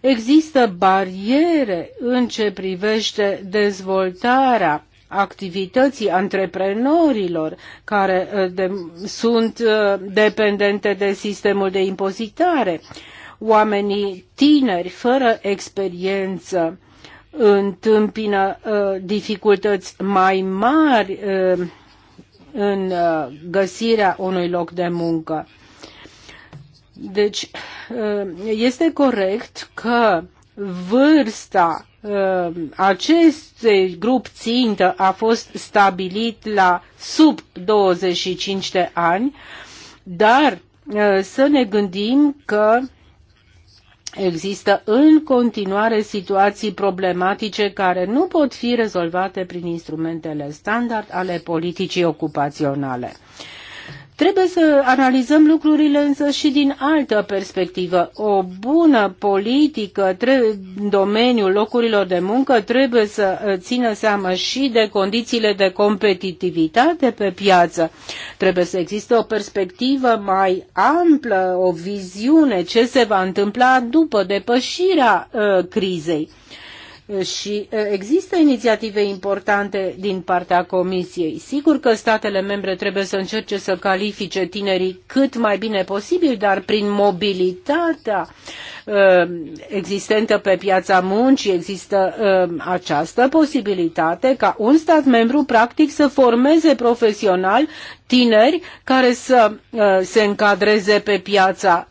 Speaker 2: Există bariere în ce privește dezvoltarea activității antreprenorilor care uh, de, sunt uh, dependente de sistemul de impozitare. Oamenii tineri fără experiență întâmpină uh, dificultăți mai mari uh, în uh, găsirea unui loc de muncă. Deci, este corect că vârsta acestui grup țintă a fost stabilit la sub 25 de ani, dar să ne gândim că există în continuare situații problematice care nu pot fi rezolvate prin instrumentele standard ale politicii ocupaționale. Trebuie să analizăm lucrurile însă și din altă perspectivă. O bună politică în domeniul locurilor de muncă trebuie să uh, țină seama și de condițiile de competitivitate pe piață. Trebuie să existe o perspectivă mai amplă, o viziune ce se va întâmpla după depășirea uh, crizei și există inițiative importante din partea Comisiei. Sigur că statele membre trebuie să încerce să califice tinerii cât mai bine posibil, dar prin mobilitatea Uh, existentă pe piața muncii, există uh, această posibilitate ca un stat membru practic să formeze profesional tineri care să uh, se încadreze pe piața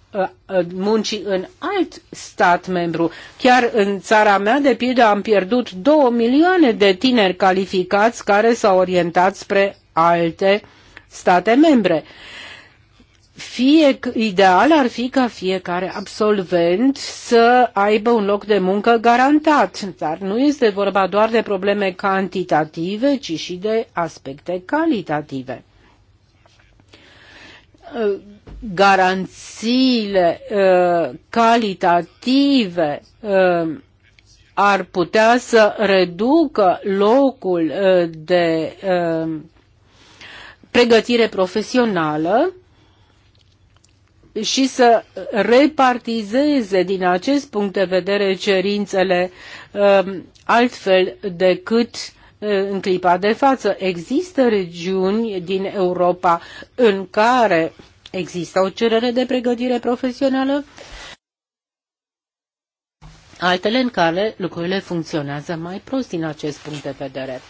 Speaker 2: muncii în alt stat membru. Chiar în țara mea, de pildă, am pierdut două milioane de tineri calificați care s-au orientat spre alte state membre fie, ideal ar fi ca fiecare absolvent să aibă un loc de muncă garantat, dar nu este vorba doar de probleme cantitative, ci și de aspecte calitative. Garanțiile uh, calitative uh, ar putea să reducă locul uh, de uh, pregătire profesională și să repartizeze din acest punct de vedere cerințele um, altfel decât uh, în clipa de față. Există regiuni din Europa în care există o cerere de pregătire profesională, altele în care lucrurile funcționează mai prost din acest punct de vedere.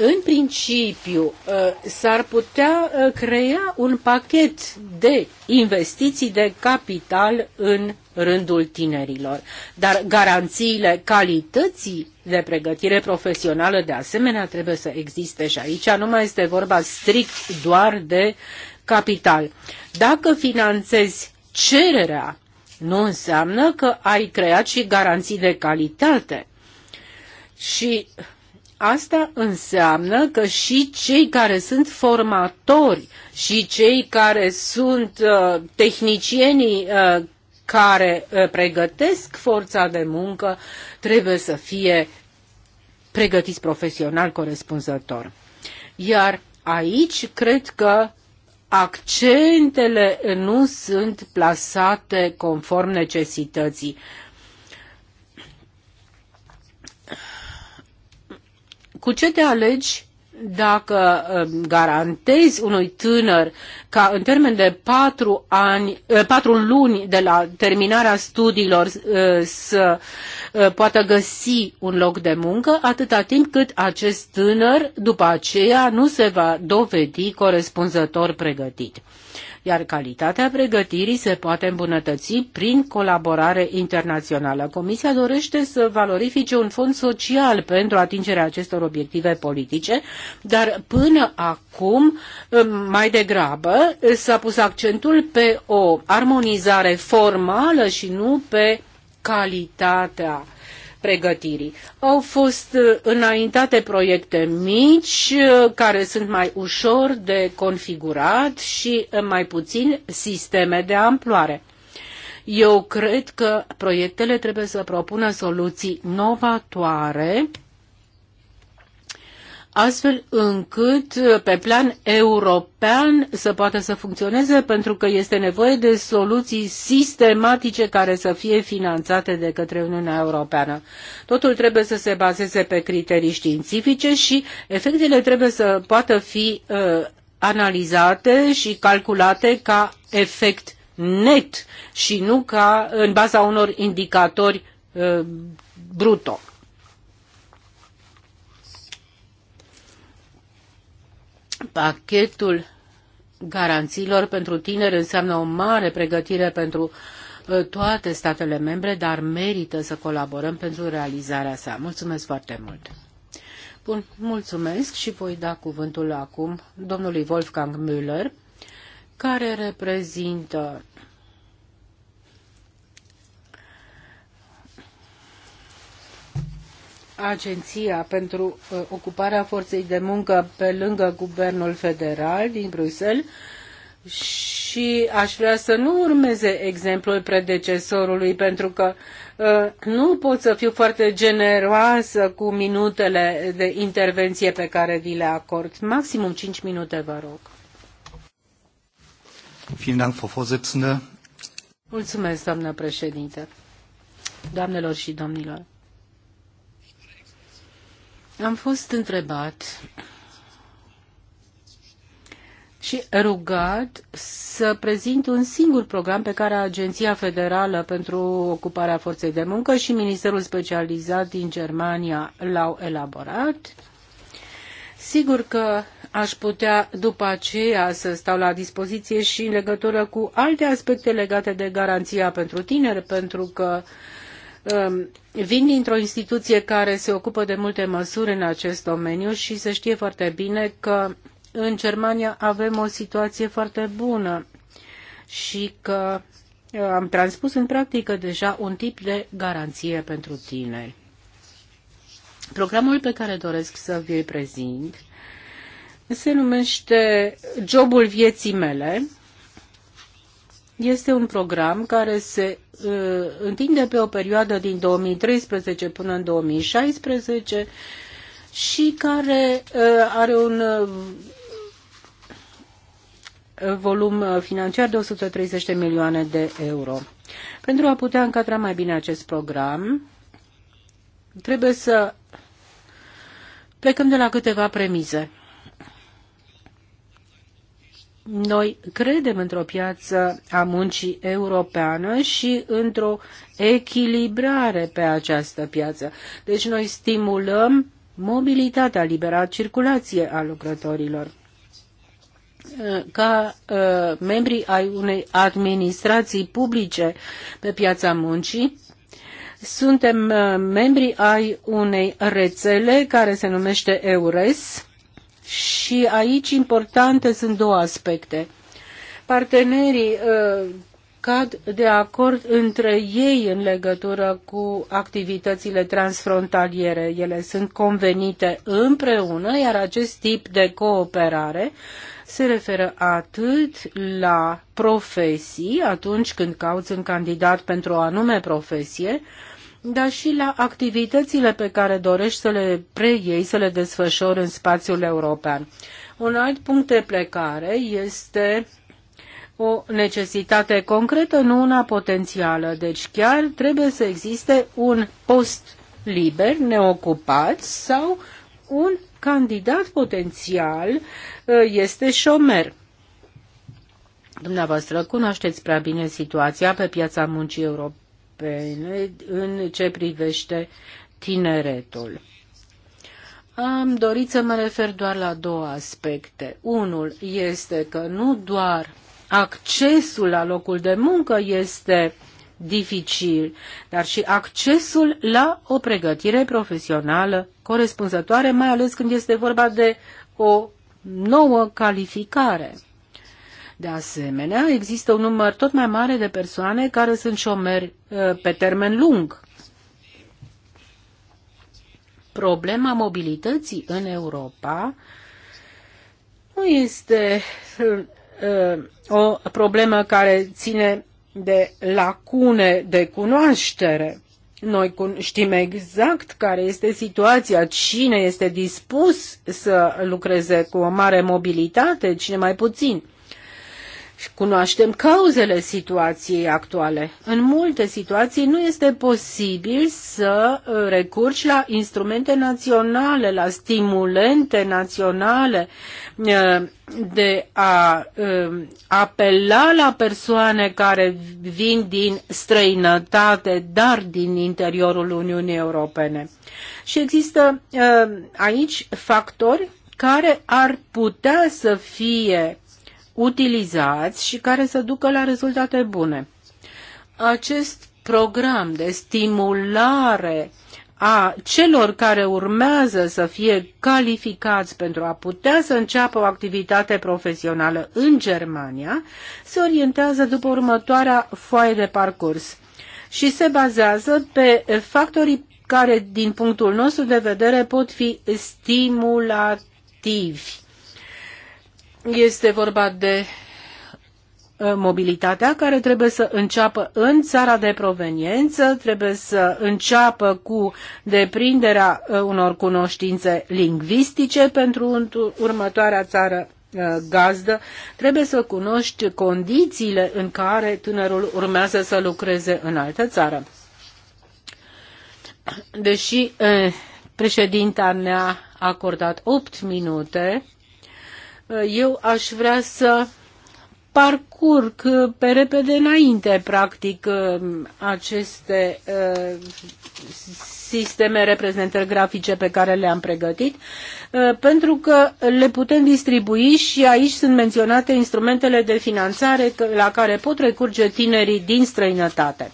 Speaker 2: În principiu, ă, s-ar putea ă, crea un pachet de investiții de capital în rândul tinerilor, dar garanțiile calității de pregătire profesională de asemenea trebuie să existe și aici nu mai este vorba strict doar de capital. Dacă finanțezi cererea, nu înseamnă că ai creat și garanții de calitate. Și Asta înseamnă că și cei care sunt formatori și cei care sunt uh, tehnicienii uh, care uh, pregătesc forța de muncă trebuie să fie pregătiți profesional corespunzător. Iar aici cred că accentele nu sunt plasate conform necesității. Uh, cu ce te alegi dacă um, garantezi unui tânăr ca în termen de patru, ani, uh, patru luni de la terminarea studiilor uh, să uh, poată găsi un loc de muncă, atâta timp cât acest tânăr după aceea nu se va dovedi corespunzător pregătit iar calitatea pregătirii se poate îmbunătăți prin colaborare internațională. Comisia dorește să valorifice un fond social pentru atingerea acestor obiective politice, dar până acum, mai degrabă, s-a pus accentul pe o armonizare formală și nu pe calitatea pregătirii. Au fost uh, înaintate proiecte mici uh, care sunt mai ușor de configurat și uh, mai puțin sisteme de amploare. Eu cred că proiectele trebuie să propună soluții novatoare astfel încât uh, pe plan european să poată să funcționeze, pentru că este nevoie de soluții sistematice care să fie finanțate de către Uniunea Europeană. Totul trebuie să se bazeze pe criterii științifice și efectele trebuie să poată fi uh, analizate și calculate ca efect net și nu ca în baza unor indicatori uh, bruto. Pachetul garanțiilor pentru tineri înseamnă o mare pregătire pentru uh, toate statele membre, dar merită să colaborăm pentru realizarea sa. Mulțumesc foarte mult! Bun, mulțumesc și voi da cuvântul acum domnului Wolfgang Müller, care reprezintă Agenția pentru uh, Ocuparea Forței de Muncă pe lângă Guvernul Federal din Bruxelles și aș vrea să nu urmeze exemplul predecesorului pentru că uh, nu pot să fiu foarte generoasă cu minutele de intervenție pe care vi le acord. Maximum 5 minute, vă rog. Mulțumesc, doamnă președinte. Doamnelor și domnilor. Am fost întrebat și rugat să prezint un singur program pe care Agenția Federală pentru Ocuparea Forței de Muncă și Ministerul Specializat din Germania l-au elaborat. Sigur că aș putea după aceea să stau la dispoziție și în legătură cu alte aspecte legate de garanția pentru tineri, pentru că uh, Um, vin dintr-o instituție care se ocupă de multe măsuri în acest domeniu și se știe foarte bine că în Germania avem o situație foarte bună și că uh, am transpus în practică deja un tip de garanție pentru tineri. Programul pe care doresc să vi-l prezint se numește Jobul vieții mele este un program care se uh, întinde pe o perioadă din 2013 până în 2016 și care uh, are un uh, volum financiar de 130 de milioane de euro. Pentru a putea încadra mai bine acest program, trebuie să plecăm de la câteva premize. Noi credem într-o piață a muncii europeană și într-o echilibrare pe această piață. Deci noi stimulăm mobilitatea, libera circulație a lucrătorilor. Ca uh, membrii ai unei administrații publice pe piața muncii, suntem uh, membri ai unei rețele care se numește EURES și aici importante sunt două aspecte. Partenerii uh, cad de acord între ei în legătură cu activitățile transfrontaliere. Ele sunt convenite împreună, iar acest tip de cooperare se referă atât la profesii, atunci când cauți un candidat pentru o anume profesie, dar și la activitățile pe care dorești să le preiei, să le desfășori în spațiul european. Un alt punct de plecare este o necesitate concretă, nu una potențială. Deci chiar trebuie să existe un post liber, neocupat sau un candidat potențial uh, este șomer. Dumneavoastră cunoașteți prea bine situația pe piața muncii europene Europene în ce privește tineretul. Am dorit să mă refer doar la două aspecte. Unul este că nu doar accesul la locul de muncă este dificil, dar și accesul la o pregătire profesională corespunzătoare, mai ales când este vorba de o nouă calificare. De asemenea, există un număr tot mai mare de persoane care sunt șomeri uh, pe termen lung. Problema mobilității în Europa nu este uh, o problemă care ține de lacune de cunoaștere. Noi știm exact care este situația, cine este dispus să lucreze cu o mare mobilitate, cine mai puțin cunoaștem cauzele situației actuale. În multe situații nu este posibil să uh, recurgi la instrumente naționale, la stimulente naționale uh, de a uh, apela la persoane care vin din străinătate, dar din interiorul Uniunii Europene. Și există aici factori care ar putea să fie utilizați și care să ducă la rezultate bune. Acest program de stimulare a celor care urmează să fie calificați pentru a putea să înceapă o activitate profesională în Germania se orientează după următoarea foaie de parcurs și se bazează pe factorii care, din punctul nostru de vedere, pot fi stimulativi. Este vorba de mobilitatea care trebuie să înceapă în țara de proveniență, trebuie să înceapă cu deprinderea unor cunoștințe lingvistice pentru următoarea țară gazdă, trebuie să cunoști condițiile în care tânărul urmează să lucreze în altă țară. Deși președinta ne-a acordat 8 minute, eu aș vrea să parcurg pe repede înainte, practic, aceste uh, sisteme reprezentări grafice pe care le-am pregătit, uh, pentru că le putem distribui și aici sunt menționate instrumentele de finanțare la care pot recurge tinerii din străinătate.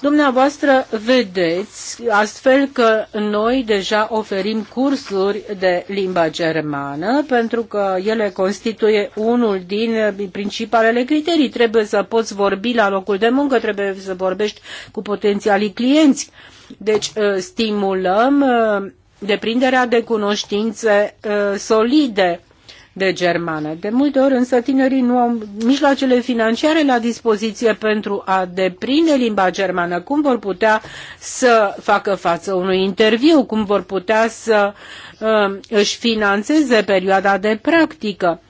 Speaker 2: Dumneavoastră vedeți astfel că noi deja oferim cursuri de limba germană pentru că ele constituie unul din principalele criterii. Trebuie să poți vorbi la locul de muncă, trebuie să vorbești cu potențialii clienți. Deci ă, stimulăm ă, deprinderea de cunoștințe ă, solide de germană. De multe ori însă tinerii nu au mijloacele financiare la dispoziție pentru a deprinde limba germană. Cum vor putea să facă față unui interviu? Cum vor putea să uh, își financeze perioada de practică?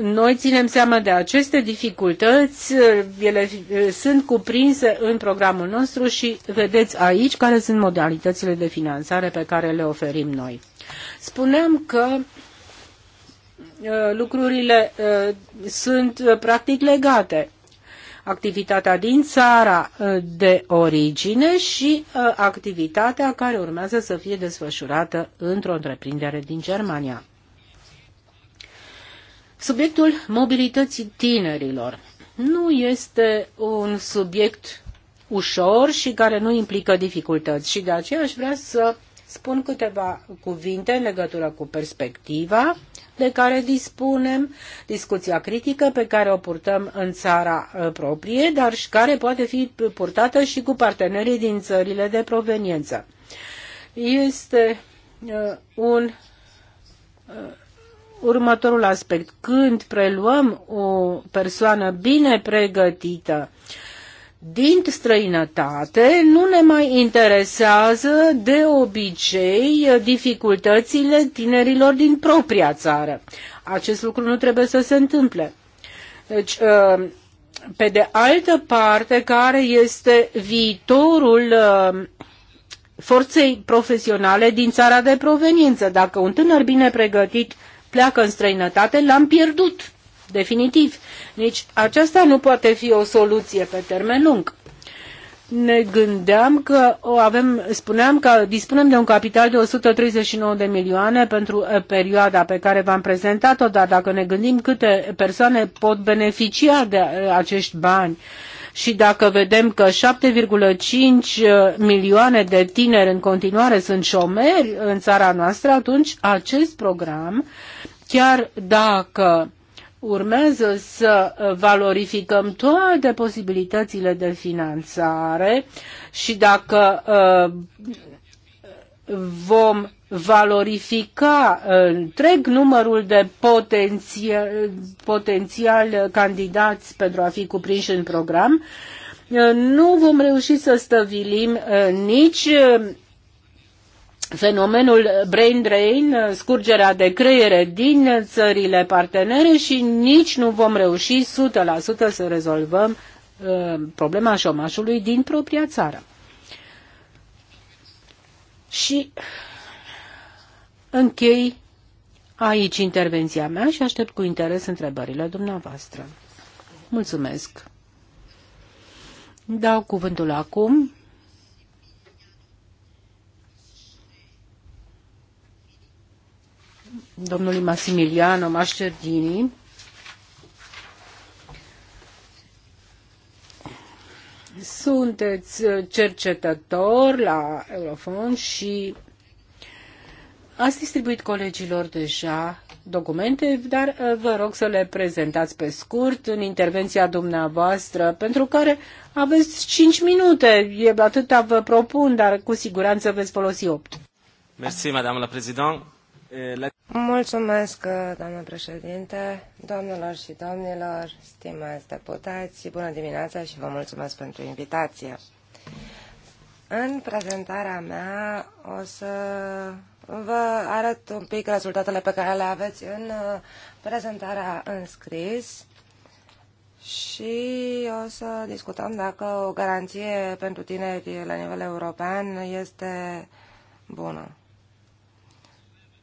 Speaker 2: Noi ținem seama de aceste dificultăți, ele sunt cuprinse în programul nostru și vedeți aici care sunt modalitățile de finanțare pe care le oferim noi. Spuneam că Uh, lucrurile uh, sunt uh, practic legate. Activitatea din țara de origine și activitatea care urmează să fie desfășurată într-o întreprindere din Germania. Subiectul mobilității tinerilor nu este un subiect ușor și care nu implică dificultăți și de aceea aș vrea să spun câteva cuvinte în legătură cu perspectiva de care dispunem, discuția critică pe care o purtăm în țara uh, proprie, dar și care poate fi purtată și cu partenerii din țările de proveniență. Este uh, un uh, următorul aspect. Când preluăm o persoană bine pregătită, din străinătate nu ne mai interesează de obicei uh, dificultățile tinerilor din propria țară. Acest lucru nu trebuie să se întâmple. Deci, uh, pe de altă parte, care este viitorul uh, forței profesionale din țara de proveniență? Dacă un tânăr bine pregătit pleacă în străinătate, l-am pierdut definitiv. Nici aceasta nu poate fi o soluție pe termen lung. Ne gândeam că o avem, spuneam că dispunem de un capital de 139 de milioane pentru perioada pe care v-am prezentat-o, dar dacă ne gândim câte persoane pot beneficia de acești bani, și dacă vedem că 7,5 milioane de tineri în continuare sunt șomeri în țara noastră, atunci acest program, chiar dacă urmează să valorificăm toate posibilitățile de finanțare și dacă uh, vom valorifica uh, întreg numărul de potențial, potențial candidați pentru a fi cuprinși în program, uh, nu vom reuși să stăvilim nici fenomenul brain drain, scurgerea de creiere din țările partenere și nici nu vom reuși 100% să rezolvăm uh, problema șomajului din propria țară. Și închei aici intervenția mea și aștept cu interes întrebările dumneavoastră. Mulțumesc. Dau cuvântul acum domnului Massimiliano Mascerdini. Sunteți uh, cercetător la Eurofond și ați distribuit colegilor deja documente, dar uh, vă rog să le prezentați pe scurt în intervenția dumneavoastră, pentru care aveți 5 minute. E atâta vă propun, dar
Speaker 3: cu siguranță veți folosi 8.
Speaker 4: Mersi, madame la președinte.
Speaker 3: Mulțumesc, doamnă președinte, doamnelor și domnilor, stimați deputați, bună dimineața și vă mulțumesc pentru invitație. În prezentarea mea o să vă arăt un pic rezultatele pe care le aveți în uh, prezentarea înscris și o să discutăm dacă o garanție pentru tineri la nivel european este bună.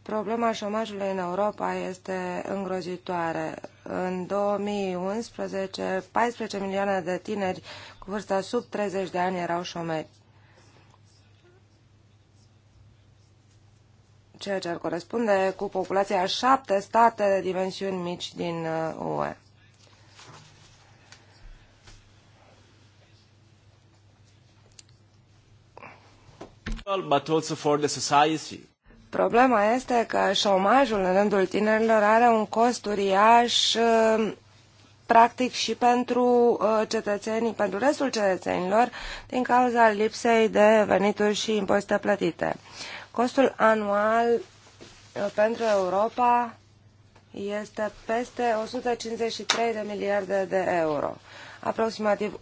Speaker 3: Problema șomajului în Europa este îngrozitoare. În 2011, 14 milioane de tineri cu vârsta sub 30 de ani erau șomeri. ceea ce ar corespunde cu populația a șapte state de dimensiuni mici din UE.
Speaker 4: Uh, but also for the society.
Speaker 3: Problema este că șomajul în rândul tinerilor are un cost uriaș uh, practic și pentru uh, cetățenii, pentru restul cetățenilor, din cauza lipsei de venituri și impozite plătite. Costul anual uh, pentru Europa este peste 153 de miliarde de euro, aproximativ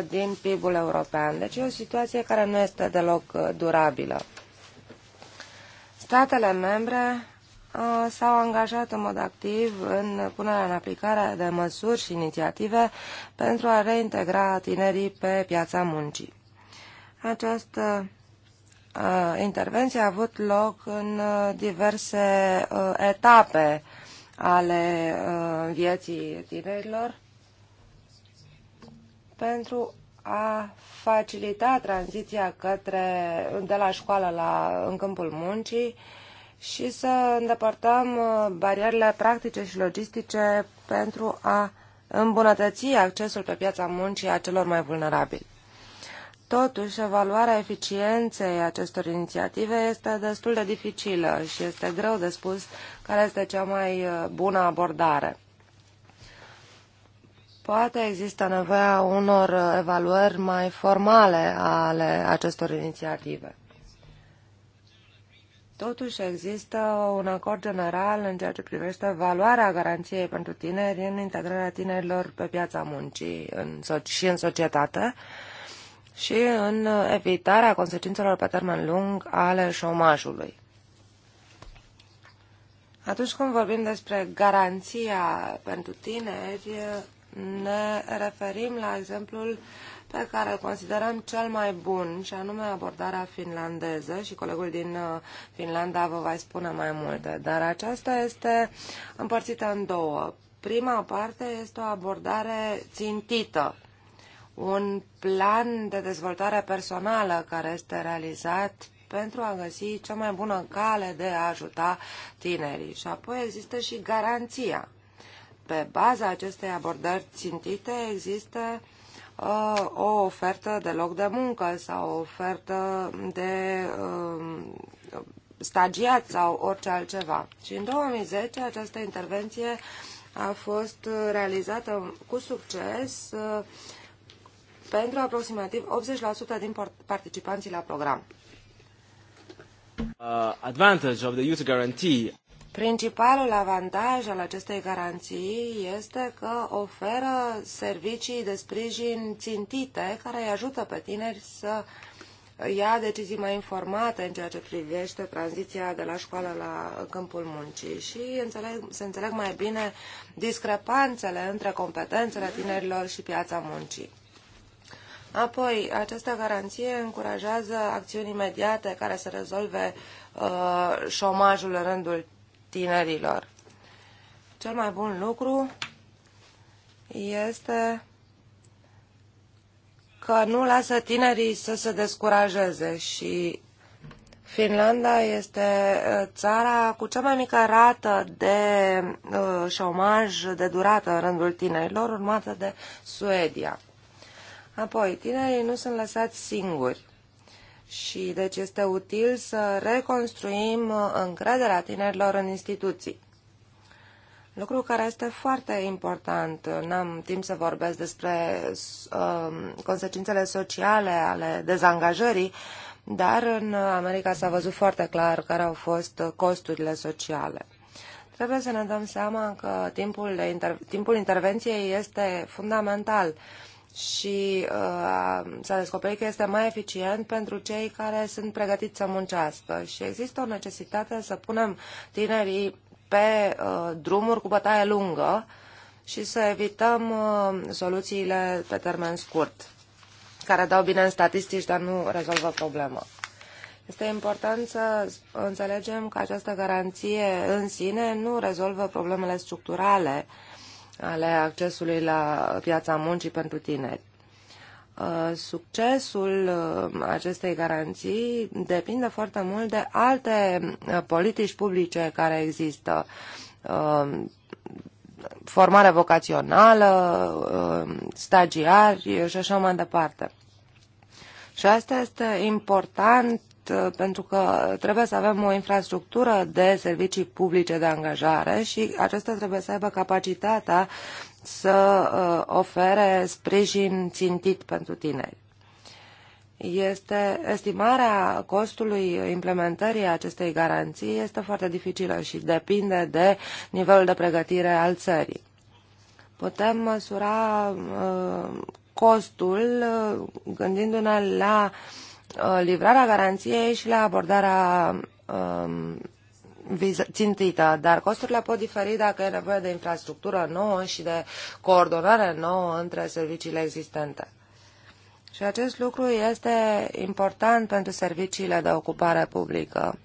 Speaker 3: 1,2% din PIB-ul european. Deci e o situație care nu este deloc durabilă. Statele membre uh, s-au angajat în mod activ în punerea în aplicare de măsuri și inițiative pentru a reintegra tinerii pe piața muncii. Această uh, intervenție a avut loc în uh, diverse etape ale vieții tinerilor pentru a facilita tranziția către, de la școală la, în câmpul muncii și să îndepărtăm uh, barierele practice și logistice pentru a îmbunătăți accesul pe piața muncii a celor mai vulnerabili. Totuși, evaluarea eficienței acestor inițiative este destul de dificilă și este greu de spus care este cea mai uh, bună abordare. Poate există nevoia unor uh, evaluări mai formale ale acestor inițiative. Totuși există un acord general în ceea ce privește valoarea garanției pentru tineri în integrarea tinerilor pe piața muncii în so- și în societate și în evitarea consecințelor pe termen lung ale șomajului. Atunci când vorbim despre garanția pentru tineri, ne referim la exemplul pe care îl considerăm cel mai bun, și anume abordarea finlandeză, și colegul din uh, Finlanda vă va spune mai multe, dar aceasta este împărțită în două. Prima parte este o abordare țintită, un plan de dezvoltare personală care este realizat pentru a găsi cea mai bună cale de a ajuta tinerii. Și apoi există și garanția pe baza acestei abordări țintite există uh, o ofertă de loc de muncă sau o ofertă de uh, stagiat sau orice altceva. Și în 2010 această intervenție a fost realizată cu succes uh, pentru aproximativ 80% din participanții la program.
Speaker 4: Uh, advantage of the youth guarantee.
Speaker 3: Principalul avantaj al acestei garanții este că oferă servicii de sprijin țintite care îi ajută pe tineri să ia decizii mai informate în ceea ce privește tranziția de la școală la câmpul muncii și înțeleg, se înțeleg mai bine discrepanțele între competențele tinerilor și piața muncii. Apoi, această garanție încurajează acțiuni imediate care să rezolve uh, șomajul în rândul tinerilor. Cel mai bun lucru este că nu lasă tinerii să se descurajeze și Finlanda este ă, țara cu cea mai mică rată de ă, șomaj de durată în rândul tinerilor, urmată de Suedia. Apoi, tinerii nu sunt lăsați singuri și deci este util să reconstruim uh, încrederea tinerilor în instituții. Lucru care este foarte important. N-am timp să vorbesc despre uh, consecințele sociale ale dezangajării, dar în America s-a văzut foarte clar care au fost costurile sociale. Trebuie să ne dăm seama că timpul, de inter- timpul intervenției este fundamental. Uh, și uh, s-a descoperit că este mai eficient pentru cei care sunt pregătiți să muncească. Și există o necesitate să punem tinerii pe uh, drumuri cu bătaie lungă și să evităm uh, soluțiile pe termen scurt, care dau bine în statistici, dar nu rezolvă problema. Este important să înțelegem că această garanție în sine nu rezolvă problemele structurale uh, ale accesului la piața muncii pentru tineri. Uh, succesul uh, acestei garanții depinde foarte mult de alte uh, politici publice care există. Formare vocațională, stagiari și așa mai departe. Și asta este important Uh, pentru că trebuie să avem o infrastructură de servicii publice de angajare și acesta trebuie să aibă capacitatea să uh, ofere sprijin țintit pentru tineri. Este estimarea costului implementării acestei garanții este foarte dificilă și depinde de nivelul de pregătire al țării. Putem măsura uh, costul uh, gândindu-ne la uh, Uh, livrarea garanției și la abordarea um, țintită, dar costurile pot diferi dacă e nevoie de infrastructură nouă și de coordonare nouă între serviciile existente. Și acest lucru este important pentru serviciile de ocupare publică,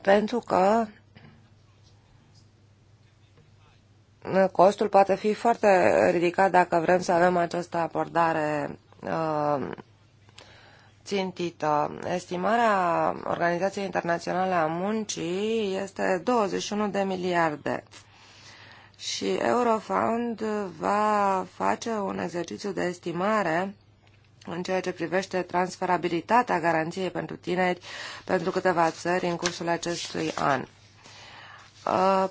Speaker 3: pentru că costul poate fi foarte ridicat dacă vrem să avem această abordare uh, țintită. Estimarea Organizației Internaționale a Muncii este 21 de miliarde și Eurofound va face un exercițiu de estimare în ceea ce privește transferabilitatea garanției pentru tineri pentru câteva țări în cursul acestui an. Uh,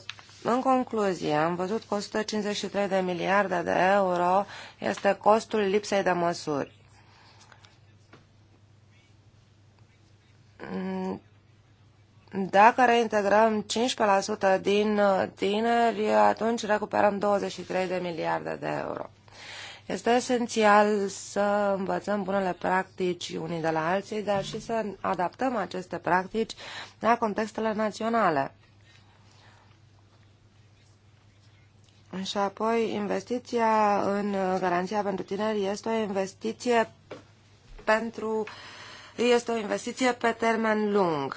Speaker 3: în concluzie, am văzut că 153 de miliarde de euro este costul lipsei de măsuri. Dacă reintegrăm 15% din uh, tineri, atunci recuperăm 23 de miliarde de euro. Este esențial să învățăm bunele practici unii de la alții, dar și să adaptăm aceste practici la contextele naționale. Și apoi, investiția în uh, garanția pentru tineri este o investiție pentru uh, este o investiție pe termen lung.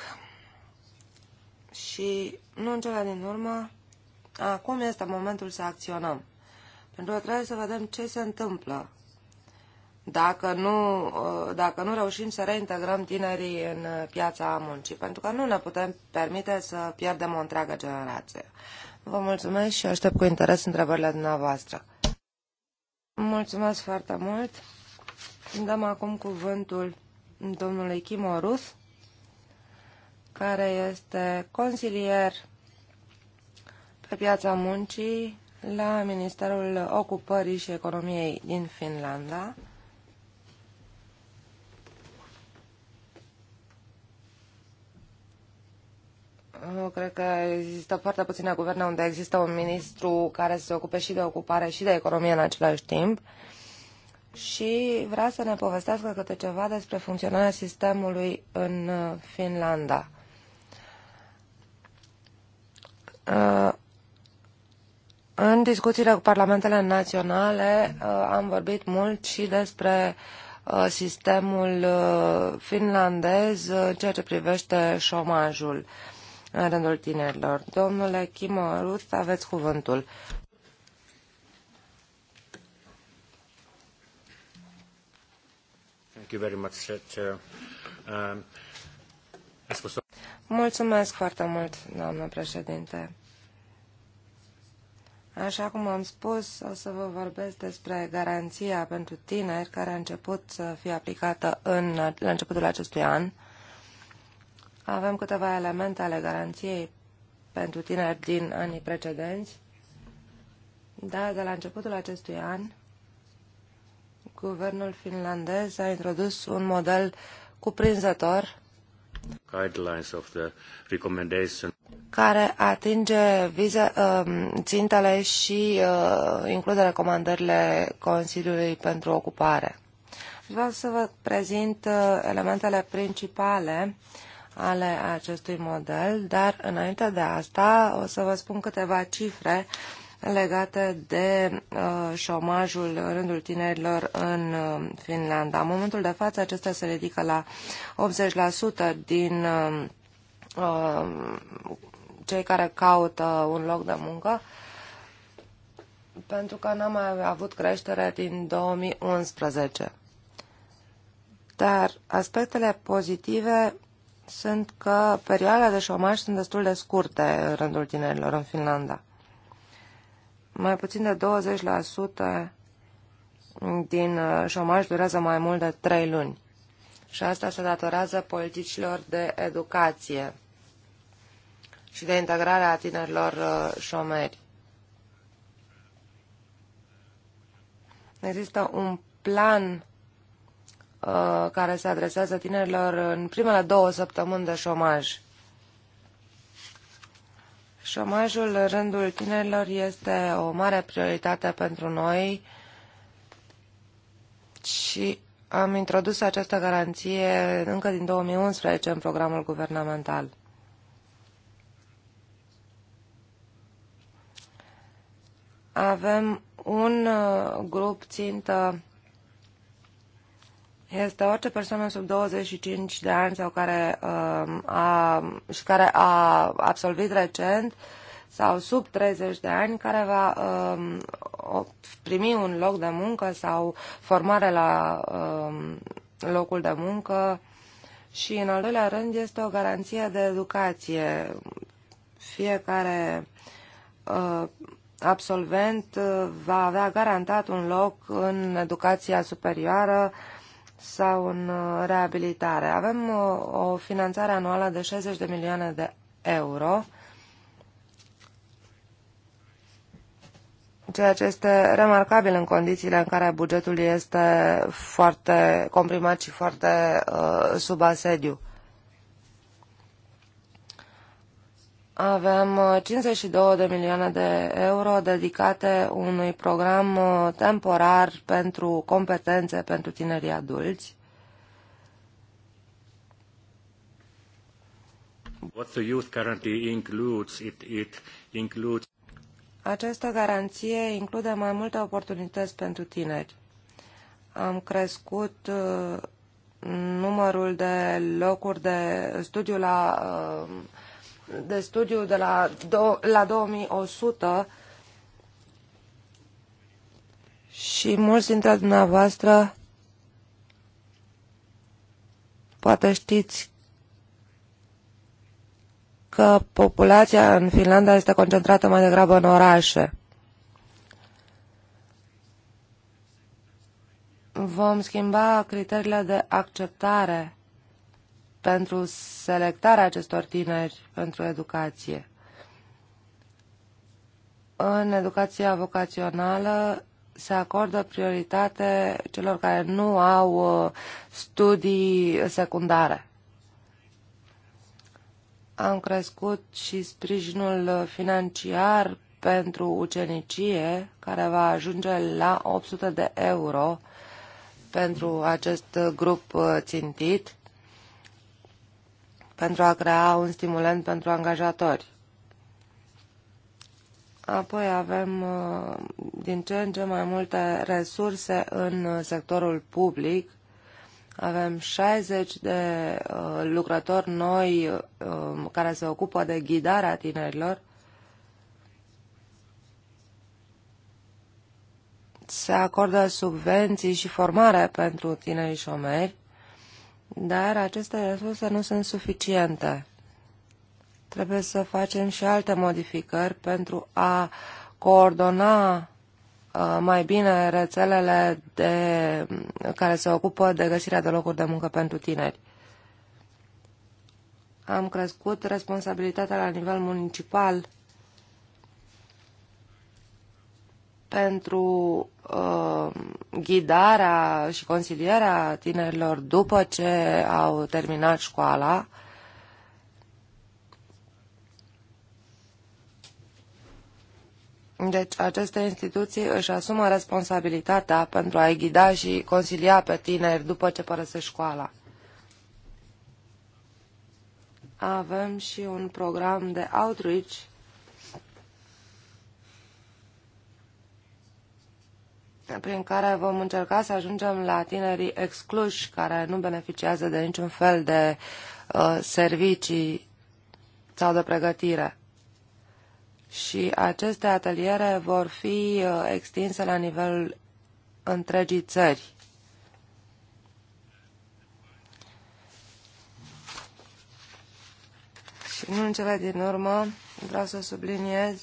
Speaker 3: Și nu în cele din urmă, acum este momentul să acționăm. Pentru că trebuie să vedem ce se întâmplă dacă nu, uh, dacă nu reușim să reintegrăm tinerii în piața muncii, pentru că nu ne putem permite să pierdem o întreagă generație. Vă mulțumesc și aștept cu interes întrebările dumneavoastră. Mulțumesc foarte mult. Dăm acum cuvântul domnului Chimorus, care este consilier pe piața muncii la Ministerul Ocupării și Economiei din Finlanda. Eu cred că există foarte puține guverne unde există un ministru care se ocupe și de ocupare și de economie în același timp. Uh, și vrea să ne povestească câte ceva despre funcționarea sistemului în uh, Finlanda. Uh, în discuțiile cu parlamentele naționale uh, am vorbit mult și despre sistemul finlandez în ceea ce privește șomajul în rândul tinerilor. Domnule Chimo Ruth, aveți cuvântul.
Speaker 2: Thank you very much, Chair. Um,
Speaker 3: Mulțumesc foarte mult, doamnă președinte. Așa cum am spus, o să vă vorbesc despre garanția pentru tineri care a început să fie aplicată în, la începutul acestui an. Avem câteva elemente ale garanției pentru tineri din anii precedenți, dar de la începutul acestui an guvernul finlandez a introdus un model cuprinzător care atinge vize, um, țintele și uh, include recomandările Consiliului pentru Ocupare. Vreau să vă prezint uh, elementele principale ale acestui model, dar înainte de asta o să vă spun câteva cifre legate de uh, șomajul în rândul tinerilor în uh, Finlanda. În momentul de față, acesta se ridică la 80% din uh, uh, cei care caută un loc de muncă, pentru că n-am mai avut creștere din 2011. Dar aspectele pozitive sunt că perioadele de șomaj sunt destul de scurte în rândul tinerilor în Finlanda. Mai puțin de 20% din uh, șomaj durează mai mult de 3 luni. Și asta se datorează politicilor de educație și de integrare a tinerilor uh, șomeri. Există un plan uh, care se adresează tinerilor în primele două săptămâni de șomaj. Șomajul în rândul tinerilor este o mare prioritate pentru noi și am introdus această garanție încă din 2011 în programul guvernamental. Avem un uh, grup țintă este orice persoană sub 25 de ani sau care, uh, a, și care a absolvit recent sau sub 30 de ani care va uh, primi un loc de muncă sau formare la uh, locul de muncă și în al doilea rând este o garanție de educație. Fiecare uh, absolvent uh, va avea garantat un loc în educația superioară uh, sau în uh, reabilitare. Avem uh, o finanțare anuală de 60 de milioane de euro, ceea ce este remarcabil în condițiile în care bugetul este foarte comprimat și foarte uh, sub asediu. Avem 52 uh, de milioane de euro dedicate unui program uh, temporar pentru competențe pentru tinerii adulți.
Speaker 2: What the youth guarantee includes,
Speaker 3: it, it includes... Această garanție include mai multe oportunități pentru tineri. Am crescut uh, numărul de locuri de studiu la uh, de studiu de la, do, la 2100 și mulți dintre dumneavoastră poate știți că populația în Finlanda este concentrată mai degrabă în orașe. Vom schimba criteriile de acceptare pentru selectarea acestor tineri pentru educație. În educația vocațională se acordă prioritate celor care nu au uh, studii secundare. Am crescut și sprijinul financiar pentru ucenicie, care va ajunge la 800 de euro pentru acest grup uh, țintit pentru a crea un stimulent pentru angajatori. Apoi avem uh, din ce în ce mai multe resurse în uh, sectorul public. Avem 60 de uh, lucrători noi care se ocupă de ghidarea tinerilor. Se acordă subvenții și formare pentru tinerii șomeri. Dar aceste resurse nu sunt suficiente. Trebuie să facem și alte modificări pentru a coordona uh, mai bine rețelele de, care se ocupă de găsirea de locuri de muncă pentru tineri. Am crescut responsabilitatea la nivel municipal pentru uh, ghidarea și consilierea tinerilor după ce au terminat școala. Deci aceste instituții își asumă responsabilitatea pentru a-i ghida și consilia pe tineri după ce părăsesc școala. Avem și un program de outreach prin care vom încerca să ajungem la tinerii excluși care nu beneficiază de niciun fel de uh, servicii sau de pregătire. Și aceste ateliere vor fi uh, extinse la nivelul întregii țări. Și nu în cele din urmă vreau să subliniez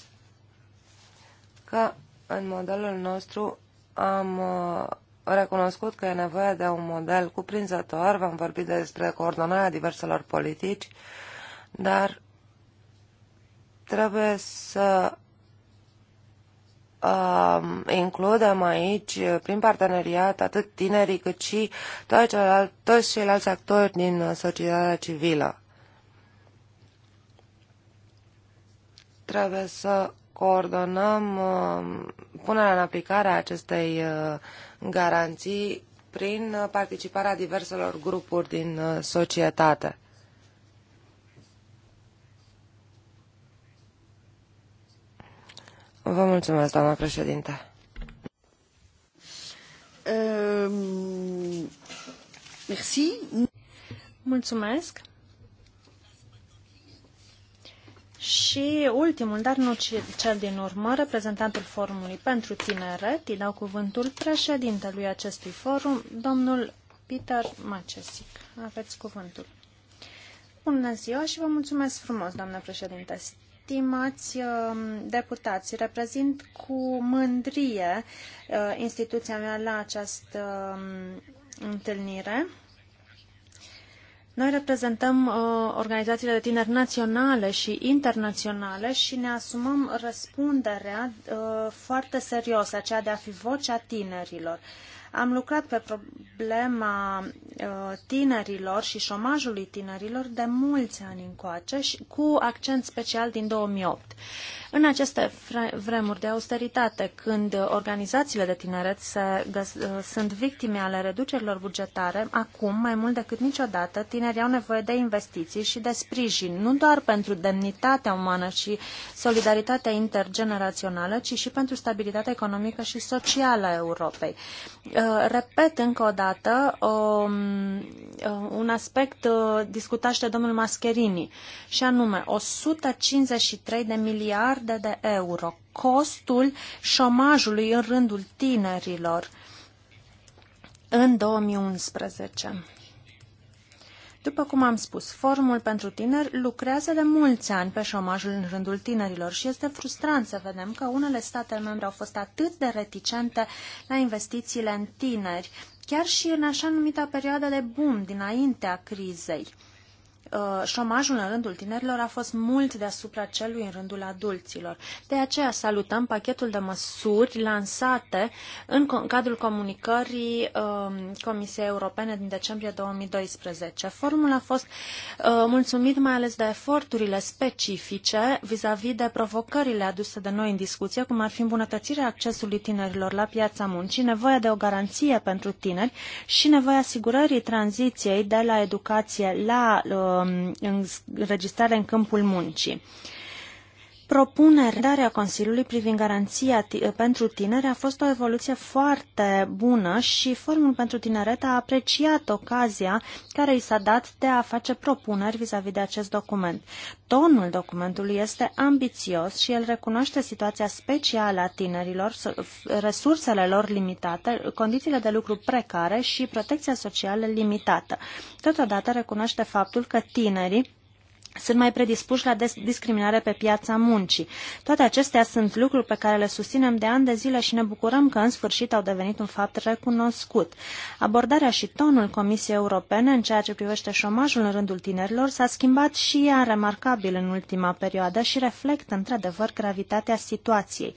Speaker 3: că în modelul nostru am uh, recunoscut că e nevoie de un model cuprinzător, v-am vorbit despre coordonarea diverselor politici, dar trebuie să um, includem aici, prin parteneriat, atât tinerii cât și toți ceilalți, toți ceilalți actori din societatea civilă. Trebuie să coordonăm uh, punerea în aplicare a acestei uh, garanții prin uh, participarea diverselor grupuri din societate. Vă mulțumesc, doamna președinte.
Speaker 1: Ehm, mulțumesc. Și ultimul, dar nu cel din urmă, reprezentantul Forumului pentru Tineret, îi dau cuvântul președintelui acestui forum, domnul Peter Macesic. Aveți cuvântul. Bună ziua și vă mulțumesc frumos, doamnă președinte. Stimați uh, deputați, reprezint cu mândrie uh, instituția mea la această um, întâlnire. Noi reprezentăm uh, organizațiile de tineri naționale și internaționale și ne asumăm răspunderea uh, foarte serioasă, aceea de a fi vocea tinerilor. Am lucrat pe problema uh, tinerilor și șomajului tinerilor de mulți ani încoace și cu accent special din 2008. În aceste vremuri de austeritate, când organizațiile de tineret se sunt victime ale reducerilor bugetare, acum, mai mult decât niciodată, tinerii au nevoie de investiții și de sprijin, nu doar pentru demnitatea umană și solidaritatea intergenerațională, ci și pentru stabilitatea economică și socială a Europei. Uh, repet încă o dată um, uh, un aspect uh, discutat și de domnul Mascherini, și anume 153 de miliarde miliarde de euro. Costul șomajului în rândul tinerilor în 2011. După cum am spus, formul pentru tineri lucrează de mulți ani pe șomajul în rândul tinerilor și este frustrant să vedem că unele state membre au fost atât de reticente la investițiile în tineri, chiar și în așa numita perioadă de boom dinaintea crizei. Uh, șomajul în rândul tinerilor a fost mult deasupra celui în rândul adulților. De aceea salutăm pachetul de măsuri lansate în cadrul comunicării um, Comisiei Europene din decembrie 2012. Formul a fost uh, mulțumit mai ales de eforturile specifice vis-a-vis -vis de provocările aduse de noi în discuție, cum ar fi îmbunătățirea accesului tinerilor la piața muncii, nevoia de o garanție pentru tineri și nevoia asigurării tranziției de la educație la uh, Um, înregistrare în câmpul muncii. Propunerea da Consiliului privind garanția pentru tineri a fost o evoluție foarte bună și Forumul pentru Tineret a apreciat ocazia care i s-a dat de a face propuneri vis-a-vis -vis de acest document. Tonul documentului este ambițios și el recunoaște situația specială a tinerilor, resursele lor limitate, condițiile de lucru precare și protecția socială limitată. Totodată recunoaște faptul că tinerii sunt mai predispuși la discriminare pe piața muncii. Toate acestea sunt lucruri pe care le susținem de ani de zile și ne bucurăm că în sfârșit au devenit un fapt recunoscut. Abordarea și tonul Comisiei Europene în ceea ce privește șomajul în rândul tinerilor s-a schimbat și ea remarcabil în ultima perioadă și reflectă într-adevăr gravitatea situației.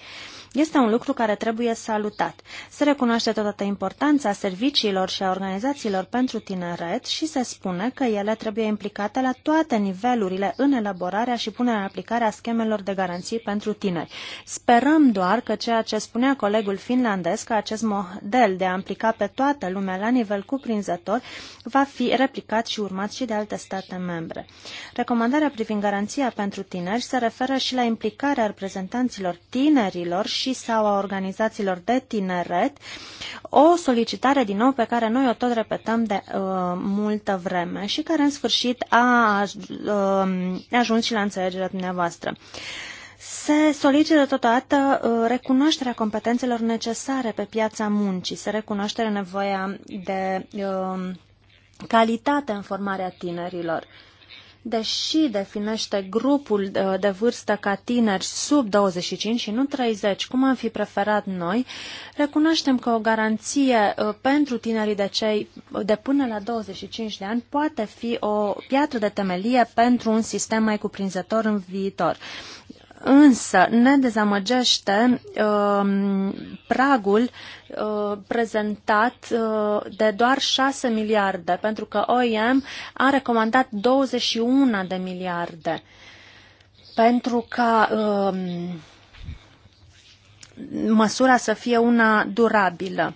Speaker 1: Este un lucru care trebuie salutat. Se recunoaște totodată importanța serviciilor și a organizațiilor pentru tineret și se spune că ele trebuie implicate la toate nivelurile în elaborarea și punerea în aplicare a schemelor de garanții pentru tineri. Sperăm doar că ceea ce spunea colegul finlandez, că acest model de a implica pe toată lumea la nivel cuprinzător va fi replicat și urmat și de alte state membre. Recomandarea privind garanția pentru tineri se referă și la implicarea reprezentanților tinerilor și și sau a organizațiilor de tineret, o solicitare din nou pe care noi o tot repetăm de uh, multă vreme și care în sfârșit a uh, ajuns și la înțelegerea dumneavoastră. Se solicită totodată uh, recunoașterea competențelor necesare pe piața muncii, se recunoaște nevoia de uh, calitate în formarea tinerilor. Uh, deși definește grupul uh, de vârstă ca tineri sub 25 și nu 30, cum am fi preferat noi, recunoaștem că o garanție uh, pentru tinerii de cei de până la 25 de ani poate fi o piatră de temelie pentru un sistem mai cuprinzător în viitor. Însă ne dezamăgește uh, pragul uh, prezentat uh, de doar 6 miliarde, pentru că OIM a recomandat 21 de miliarde. Pentru ca uh, măsura să fie una durabilă.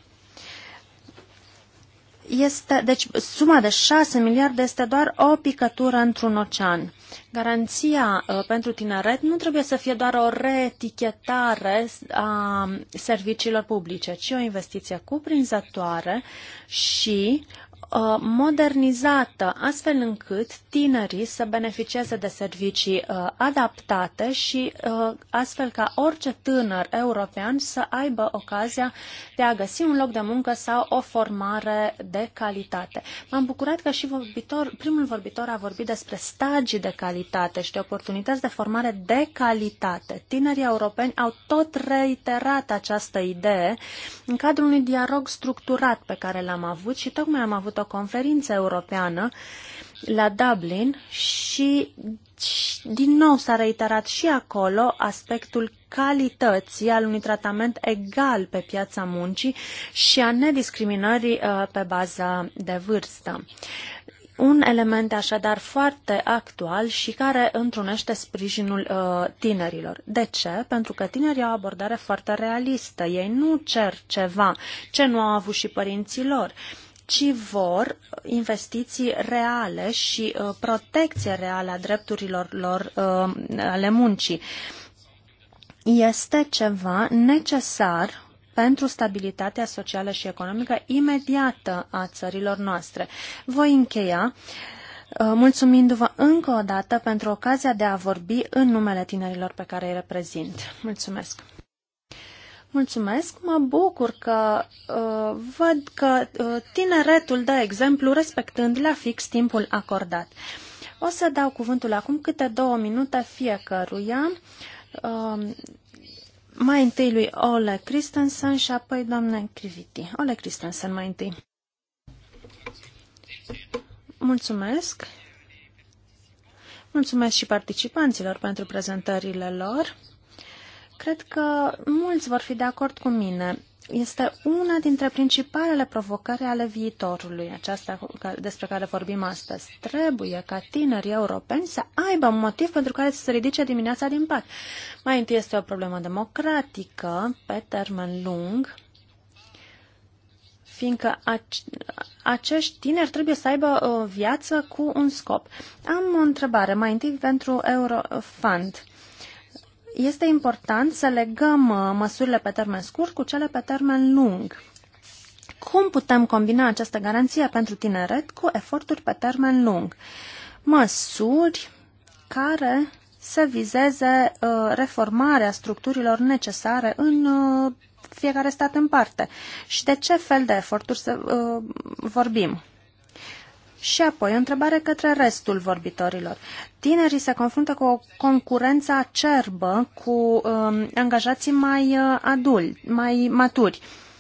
Speaker 1: Este, deci suma de 6 miliarde este doar o picătură într-un ocean. Garanția uh, pentru tineret nu trebuie să fie doar o reetichetare a serviciilor publice, ci o investiție cuprinzătoare și Uh, modernizată, astfel încât tinerii să beneficieze de servicii uh, adaptate și uh, astfel ca orice tânăr european să aibă ocazia de a găsi un loc de muncă sau o formare de calitate. M-am bucurat că și vorbitor, primul vorbitor a vorbit despre stagii de calitate și de oportunități de formare de calitate. Tinerii europeni au tot reiterat această idee în cadrul unui dialog structurat pe care l-am avut și tocmai am avut o o conferință europeană la Dublin și din nou s-a reiterat și acolo aspectul calității al unui tratament egal pe piața muncii și a nediscriminării uh, pe baza de vârstă. Un element așadar foarte actual și care întrunește sprijinul uh, tinerilor. De ce? Pentru că tinerii au o abordare foarte realistă. Ei nu cer ceva ce nu au avut și părinții lor. Uh, ci vor investiții reale și uh, protecție reală a drepturilor lor uh, ale muncii. Este ceva necesar pentru stabilitatea socială și economică imediată a țărilor noastre. Voi încheia uh, mulțumindu-vă încă o dată pentru ocazia de a vorbi în numele tinerilor pe care îi reprezint. Mulțumesc! Mulțumesc, mă bucur că uh, văd că uh, tineretul dă exemplu respectând la fix timpul acordat. O să dau cuvântul acum câte două minute fiecăruia. Uh, mai întâi lui Ole Christensen și apoi doamne Criviti. Ole Christensen mai întâi. Mulțumesc. Mulțumesc și participanților pentru prezentările lor cred că mulți vor fi de acord cu mine. Este una dintre principalele provocări ale viitorului, aceasta despre care vorbim astăzi. Trebuie ca tinerii europeni să aibă un motiv pentru care să se ridice dimineața din pat. Mai întâi este o problemă democratică pe termen lung, fiindcă acești tineri trebuie să aibă o uh, viață cu un scop. Am o întrebare, mai întâi pentru Eurofund este important să legăm uh, măsurile pe termen scurt cu cele pe termen lung. Cum putem combina această garanție pentru tineret cu eforturi pe termen lung? Măsuri care să vizeze uh, reformarea structurilor necesare în uh, fiecare stat în parte. Și de ce fel de eforturi să vorbim? Și apoi o întrebare către restul vorbitorilor. Tinerii se confruntă cu o concurență acerbă cu um, angajații mai uh, adulți, mai maturi. Uh,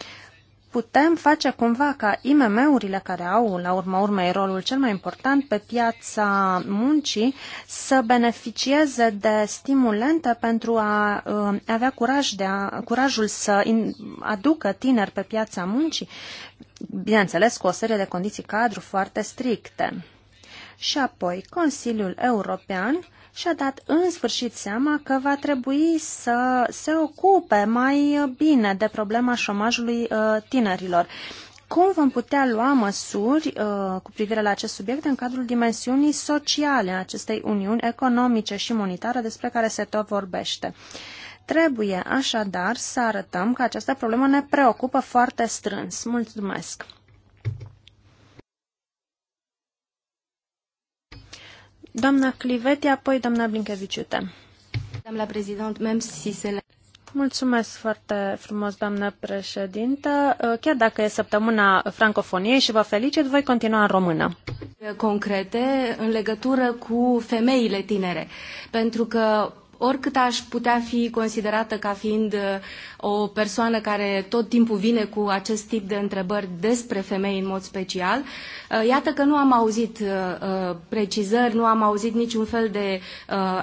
Speaker 1: putem face cumva ca IMM-urile care au, la urma urmei, rolul cel mai important pe piața muncii să beneficieze de stimulente pentru a uh, avea curaj de a, curajul să in, aducă tineri pe piața muncii, bineînțeles cu o serie de condiții cadru foarte stricte. Și apoi, Consiliul European și-a dat în sfârșit seama că va trebui să se ocupe mai bine de problema șomajului uh, tinerilor. Cum vom putea lua măsuri uh, cu privire la acest subiect în cadrul dimensiunii sociale a acestei uniuni economice și monetare despre care se tot vorbește? Trebuie așadar să arătăm că această problemă ne preocupă foarte strâns. Mulțumesc! Doamna Cliveti, apoi doamna Blinkeviciute. Doamna prezident, mem si se le... Mulțumesc foarte frumos, doamnă președintă. Chiar dacă e săptămâna francofoniei și vă felicit, voi continua în română.
Speaker 4: Concrete în legătură cu femeile tinere, pentru că oricât aș putea fi considerată ca fiind uh, o persoană care tot timpul vine cu acest tip de întrebări despre femei în mod special, uh, iată că nu am auzit uh, precizări, nu am auzit niciun fel de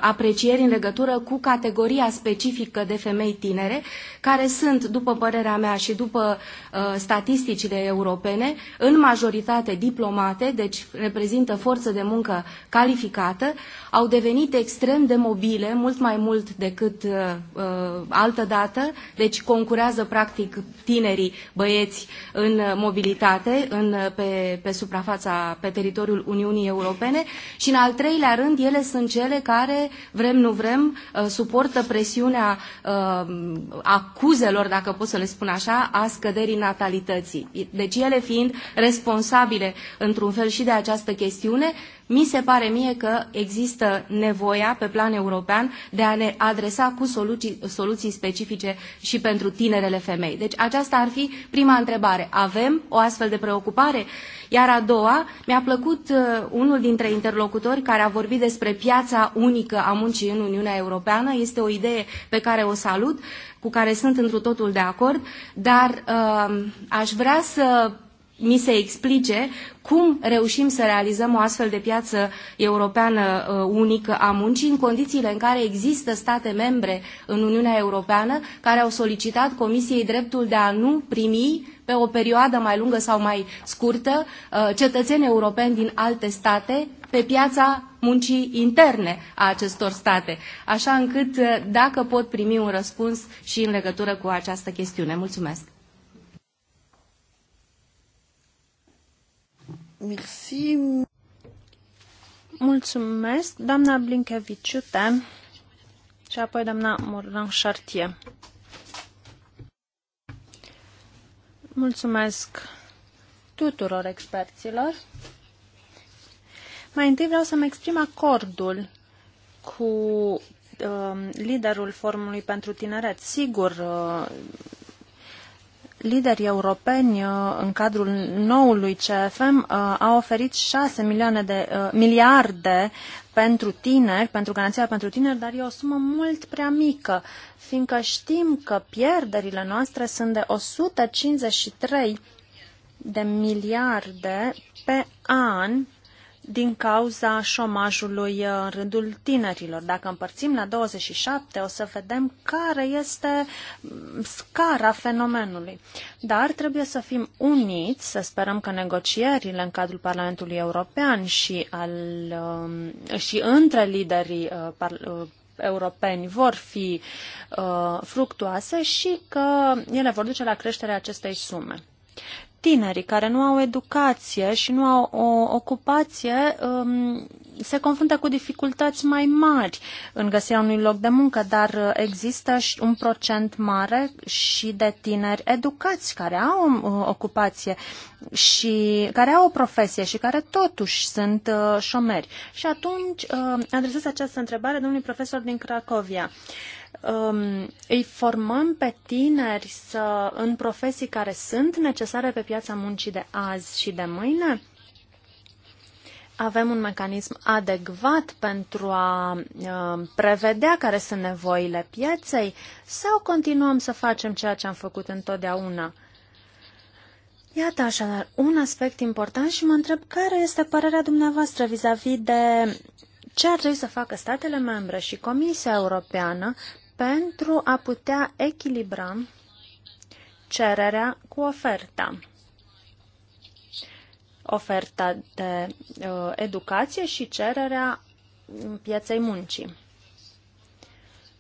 Speaker 4: aprecieri în legătură cu categoria specifică de femei tinere, care sunt, după părerea mea și după statisticile europene, în majoritate diplomate, deci reprezintă forță de muncă calificată, au devenit extrem de mobile, mult mai mai mult decât uh, uh, altă dată, deci concurează practic tinerii băieți în uh, mobilitate în, uh, pe, pe suprafața, pe teritoriul Uniunii Europene și în al treilea rând ele sunt cele care, vrem nu vrem, uh, suportă presiunea uh, acuzelor, dacă pot să le spun așa, a scăderii natalității. Deci ele fiind responsabile într-un fel și de această chestiune, mi se pare mie că există nevoia pe plan european de a ne adresa cu soluții, soluții specifice și pentru tinerele femei. Deci aceasta ar fi prima întrebare. Avem o astfel de preocupare? Iar a doua, mi-a plăcut uh, unul dintre interlocutori care a vorbit despre piața unică a muncii în Uniunea Europeană. Este o idee pe care o salut, cu care sunt întru totul de acord, dar uh, aș vrea să mi se explice cum reușim să realizăm o astfel de piață europeană uh, unică a muncii în condițiile în care există state membre în Uniunea Europeană care au solicitat Comisiei dreptul de a nu primi pe o perioadă mai lungă sau mai scurtă uh, cetățeni europeni din alte state pe piața muncii interne a acestor state, așa încât uh, dacă pot primi un răspuns și în legătură cu această chestiune. Mulțumesc! Merci.
Speaker 1: Mulțumesc, doamna Blinkeviciute și apoi doamna Moran Chartier. Mulțumesc tuturor experților. Mai întâi vreau să-mi exprim acordul cu uh, liderul Forumului pentru Tineret. Sigur, uh, liderii europeni uh, în cadrul noului CFM uh, au oferit 6 milioane de, uh, miliarde pentru tineri, pentru garanția pentru tineri, dar e o sumă mult prea mică, fiindcă știm că pierderile noastre sunt de 153 de miliarde pe an din cauza șomajului uh, în rândul tinerilor. Dacă împărțim la 27, o să vedem care este mm, scara fenomenului. Dar trebuie să fim uniți, să sperăm că negocierile în cadrul Parlamentului European și, al, um, și între liderii uh, uh, europeni vor fi uh, fructuoase și că ele vor duce la creșterea acestei sume tinerii care nu au educație și nu au o ocupație um, se confruntă cu dificultăți mai mari în găsirea unui loc de muncă, dar există și un procent mare și de tineri educați care au o um, ocupație și care au o profesie și care totuși sunt uh, șomeri. Și atunci uh, adresez această întrebare domnului profesor din Cracovia. Uh, um, îi formăm pe tineri să, în profesii care sunt necesare pe piața muncii de azi și de mâine? Avem un mecanism adecvat pentru a uh, prevedea care sunt nevoile pieței sau continuăm să facem ceea ce am făcut întotdeauna? Iată așadar un aspect important și mă întreb care este părerea dumneavoastră vis-a-vis -vis de ce ar trebui să facă statele membre și Comisia Europeană pentru a putea echilibra cererea cu oferta. Oferta de uh, educație și cererea pieței muncii.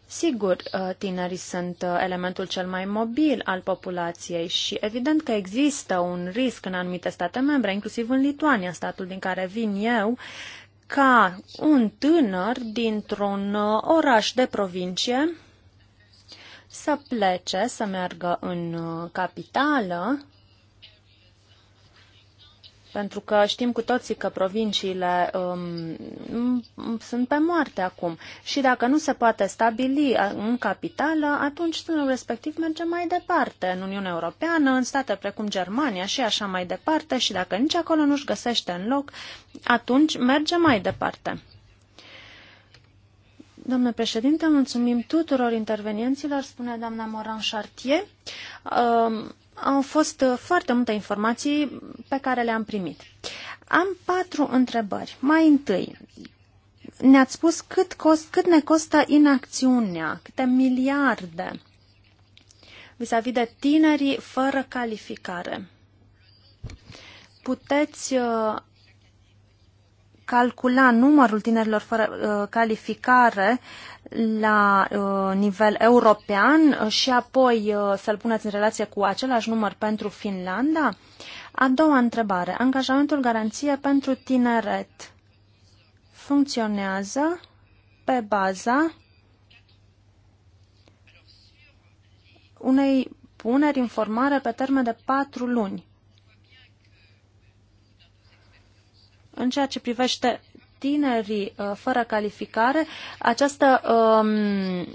Speaker 1: Sigur, uh, tinerii sunt uh, elementul cel mai mobil al populației și evident că există un risc în anumite state membre, inclusiv în Lituania, statul din care vin eu, ca un tânăr dintr-un uh, oraș de provincie să plece, să meargă în uh, capitală pentru că știm cu toții că provinciile um, sunt pe moarte acum. Și dacă nu se poate stabili în capitală, atunci respectiv merge mai departe în Uniunea Europeană, în state precum Germania și așa mai departe. Și dacă nici acolo nu-și găsește în loc, atunci merge mai departe. Domnule președinte, mulțumim tuturor intervenienților, spune doamna Moran Chartier. Um, au fost uh, foarte multe informații pe care le-am primit. Am patru întrebări. Mai întâi, ne-ați spus cât, cost, cât ne costă inacțiunea, câte miliarde vis-a-vis -vis de tinerii fără calificare. Puteți uh, calcula numărul tinerilor fără uh, calificare la uh, nivel european uh, și apoi uh, să-l puneți în relație cu același număr pentru Finlanda? A doua întrebare. Angajamentul garanție pentru tineret funcționează pe baza unei puneri în formare pe termen de patru luni. În ceea ce privește tinerii uh, fără calificare, această um,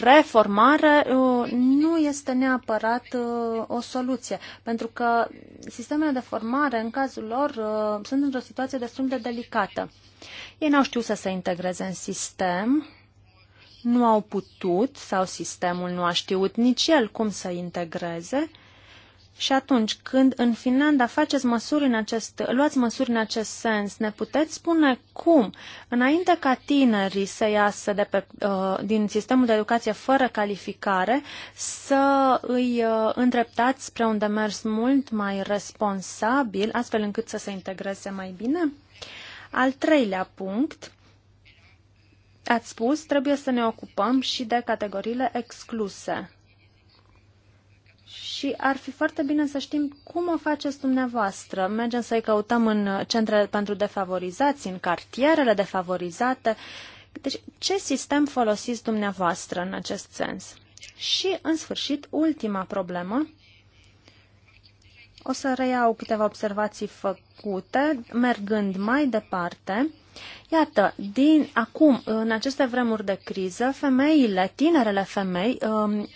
Speaker 1: reformare uh, nu este neapărat uh, o soluție, pentru că sistemele de formare, în cazul lor, uh, sunt într-o situație destul de delicată. Ei n-au știut să se integreze în sistem, nu au putut sau sistemul nu a știut nici el cum să integreze și atunci când în Finlanda faceți măsuri în acest, luați măsuri în acest sens, ne puteți spune cum, înainte ca tinerii să iasă de pe, uh, din sistemul de educație fără calificare, să îi uh, îndreptați spre un demers mult mai responsabil, astfel încât să se integreze mai bine? Al treilea punct, ați spus, trebuie să ne ocupăm și de categoriile excluse și ar fi foarte bine să știm cum o faceți dumneavoastră. Mergem să-i căutăm în centrele pentru defavorizați, în cartierele defavorizate. Deci, ce sistem folosiți dumneavoastră în acest sens? Și, în sfârșit, ultima problemă. O să reiau câteva observații făcute, mergând mai departe. Iată, din acum, în aceste vremuri de criză, femeile, tinerele femei, um,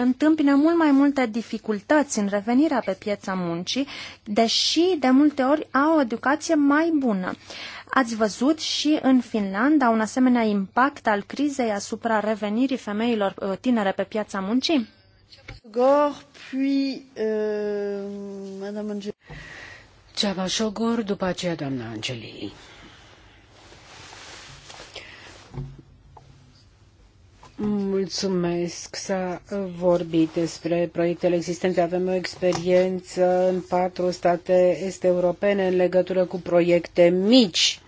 Speaker 1: întâmpină mult mai multe dificultăți în revenirea pe piața muncii, deși de multe ori au o educație mai bună. Ați văzut și în Finlanda un asemenea impact al crizei asupra revenirii femeilor uh, tinere pe piața muncii? Euh,
Speaker 2: Ceva Șogor, după aceea doamna Angelii. Mulțumesc. S-a vorbit despre proiectele existente. Avem o experiență în patru state este europene în legătură cu proiecte mici.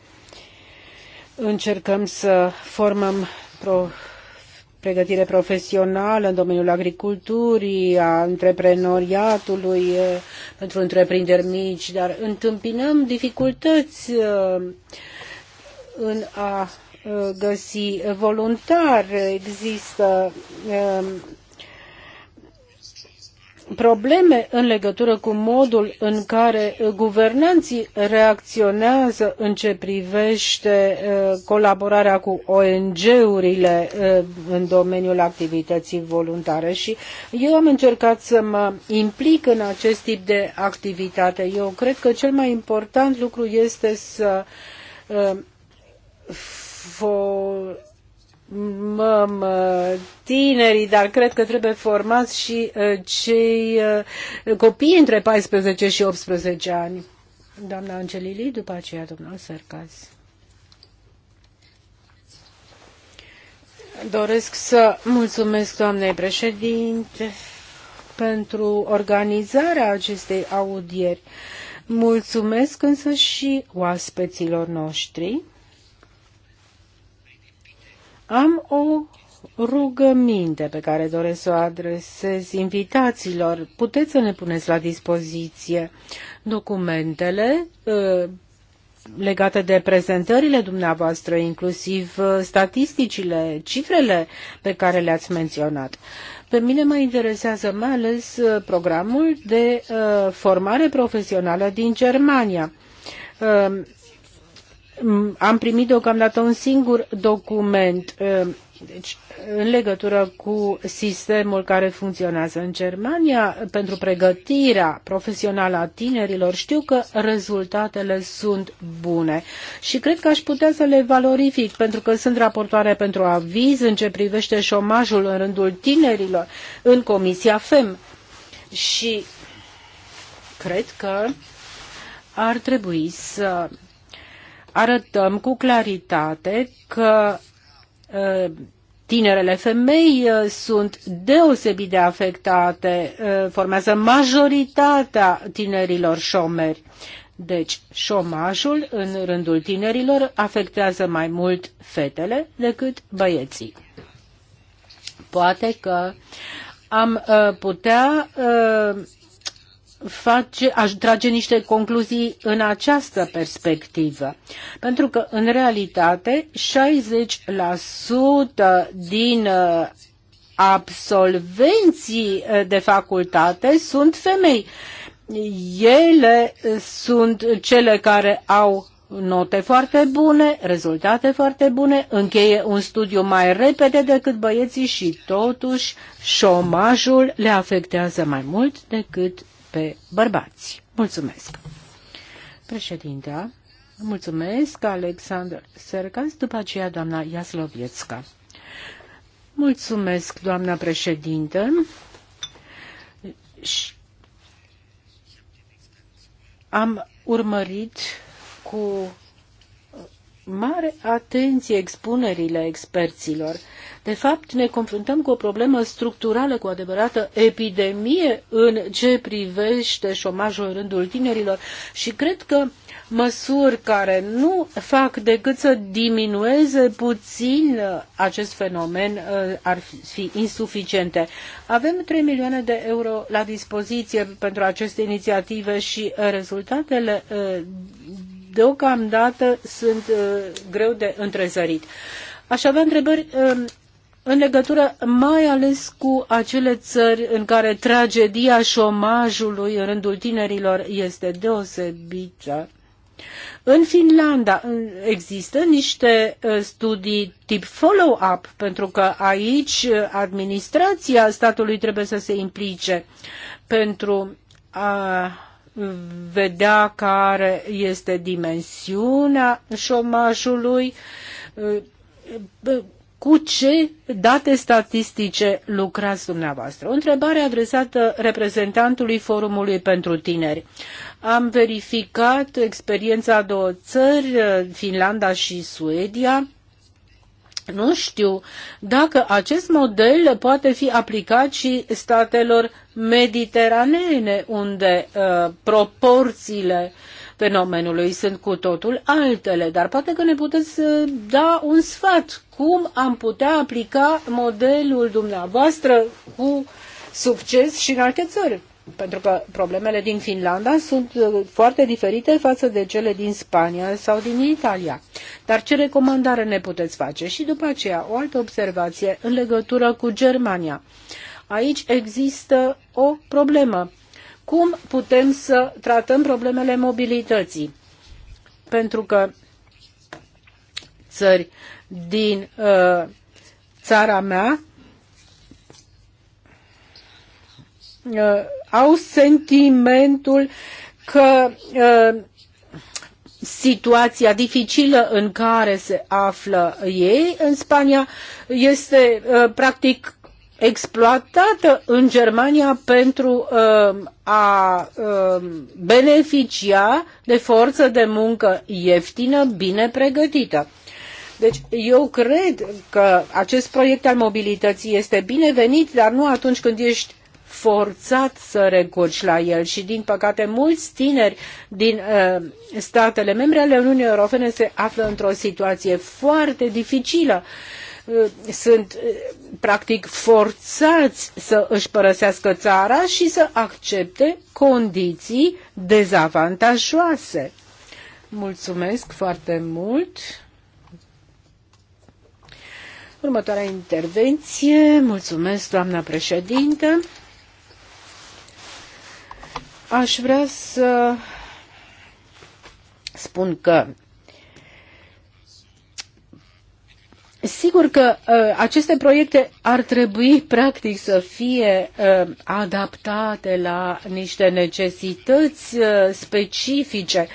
Speaker 2: Încercăm să formăm pro pregătire profesională în domeniul agriculturii, a antreprenoriatului pentru întreprinderi mici, dar întâmpinăm dificultăți în a găsi voluntari. Există um, probleme în legătură cu modul în care guvernanții reacționează în ce privește uh, colaborarea cu ONG-urile uh, în domeniul activității voluntare și eu am încercat să mă implic în acest tip de activitate. Eu cred că cel mai important lucru este să uh, formăm uh, tinerii, dar cred că trebuie formați și uh, cei uh, copii între 14 și 18 ani. Doamna Angelili, după aceea domnul Sercaz. Doresc să mulțumesc doamnei președinte pentru organizarea acestei audieri. Mulțumesc însă și oaspeților noștri am o rugăminte pe care doresc să o adresez invitaților. Puteți să ne puneți la dispoziție documentele ă, legate de prezentările dumneavoastră, inclusiv ă, statisticile, cifrele pe care le-ați menționat. Pe mine mă interesează mai ales ă, programul de formare profesională din Germania. Mm, am primit deocamdată un singur document uh, deci, în legătură cu sistemul care funcționează în Germania pentru pregătirea profesională a tinerilor, știu că rezultatele sunt bune și cred că aș putea să le valorific pentru că sunt raportoare pentru aviz în ce privește șomajul în rândul tinerilor în Comisia FEM și cred că ar trebui să arătăm cu claritate că ă, Tinerele femei ă, sunt deosebit de afectate, ă, formează majoritatea tinerilor șomeri. Deci, șomajul în rândul tinerilor afectează mai mult fetele decât băieții. Poate că am putea face, aș trage niște concluzii în această perspectivă. Pentru că, în realitate, 60% din uh, absolvenții uh, de facultate sunt femei. Ele sunt cele care au note foarte bune, rezultate foarte bune, încheie un studiu mai repede decât băieții și totuși șomajul le afectează mai mult decât pe bărbați. Mulțumesc! Președintea, mulțumesc, Alexander Sercas, după aceea doamna Iaslovietska. Mulțumesc, doamna președintă. Am urmărit cu mare atenție expunerile experților. De fapt, ne confruntăm cu o problemă structurală, cu o adevărată epidemie în ce privește șomajul în rândul tinerilor și cred că măsuri care nu fac decât să diminueze puțin acest fenomen uh, ar fi insuficiente. Avem 3 milioane de euro la dispoziție pentru aceste inițiative și rezultatele uh, deocamdată sunt uh, greu de întrezărit. Aș avea întrebări um, în legătură mai ales cu acele țări în care tragedia șomajului în rândul tinerilor este deosebită. În Finlanda uh, există niște uh, studii tip follow-up, pentru că aici administrația statului trebuie să se implice pentru a vedea care este dimensiunea șomajului, cu ce date statistice lucrați dumneavoastră? O întrebare adresată reprezentantului Forumului pentru Tineri. Am verificat experiența două țări, Finlanda și Suedia, nu știu dacă acest model poate fi aplicat și statelor mediteraneene, unde uh, proporțiile fenomenului sunt cu totul altele, dar poate că ne puteți uh, da un sfat cum am putea aplica modelul dumneavoastră cu succes și în alte țări pentru că problemele din Finlanda sunt uh, foarte diferite față de cele din Spania sau din Italia. Dar ce recomandare ne puteți face? Și după aceea, o altă observație în legătură cu Germania. Aici există o problemă. Cum putem să tratăm problemele mobilității? Pentru că țări din uh, țara mea uh, au sentimentul că uh, situația dificilă în care se află ei în Spania este uh, practic exploatată în Germania pentru uh, a uh, beneficia de forță de muncă ieftină, bine pregătită. Deci eu cred că acest proiect al mobilității este binevenit, dar nu atunci când ești forțat să recurgi la el și, din păcate, mulți tineri din uh, statele membre ale Uniunii Europene se află într-o situație foarte dificilă. Uh, sunt uh, practic forțați să își părăsească țara și să accepte condiții dezavantajoase. Mulțumesc foarte mult! Următoarea intervenție. Mulțumesc, doamna președintă. Aș vrea să spun că Sigur că uh, aceste proiecte ar trebui practic să fie uh, adaptate la niște necesități uh, specifice.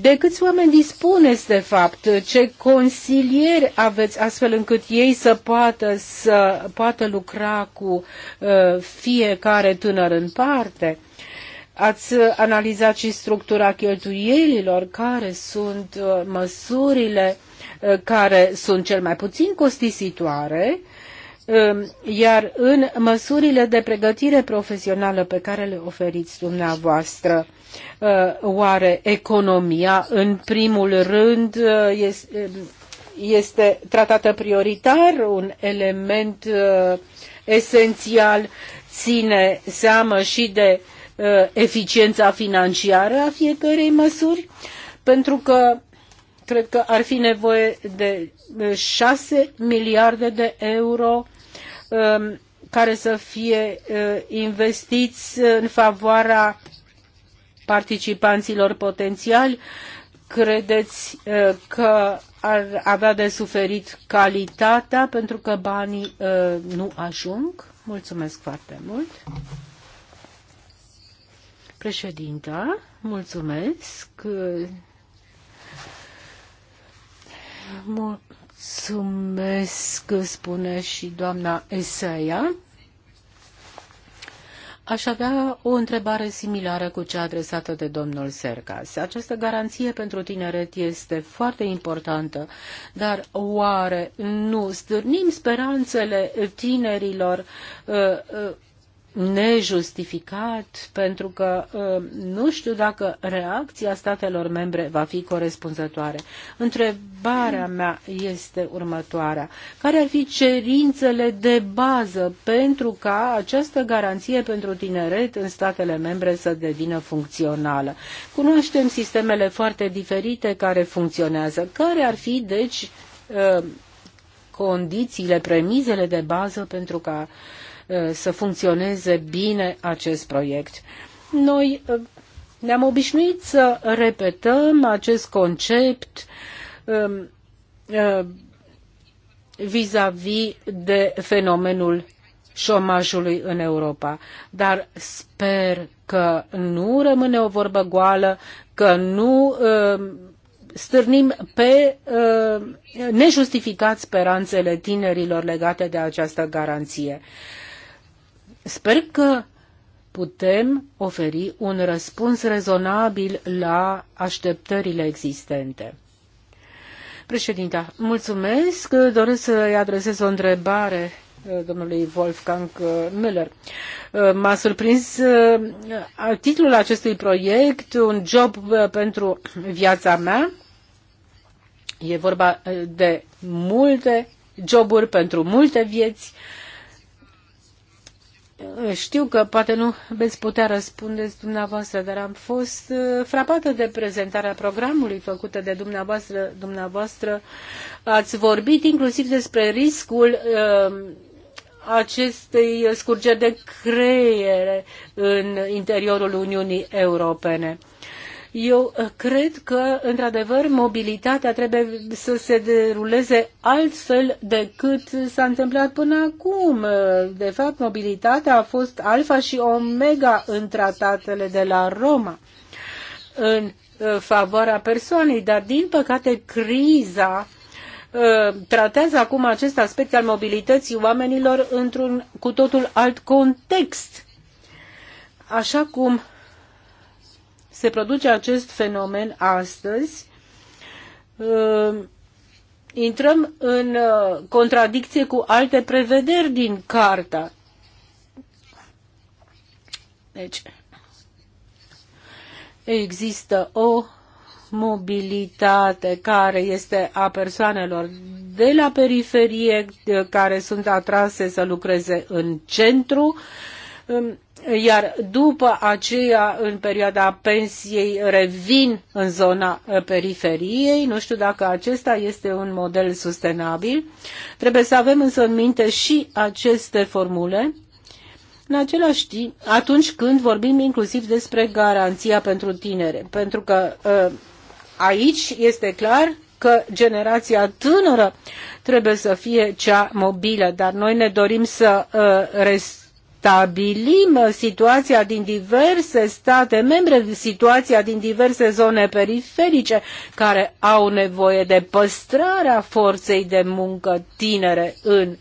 Speaker 2: De câți oameni dispuneți de fapt? Ce consilieri aveți astfel încât ei să poată, să poată lucra cu uh, fiecare tânăr în parte? Uh, Ați uh, analizat și structura cheltuielilor, care sunt uh, măsurile uh, care sunt cel mai puțin costisitoare, um, iar în măsurile de pregătire profesională pe care le oferiți dumneavoastră, oare economia în primul rând um, este, tratată prioritar, un element esențial, ține seamă și de uh, Uh, eficiența financiară a fiecărei măsuri, pentru că cred că ar fi nevoie de 6 uh, miliarde de euro um, care să fie uh, investiți în favoarea participanților potențiali. Credeți că ar avea de suferit calitatea pentru că banii nu ajung? Mulțumesc foarte mult! Președinta, mulțumesc. Mulțumesc, spune și doamna Eseia. Aș avea o întrebare similară cu cea adresată de domnul Sercas. Această garanție pentru tineret este foarte importantă, dar oare nu stârnim speranțele tinerilor uh, uh, nejustificat, pentru că uh, nu știu dacă reacția statelor membre va fi corespunzătoare. Întrebarea mea este următoarea. Care ar fi cerințele de bază pentru ca această garanție pentru tineret în statele membre să devină funcțională? Cunoaștem sistemele foarte diferite care funcționează. Care ar fi, deci, uh, condițiile, premizele de bază pentru ca uh, Uh, să funcționeze bine acest proiect. Noi uh, ne-am obișnuit să repetăm acest concept um, uh, vis-a-vis -vis de fenomenul șomajului în Europa. Dar sper că nu rămâne o vorbă goală, că nu uh, stârnim pe uh, nejustificat speranțele tinerilor legate de această garanție. Uh, Sper că putem oferi un răspuns rezonabil la așteptările existente. Președinta, mulțumesc. Doresc să-i adresez o întrebare uh, domnului Wolfgang uh, Müller. Uh, m-a surprins titlul acestui proiect, Un job pentru viața mea. E vorba de multe joburi pentru multe vieți. Știu că poate nu veți putea răspundeți dumneavoastră, dar am fost uh, frapată de prezentarea programului făcută de dumneavoastră. Dumneavoastră ați vorbit inclusiv despre riscul uh, acestei scurgeri de creiere în interiorul Uniunii Europene. Eu uh, cred că, într-adevăr, mobilitatea trebuie să se deruleze altfel decât s-a întâmplat până acum. Uh, de fapt, mobilitatea a fost alfa și omega în tratatele de la Roma. În uh, favoarea persoanei, dar din păcate criza tratează acum acest aspect al mobilității oamenilor într-un cu totul alt context. Așa cum se produce acest fenomen astăzi, uh, intrăm în uh, contradicție cu alte prevederi din carta. Deci, există o mobilitate care este a persoanelor de la periferie uh, care sunt atrase să lucreze în centru, uh, iar după aceea, în perioada pensiei, revin în zona uh, periferiei. Nu știu dacă acesta este un model sustenabil. Trebuie să avem însă în minte și aceste formule. În același timp, atunci când vorbim inclusiv despre garanția pentru tinere, pentru că uh, aici este clar că generația tânără trebuie să fie cea mobilă, dar noi ne dorim să uh, rest stabilim situația din diverse state membre, situația din diverse zone periferice care au nevoie de păstrarea forței de muncă tinere în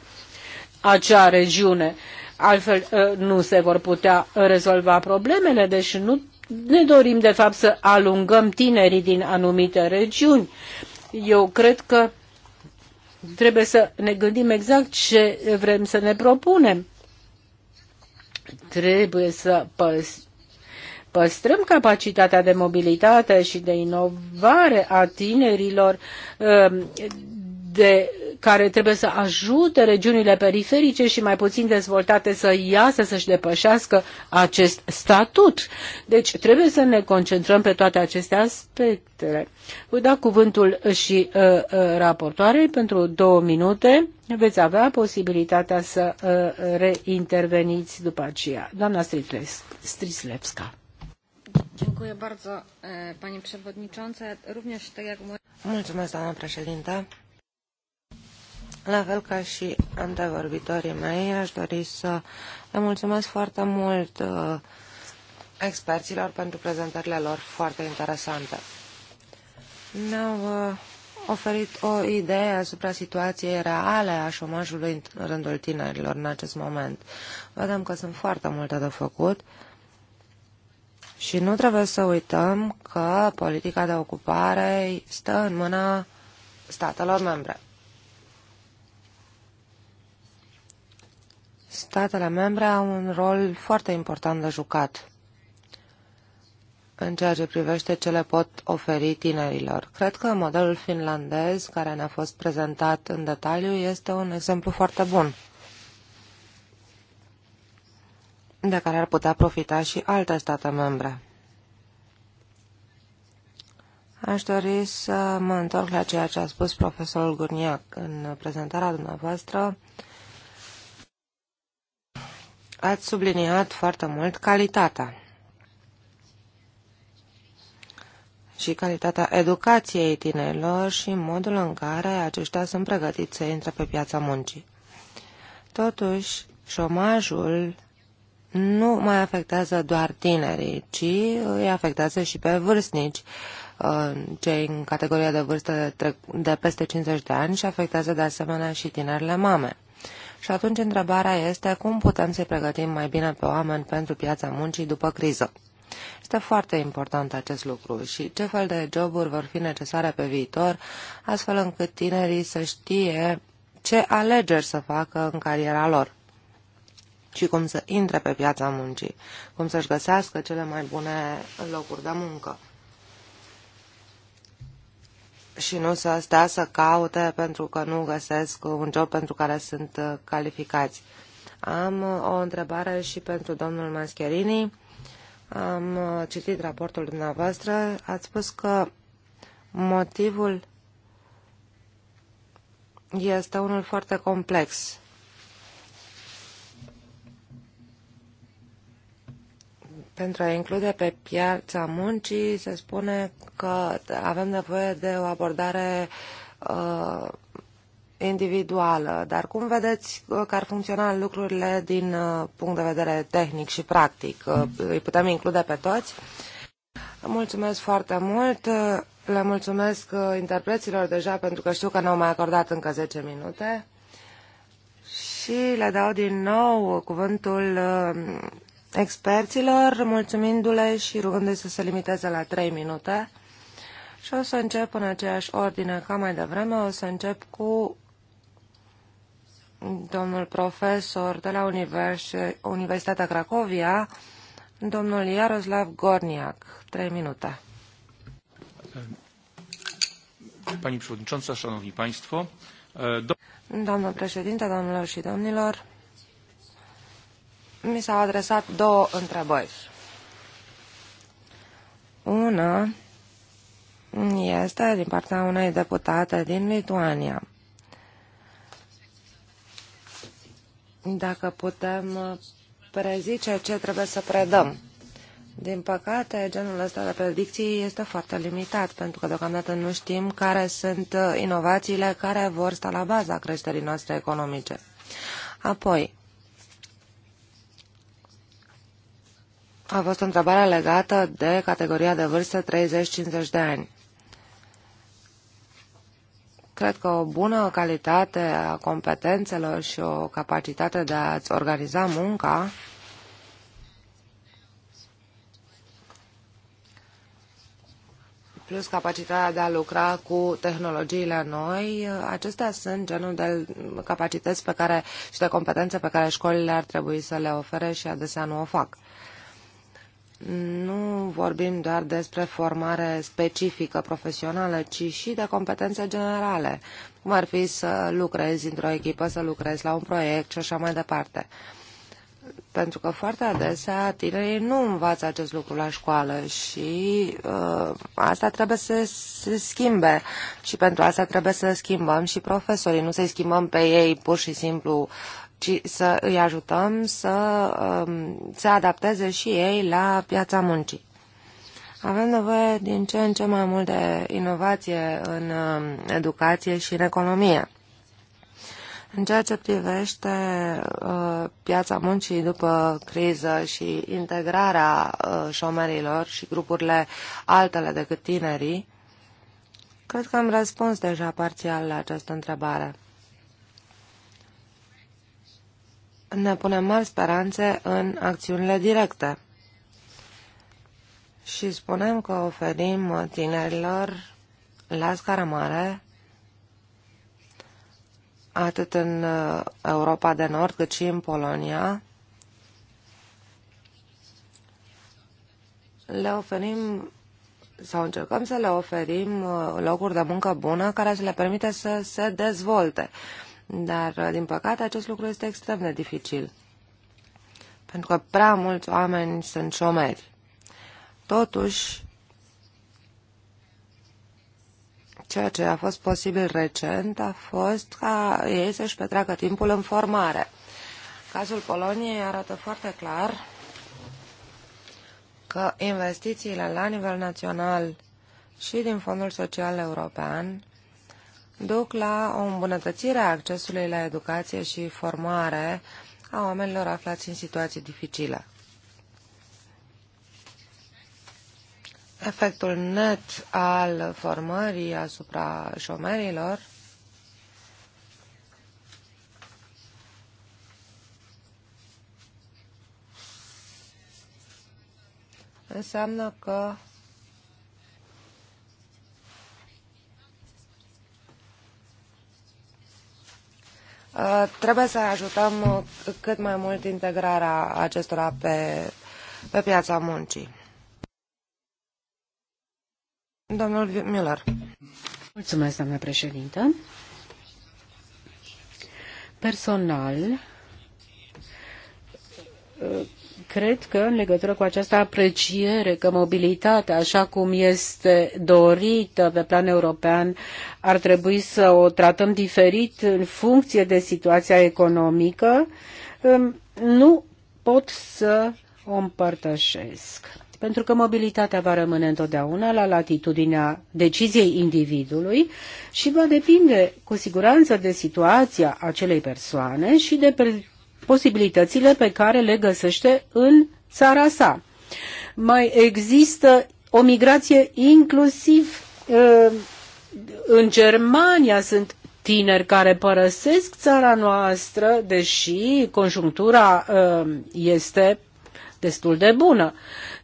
Speaker 2: acea regiune. Altfel ă, nu se vor putea rezolva problemele, deci nu ne dorim de fapt să alungăm tinerii din anumite regiuni. Eu cred că trebuie să ne gândim exact ce vrem să ne propunem. Trebuie să păstrăm capacitatea de mobilitate și de inovare a tinerilor um, de care trebuie să ajute regiunile periferice și mai puțin dezvoltate să iasă, să-și depășească acest statut. Deci trebuie să ne concentrăm pe toate aceste aspecte. Voi da cuvântul și uh, uh, raportoarei pentru două minute. Veți avea posibilitatea să uh, reinterveniți după aceea. Doamna Strislevska.
Speaker 3: Dziękuję bardzo, Pani Przewodnicząca. Również tak jak... Mulțumesc, doamna Președintă. La fel ca și antevorbitorii mei, aș dori să le mulțumesc foarte mult uh, experților pentru prezentările lor foarte interesante. Ne-au uh, oferit o idee asupra situației reale a șomajului în rândul tinerilor în acest moment. Vedem că sunt foarte multe de făcut și nu trebuie să uităm că politica de ocupare stă în mâna statelor membre. statele membre au un rol foarte important de jucat în ceea ce privește ce le pot oferi tinerilor. Cred că modelul finlandez care ne-a fost prezentat în detaliu este un exemplu foarte bun de care ar putea profita și alte state membre. Aș dori să mă întorc la ceea ce a spus profesorul Gurniac în prezentarea dumneavoastră ați subliniat foarte mult calitatea și calitatea educației tinerilor și modul în care aceștia sunt pregătiți să intre pe piața muncii. Totuși, șomajul nu mai afectează doar tinerii, ci îi afectează și pe vârstnici, cei în categoria de vârstă de, de peste 50 de ani și afectează de asemenea și tinerile mame. Și atunci întrebarea este cum putem să-i pregătim mai bine pe oameni pentru piața muncii după criză. Este foarte important acest lucru și ce fel de joburi vor fi necesare pe viitor, astfel încât tinerii să știe ce alegeri să facă în cariera lor și cum să intre pe piața muncii, cum să-și găsească cele mai bune locuri de muncă și nu să stea să caute pentru că nu găsesc un job pentru care sunt uh, calificați. Am uh, o întrebare și pentru domnul Mascherini. Am uh, citit raportul dumneavoastră. Ați spus că motivul este unul foarte complex Pentru a include pe piața muncii, se spune că avem nevoie de o abordare uh, individuală, dar cum vedeți uh, că ar funcționa lucrurile din uh, punct de vedere tehnic și practic? Uh, îi putem include pe toți? Mulțumesc foarte mult, le mulțumesc interpreților deja pentru că știu că ne-au mai acordat încă 10 minute și le dau din nou cuvântul experților, mulțumindu-le și rugându-i să se limiteze la 3 minute. Și o să încep în aceeași ordine ca mai devreme. O să încep cu domnul profesor de la Univers Universitatea Cracovia, domnul Iaroslav Gorniak. 3 minute.
Speaker 4: Pani Przewodnicząca,
Speaker 3: Szanowni Państwo. Do... Doamnă președinte, domnilor și domnilor, mi s-au adresat două întrebări. Una este din partea unei deputate din Lituania. Dacă putem prezice ce trebuie să predăm. Din păcate, genul ăsta de predicții este foarte limitat, pentru că deocamdată nu știm care sunt inovațiile care vor sta la baza creșterii noastre economice. Apoi, A fost o întrebare legată de categoria de vârstă 30-50 de ani. Cred că o bună calitate a competențelor și o capacitate de a-ți organiza munca plus capacitatea de a lucra cu tehnologiile noi, acestea sunt genul de capacități pe care, și de competențe pe care școlile ar trebui să le ofere și adesea nu o fac nu vorbim doar despre formare specifică profesională, ci și de competențe generale, cum ar fi să lucrezi într-o echipă, să lucrezi la un proiect și așa mai departe. Pentru că foarte adesea tinerii nu învață acest lucru la școală și uh, asta trebuie să se schimbe și pentru asta trebuie să schimbăm și profesorii, nu să-i schimbăm pe ei pur și simplu uh, ci să îi ajutăm să um, se adapteze și ei la piața muncii. Avem nevoie din ce în ce mai mult de inovație în um, educație și în economie. În ceea ce privește uh, piața muncii după criză și integrarea uh, șomerilor și grupurile altele decât tinerii, cred că am răspuns deja parțial la această întrebare. ne punem mari speranțe în acțiunile directe și spunem că oferim tinerilor la scară mare atât în uh, Europa de Nord cât și în Polonia le oferim sau încercăm să le oferim uh, locuri de muncă bună care să le permite să se dezvolte. Uh, dar, uh, din păcate, acest lucru este extrem de dificil. Pentru că prea mulți oameni sunt șomeri. Totuși, ceea ce a fost posibil recent a fost ca ei să-și petreacă timpul în formare. Cazul Poloniei arată foarte clar că investițiile la nivel național și din Fondul Social European duc la o îmbunătățire a accesului la educație și formare a oamenilor aflați în situații dificile. Efectul net al formării asupra șomerilor înseamnă că Uh, trebuie să ajutăm uh, cât mai mult integrarea acestora pe, pe piața muncii. Domnul Miller. Mulțumesc, doamna președintă.
Speaker 2: Personal, uh, cred că în legătură cu această apreciere că mobilitatea, așa cum este dorită pe plan european, ar trebui să o tratăm diferit în funcție de situația economică, um, nu pot să o împărtășesc. Pentru că mobilitatea va rămâne întotdeauna la latitudinea deciziei individului și va depinde cu siguranță de situația acelei persoane și de posibilitățile pe care le găsește în țara sa. Mai există o migrație inclusiv uh, în Germania sunt tineri care părăsesc țara noastră, deși conjunctura uh, este destul de bună.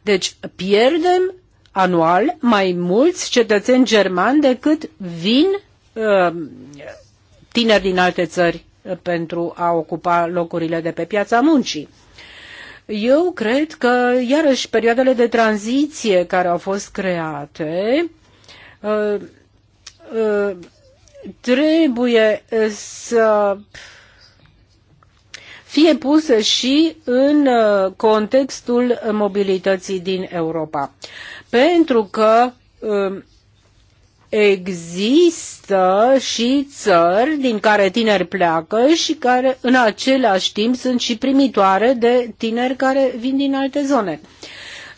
Speaker 2: Deci pierdem anual mai mulți cetățeni germani decât vin uh, tineri din alte țări pentru a ocupa locurile de pe piața muncii. Eu cred că, iarăși, perioadele de tranziție care au fost create uh, uh, trebuie să fie puse și în uh, contextul mobilității din Europa. Pentru că există și țări din care tineri pleacă și care în același timp sunt și primitoare de tineri care vin din alte zone.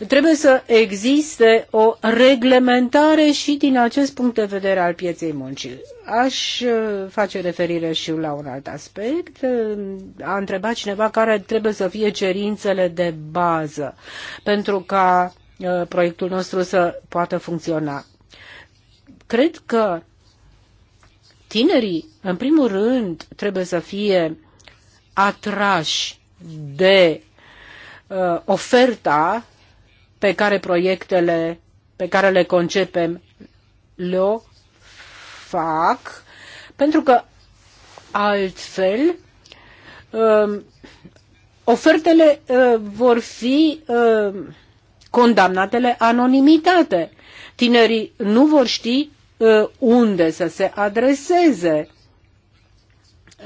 Speaker 2: Trebuie să existe o reglementare și din acest punct de vedere al pieței muncii. Aș uh, face referire și la un alt aspect. Uh, a întrebat cineva care trebuie să fie cerințele de bază pentru ca uh, proiectul nostru să poată funcționa. Cred că tinerii, în primul rând, trebuie să fie atrași de uh, oferta pe care proiectele pe care le concepem le fac, pentru că altfel uh, ofertele uh, vor fi uh, condamnate la anonimitate. Tinerii nu vor ști Uh, unde să se adreseze.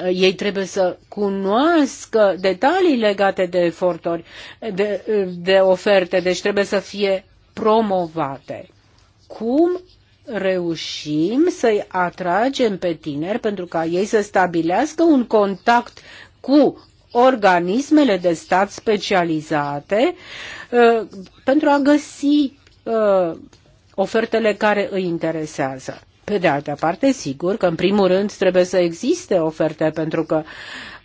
Speaker 2: Uh, ei trebuie să cunoască detalii legate de eforturi, de, uh, de oferte, deci trebuie să fie promovate. Cum reușim să-i atragem pe tineri pentru ca ei să stabilească un contact cu organismele de stat specializate pentru a găsi ofertele care îi interesează. Pe de altă parte, sigur că în primul rând trebuie să existe oferte pentru că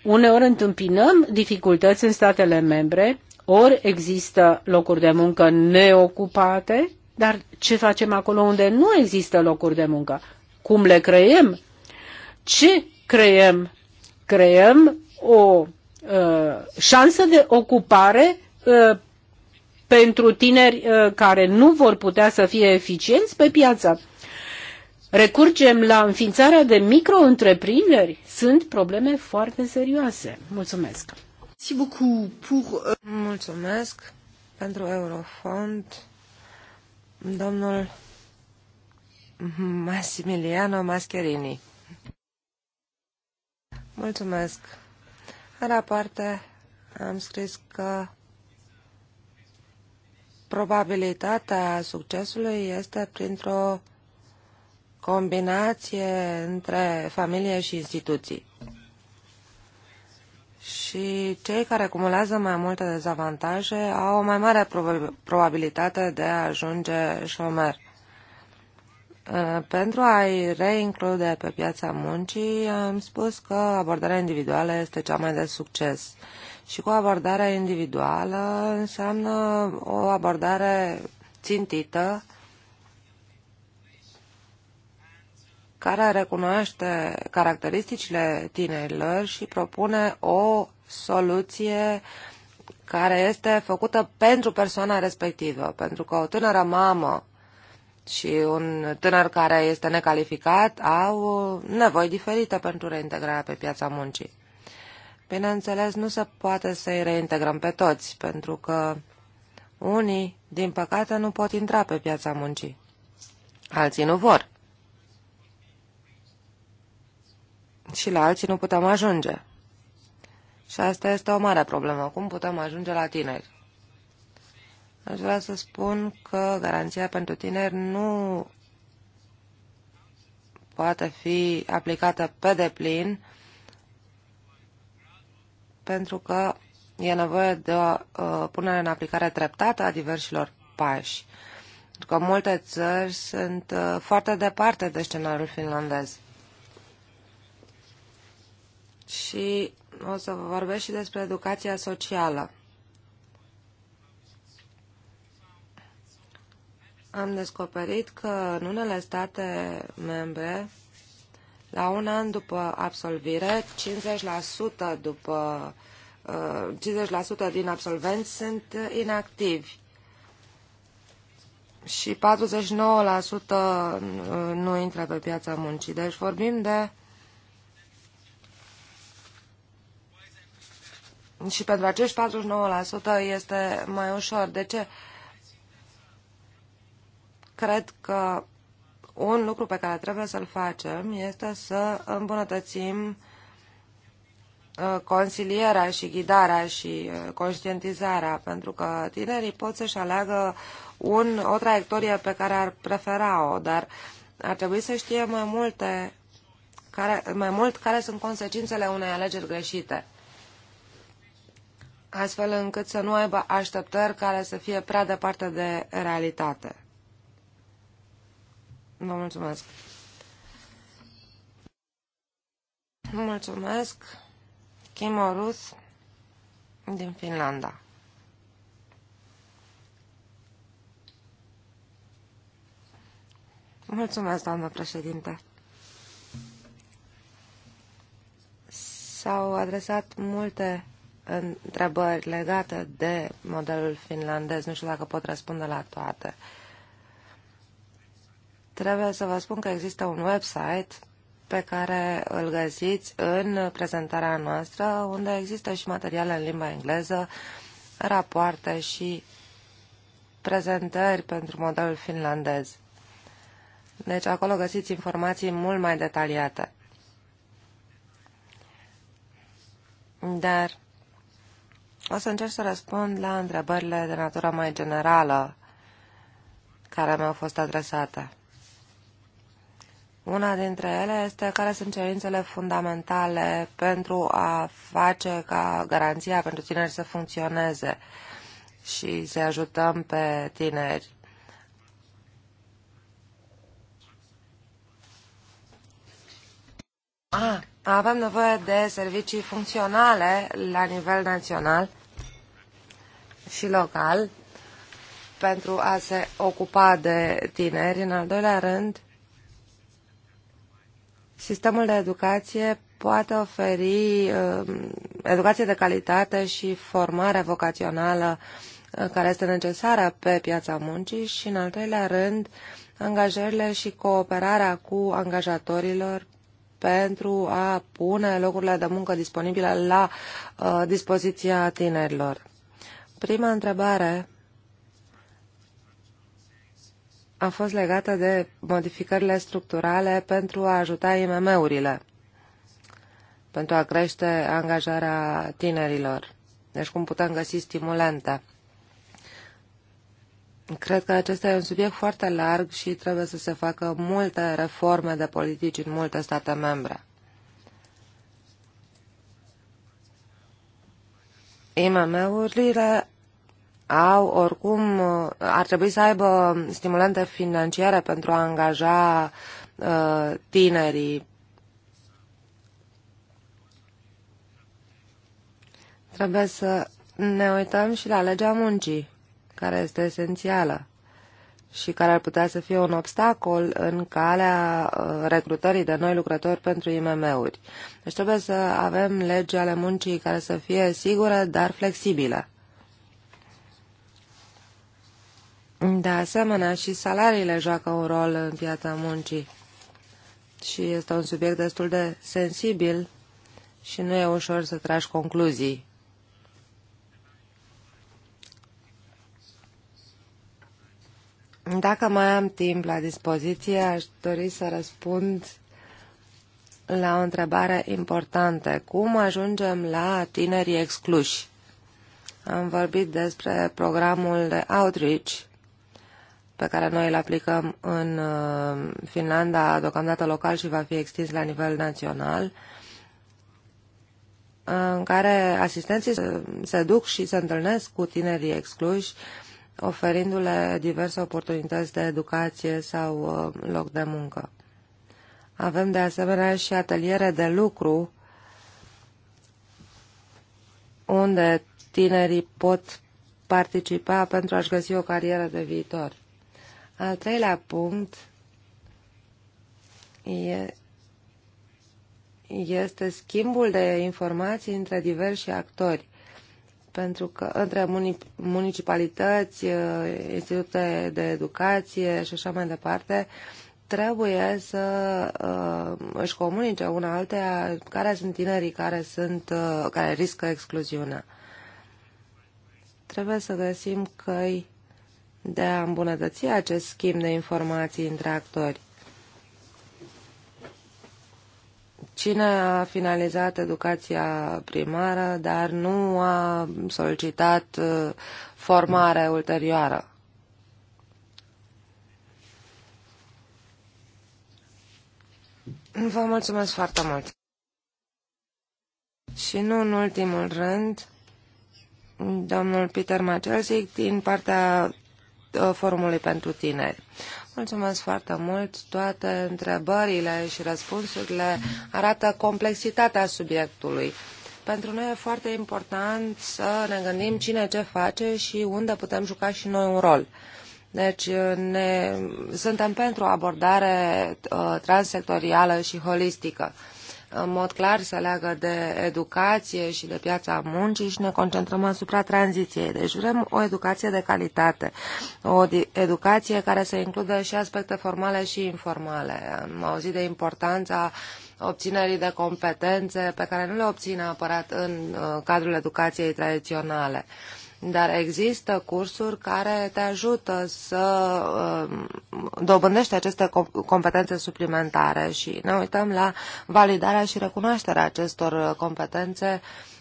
Speaker 2: uneori întâmpinăm dificultăți în statele membre, ori există locuri de muncă neocupate, dar ce facem acolo unde nu există locuri de muncă? Cum le creăm? Ce creăm? Creăm o uh, șansă de ocupare uh, pentru tineri uh, care nu vor putea să fie eficienți pe piață. Recurgem la înființarea de micro-întreprinderi. Sunt probleme foarte serioase. Mulțumesc!
Speaker 3: Euh, Mulțumesc pentru Eurofond. Domnul Massimiliano Mascherini. Mulțumesc. În rapoarte am scris că probabilitatea succesului este printr-o combinație între familie și instituții. Și cei care acumulează mai multe dezavantaje au o mai mare probabilitate de a ajunge șomer. Uh, pentru a-i reinclude pe piața muncii, am spus că abordarea individuală este cea mai de succes și cu abordarea individuală înseamnă o abordare țintită care recunoaște caracteristicile tinerilor și propune o soluție care este făcută pentru persoana respectivă, pentru că o tânără mamă și un tânăr care este necalificat au nevoi diferite pentru reintegrarea pe piața muncii. Bineînțeles, nu se poate să-i reintegrăm pe toți, pentru că unii, din păcate, nu pot intra pe piața muncii. Alții nu vor. Și la alții nu putem ajunge. Și asta este o mare problemă. Cum putem ajunge la tineri? Aș vrea să spun că garanția pentru tineri nu poate fi aplicată pe deplin pentru că e nevoie de uh, punere în aplicare treptată a diversilor pași. Pentru că multe țări sunt uh, foarte departe de scenariul finlandez. Și o să vă vorbesc și despre educația socială. Am descoperit că în unele state membre la un an după absolvire, 50% după 50% uh, din absolvenți sunt inactivi și 49% uh, nu intră pe piața muncii. Deci vorbim de și pentru acești 49% este mai ușor. De ce? Cred că un lucru pe care trebuie să-l facem este să îmbunătățim uh, consilierea și ghidarea și uh, conștientizarea, pentru că tinerii pot să-și aleagă un, o traiectorie pe care ar prefera-o, dar ar trebui să știe mai multe care, mai mult care sunt consecințele unei alegeri greșite, astfel încât să nu aibă așteptări care să fie prea departe de realitate. Vă mulțumesc. Mulțumesc. Kimo Rus din Finlanda. Mulțumesc, doamnă președinte. S-au adresat multe întrebări legate de modelul finlandez. Nu știu dacă pot răspunde la toate. Trebuie să vă spun că există un website pe care îl găsiți în prezentarea noastră, unde există și materiale în limba engleză, rapoarte și prezentări pentru modelul finlandez. Deci acolo găsiți informații mult mai detaliate. Dar o să încerc să răspund la întrebările de natură mai generală care mi-au fost adresate. Una dintre ele este care sunt cerințele fundamentale pentru a face ca garanția pentru tineri să funcționeze și să ajutăm pe tineri. Ah, avem nevoie de servicii funcționale la nivel național și local pentru a se ocupa de tineri. În al doilea rând, Sistemul de educație poate oferi um, educație de calitate și formare vocațională uh, care este necesară pe piața muncii și, în al treilea rând, angajările și cooperarea cu angajatorilor pentru a pune locurile de muncă disponibile la uh, dispoziția tinerilor. Prima întrebare a fost legată de modificările structurale pentru a ajuta IMM-urile, pentru a crește angajarea tinerilor. Deci cum putem găsi stimulente. Cred că acesta e un subiect foarte larg și trebuie să se facă multe reforme de politici în multe state membre. IMM-urile au oricum, ar trebui să aibă stimulente financiare pentru a angaja uh, tinerii. Trebuie să ne uităm și la legea muncii, care este esențială și care ar putea să fie un obstacol în calea uh, recrutării de noi lucrători pentru IMM-uri. Deci trebuie să avem legi ale muncii care să fie sigure, dar flexibile. De asemenea, și salariile joacă un rol în piața muncii și este un subiect destul de sensibil și nu e ușor să tragi concluzii. Dacă mai am timp la dispoziție, aș dori să răspund la o întrebare importantă. Cum ajungem la tinerii excluși? Am vorbit despre programul de outreach pe care noi îl aplicăm în uh, Finlanda, deocamdată local și va fi extins la nivel național, în care asistenții se duc și se întâlnesc cu tinerii excluși, oferindu-le diverse oportunități de educație sau uh, loc de muncă. Avem de asemenea și ateliere de lucru unde tinerii pot participa pentru a-și găsi o carieră de viitor. Al treilea punct e, este schimbul de informații între diversi actori pentru că între municipalități, uh, institute de educație și așa mai departe, trebuie să uh, își comunice una altea care sunt tinerii care, sunt, uh, care riscă excluziunea. Trebuie să găsim căi de a îmbunătăți acest schimb de informații între actori. Cine a finalizat educația primară, dar nu a solicitat uh, formare ulterioară? Vă mulțumesc foarte mult. Și nu în ultimul rând, domnul Peter Macelsic din partea Uh, forumului pentru Tineri. Mulțumesc foarte mult. Toate întrebările și răspunsurile arată complexitatea subiectului. Pentru noi e foarte important să ne gândim cine ce face și unde putem juca și noi un rol. Deci uh, ne, suntem pentru o abordare uh, transsectorială și holistică. Uh, în mod clar se leagă de educație și de piața muncii și ne concentrăm asupra tranziției. Deci vrem o educație de calitate, o educație care să includă și aspecte formale și informale. Am auzit de importanța obținerii de competențe pe care nu le obține apărat în uh, cadrul educației tradiționale. Dar există cursuri care te ajută să um, dobândești aceste competențe suplimentare și ne uităm la validarea și recunoașterea acestor competențe uh,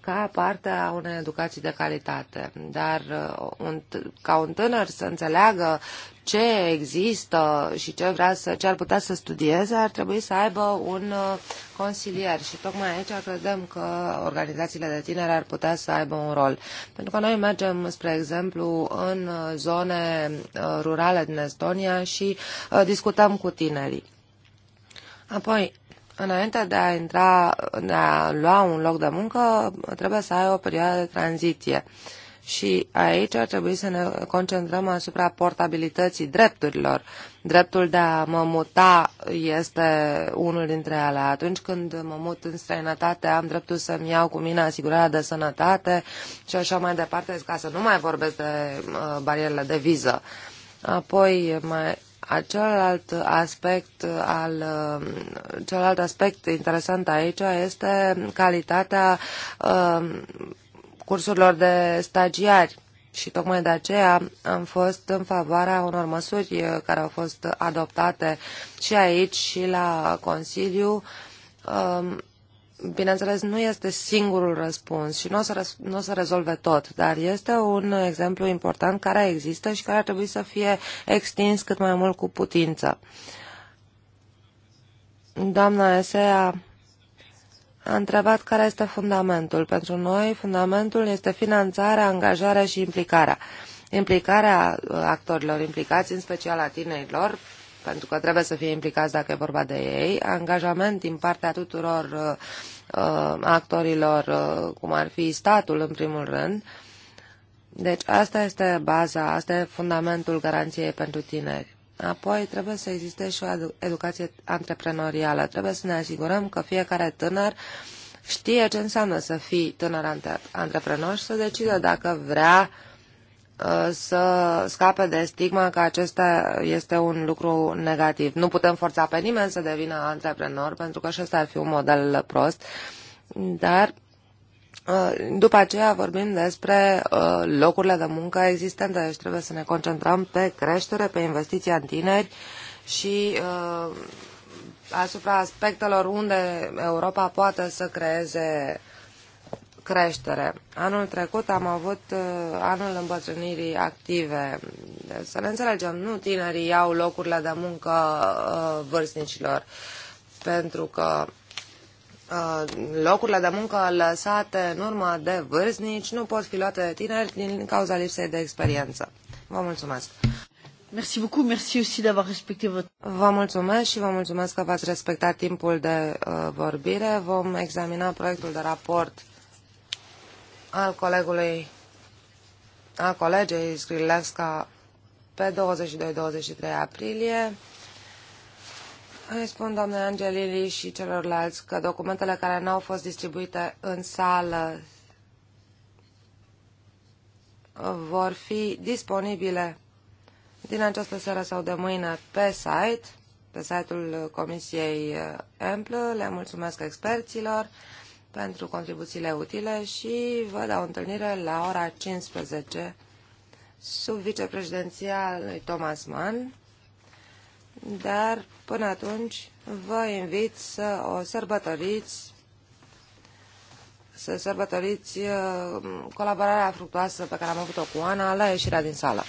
Speaker 3: ca parte a unei educații de calitate. Dar uh, un, ca un tânăr să înțeleagă ce există și ce, vrea să, ce ar putea să studieze, ar trebui să aibă un uh, consilier. Și tocmai aici credem că organizațiile de tineri ar putea să aibă un rol. Pentru că noi mergem, spre exemplu, în uh, zone rurale din Estonia și discutăm cu tinerii. Apoi, Înainte de a intra, de a lua un loc de muncă, trebuie să ai o perioadă de tranziție. Și aici ar trebui să ne concentrăm asupra portabilității drepturilor. Dreptul de a mă muta este unul dintre ele. Atunci când mă mut în străinătate, am dreptul să-mi iau cu mine asigurarea de sănătate și așa mai departe, ca să nu mai vorbesc de uh, barierele de viză. Apoi mai Celălalt aspect, al, celălalt aspect interesant aici este calitatea um, cursurilor de stagiari și tocmai de aceea am fost în favoarea unor măsuri care au fost adoptate și aici și la Consiliu um, bineînțeles, nu este singurul răspuns și nu o, să, nu o să rezolve tot, dar este un exemplu important care există și care ar trebui să fie extins cât mai mult cu putință. Doamna Esea a întrebat care este fundamentul. Pentru noi, fundamentul este finanțarea, angajarea și implicarea. Implicarea uh, actorilor implicați, în special a tinerilor, pentru că trebuie să fie implicați dacă e vorba de ei, angajament din partea tuturor uh, Uh, actorilor, uh, cum ar fi statul în primul rând. Deci asta este baza, asta e fundamentul garanției pentru tineri. Apoi trebuie să existe și o educație antreprenorială. Trebuie să ne asigurăm că fiecare tânăr știe ce înseamnă să fii tânăr antreprenor și să decide dacă vrea uh, să scape de stigma că acesta este un lucru negativ. Nu putem forța pe nimeni să devină antreprenor, pentru că și ăsta ar fi un model prost, dar uh, după aceea vorbim despre uh, locurile de muncă existente, deci trebuie să ne concentrăm pe creștere, pe investiția în tineri și uh, asupra aspectelor unde Europa poate să creeze uh, creștere. Anul trecut am avut uh, anul îmbătrânirii active. Să ne înțelegem, nu tinerii iau locurile de muncă uh, vârstnicilor, pentru că uh, locurile de muncă lăsate în urmă de vârstnici nu pot fi luate de tineri din cauza lipsei de experiență. Vă mulțumesc! Merci beaucoup, merci aussi d'avoir respecté votre... Vă mulțumesc și vă mulțumesc că v-ați respectat timpul de uh, vorbire. Vom examina proiectul de raport al colegului, al colegei Sgrilevska pe 22-23 aprilie. Îi spun doamnei Angelili și celorlalți că documentele care n-au fost distribuite în sală vor fi disponibile din această seară sau de mâine pe site, pe site-ul Comisiei Amplă. Le mulțumesc experților pentru contribuțiile utile și vă dau întâlnire la ora 15 sub vicepreședinția lui Thomas Mann, dar până atunci vă invit să o sărbătoriți să sărbătoriți uh, colaborarea fructuoasă pe care am avut-o cu Ana la ieșirea din sală.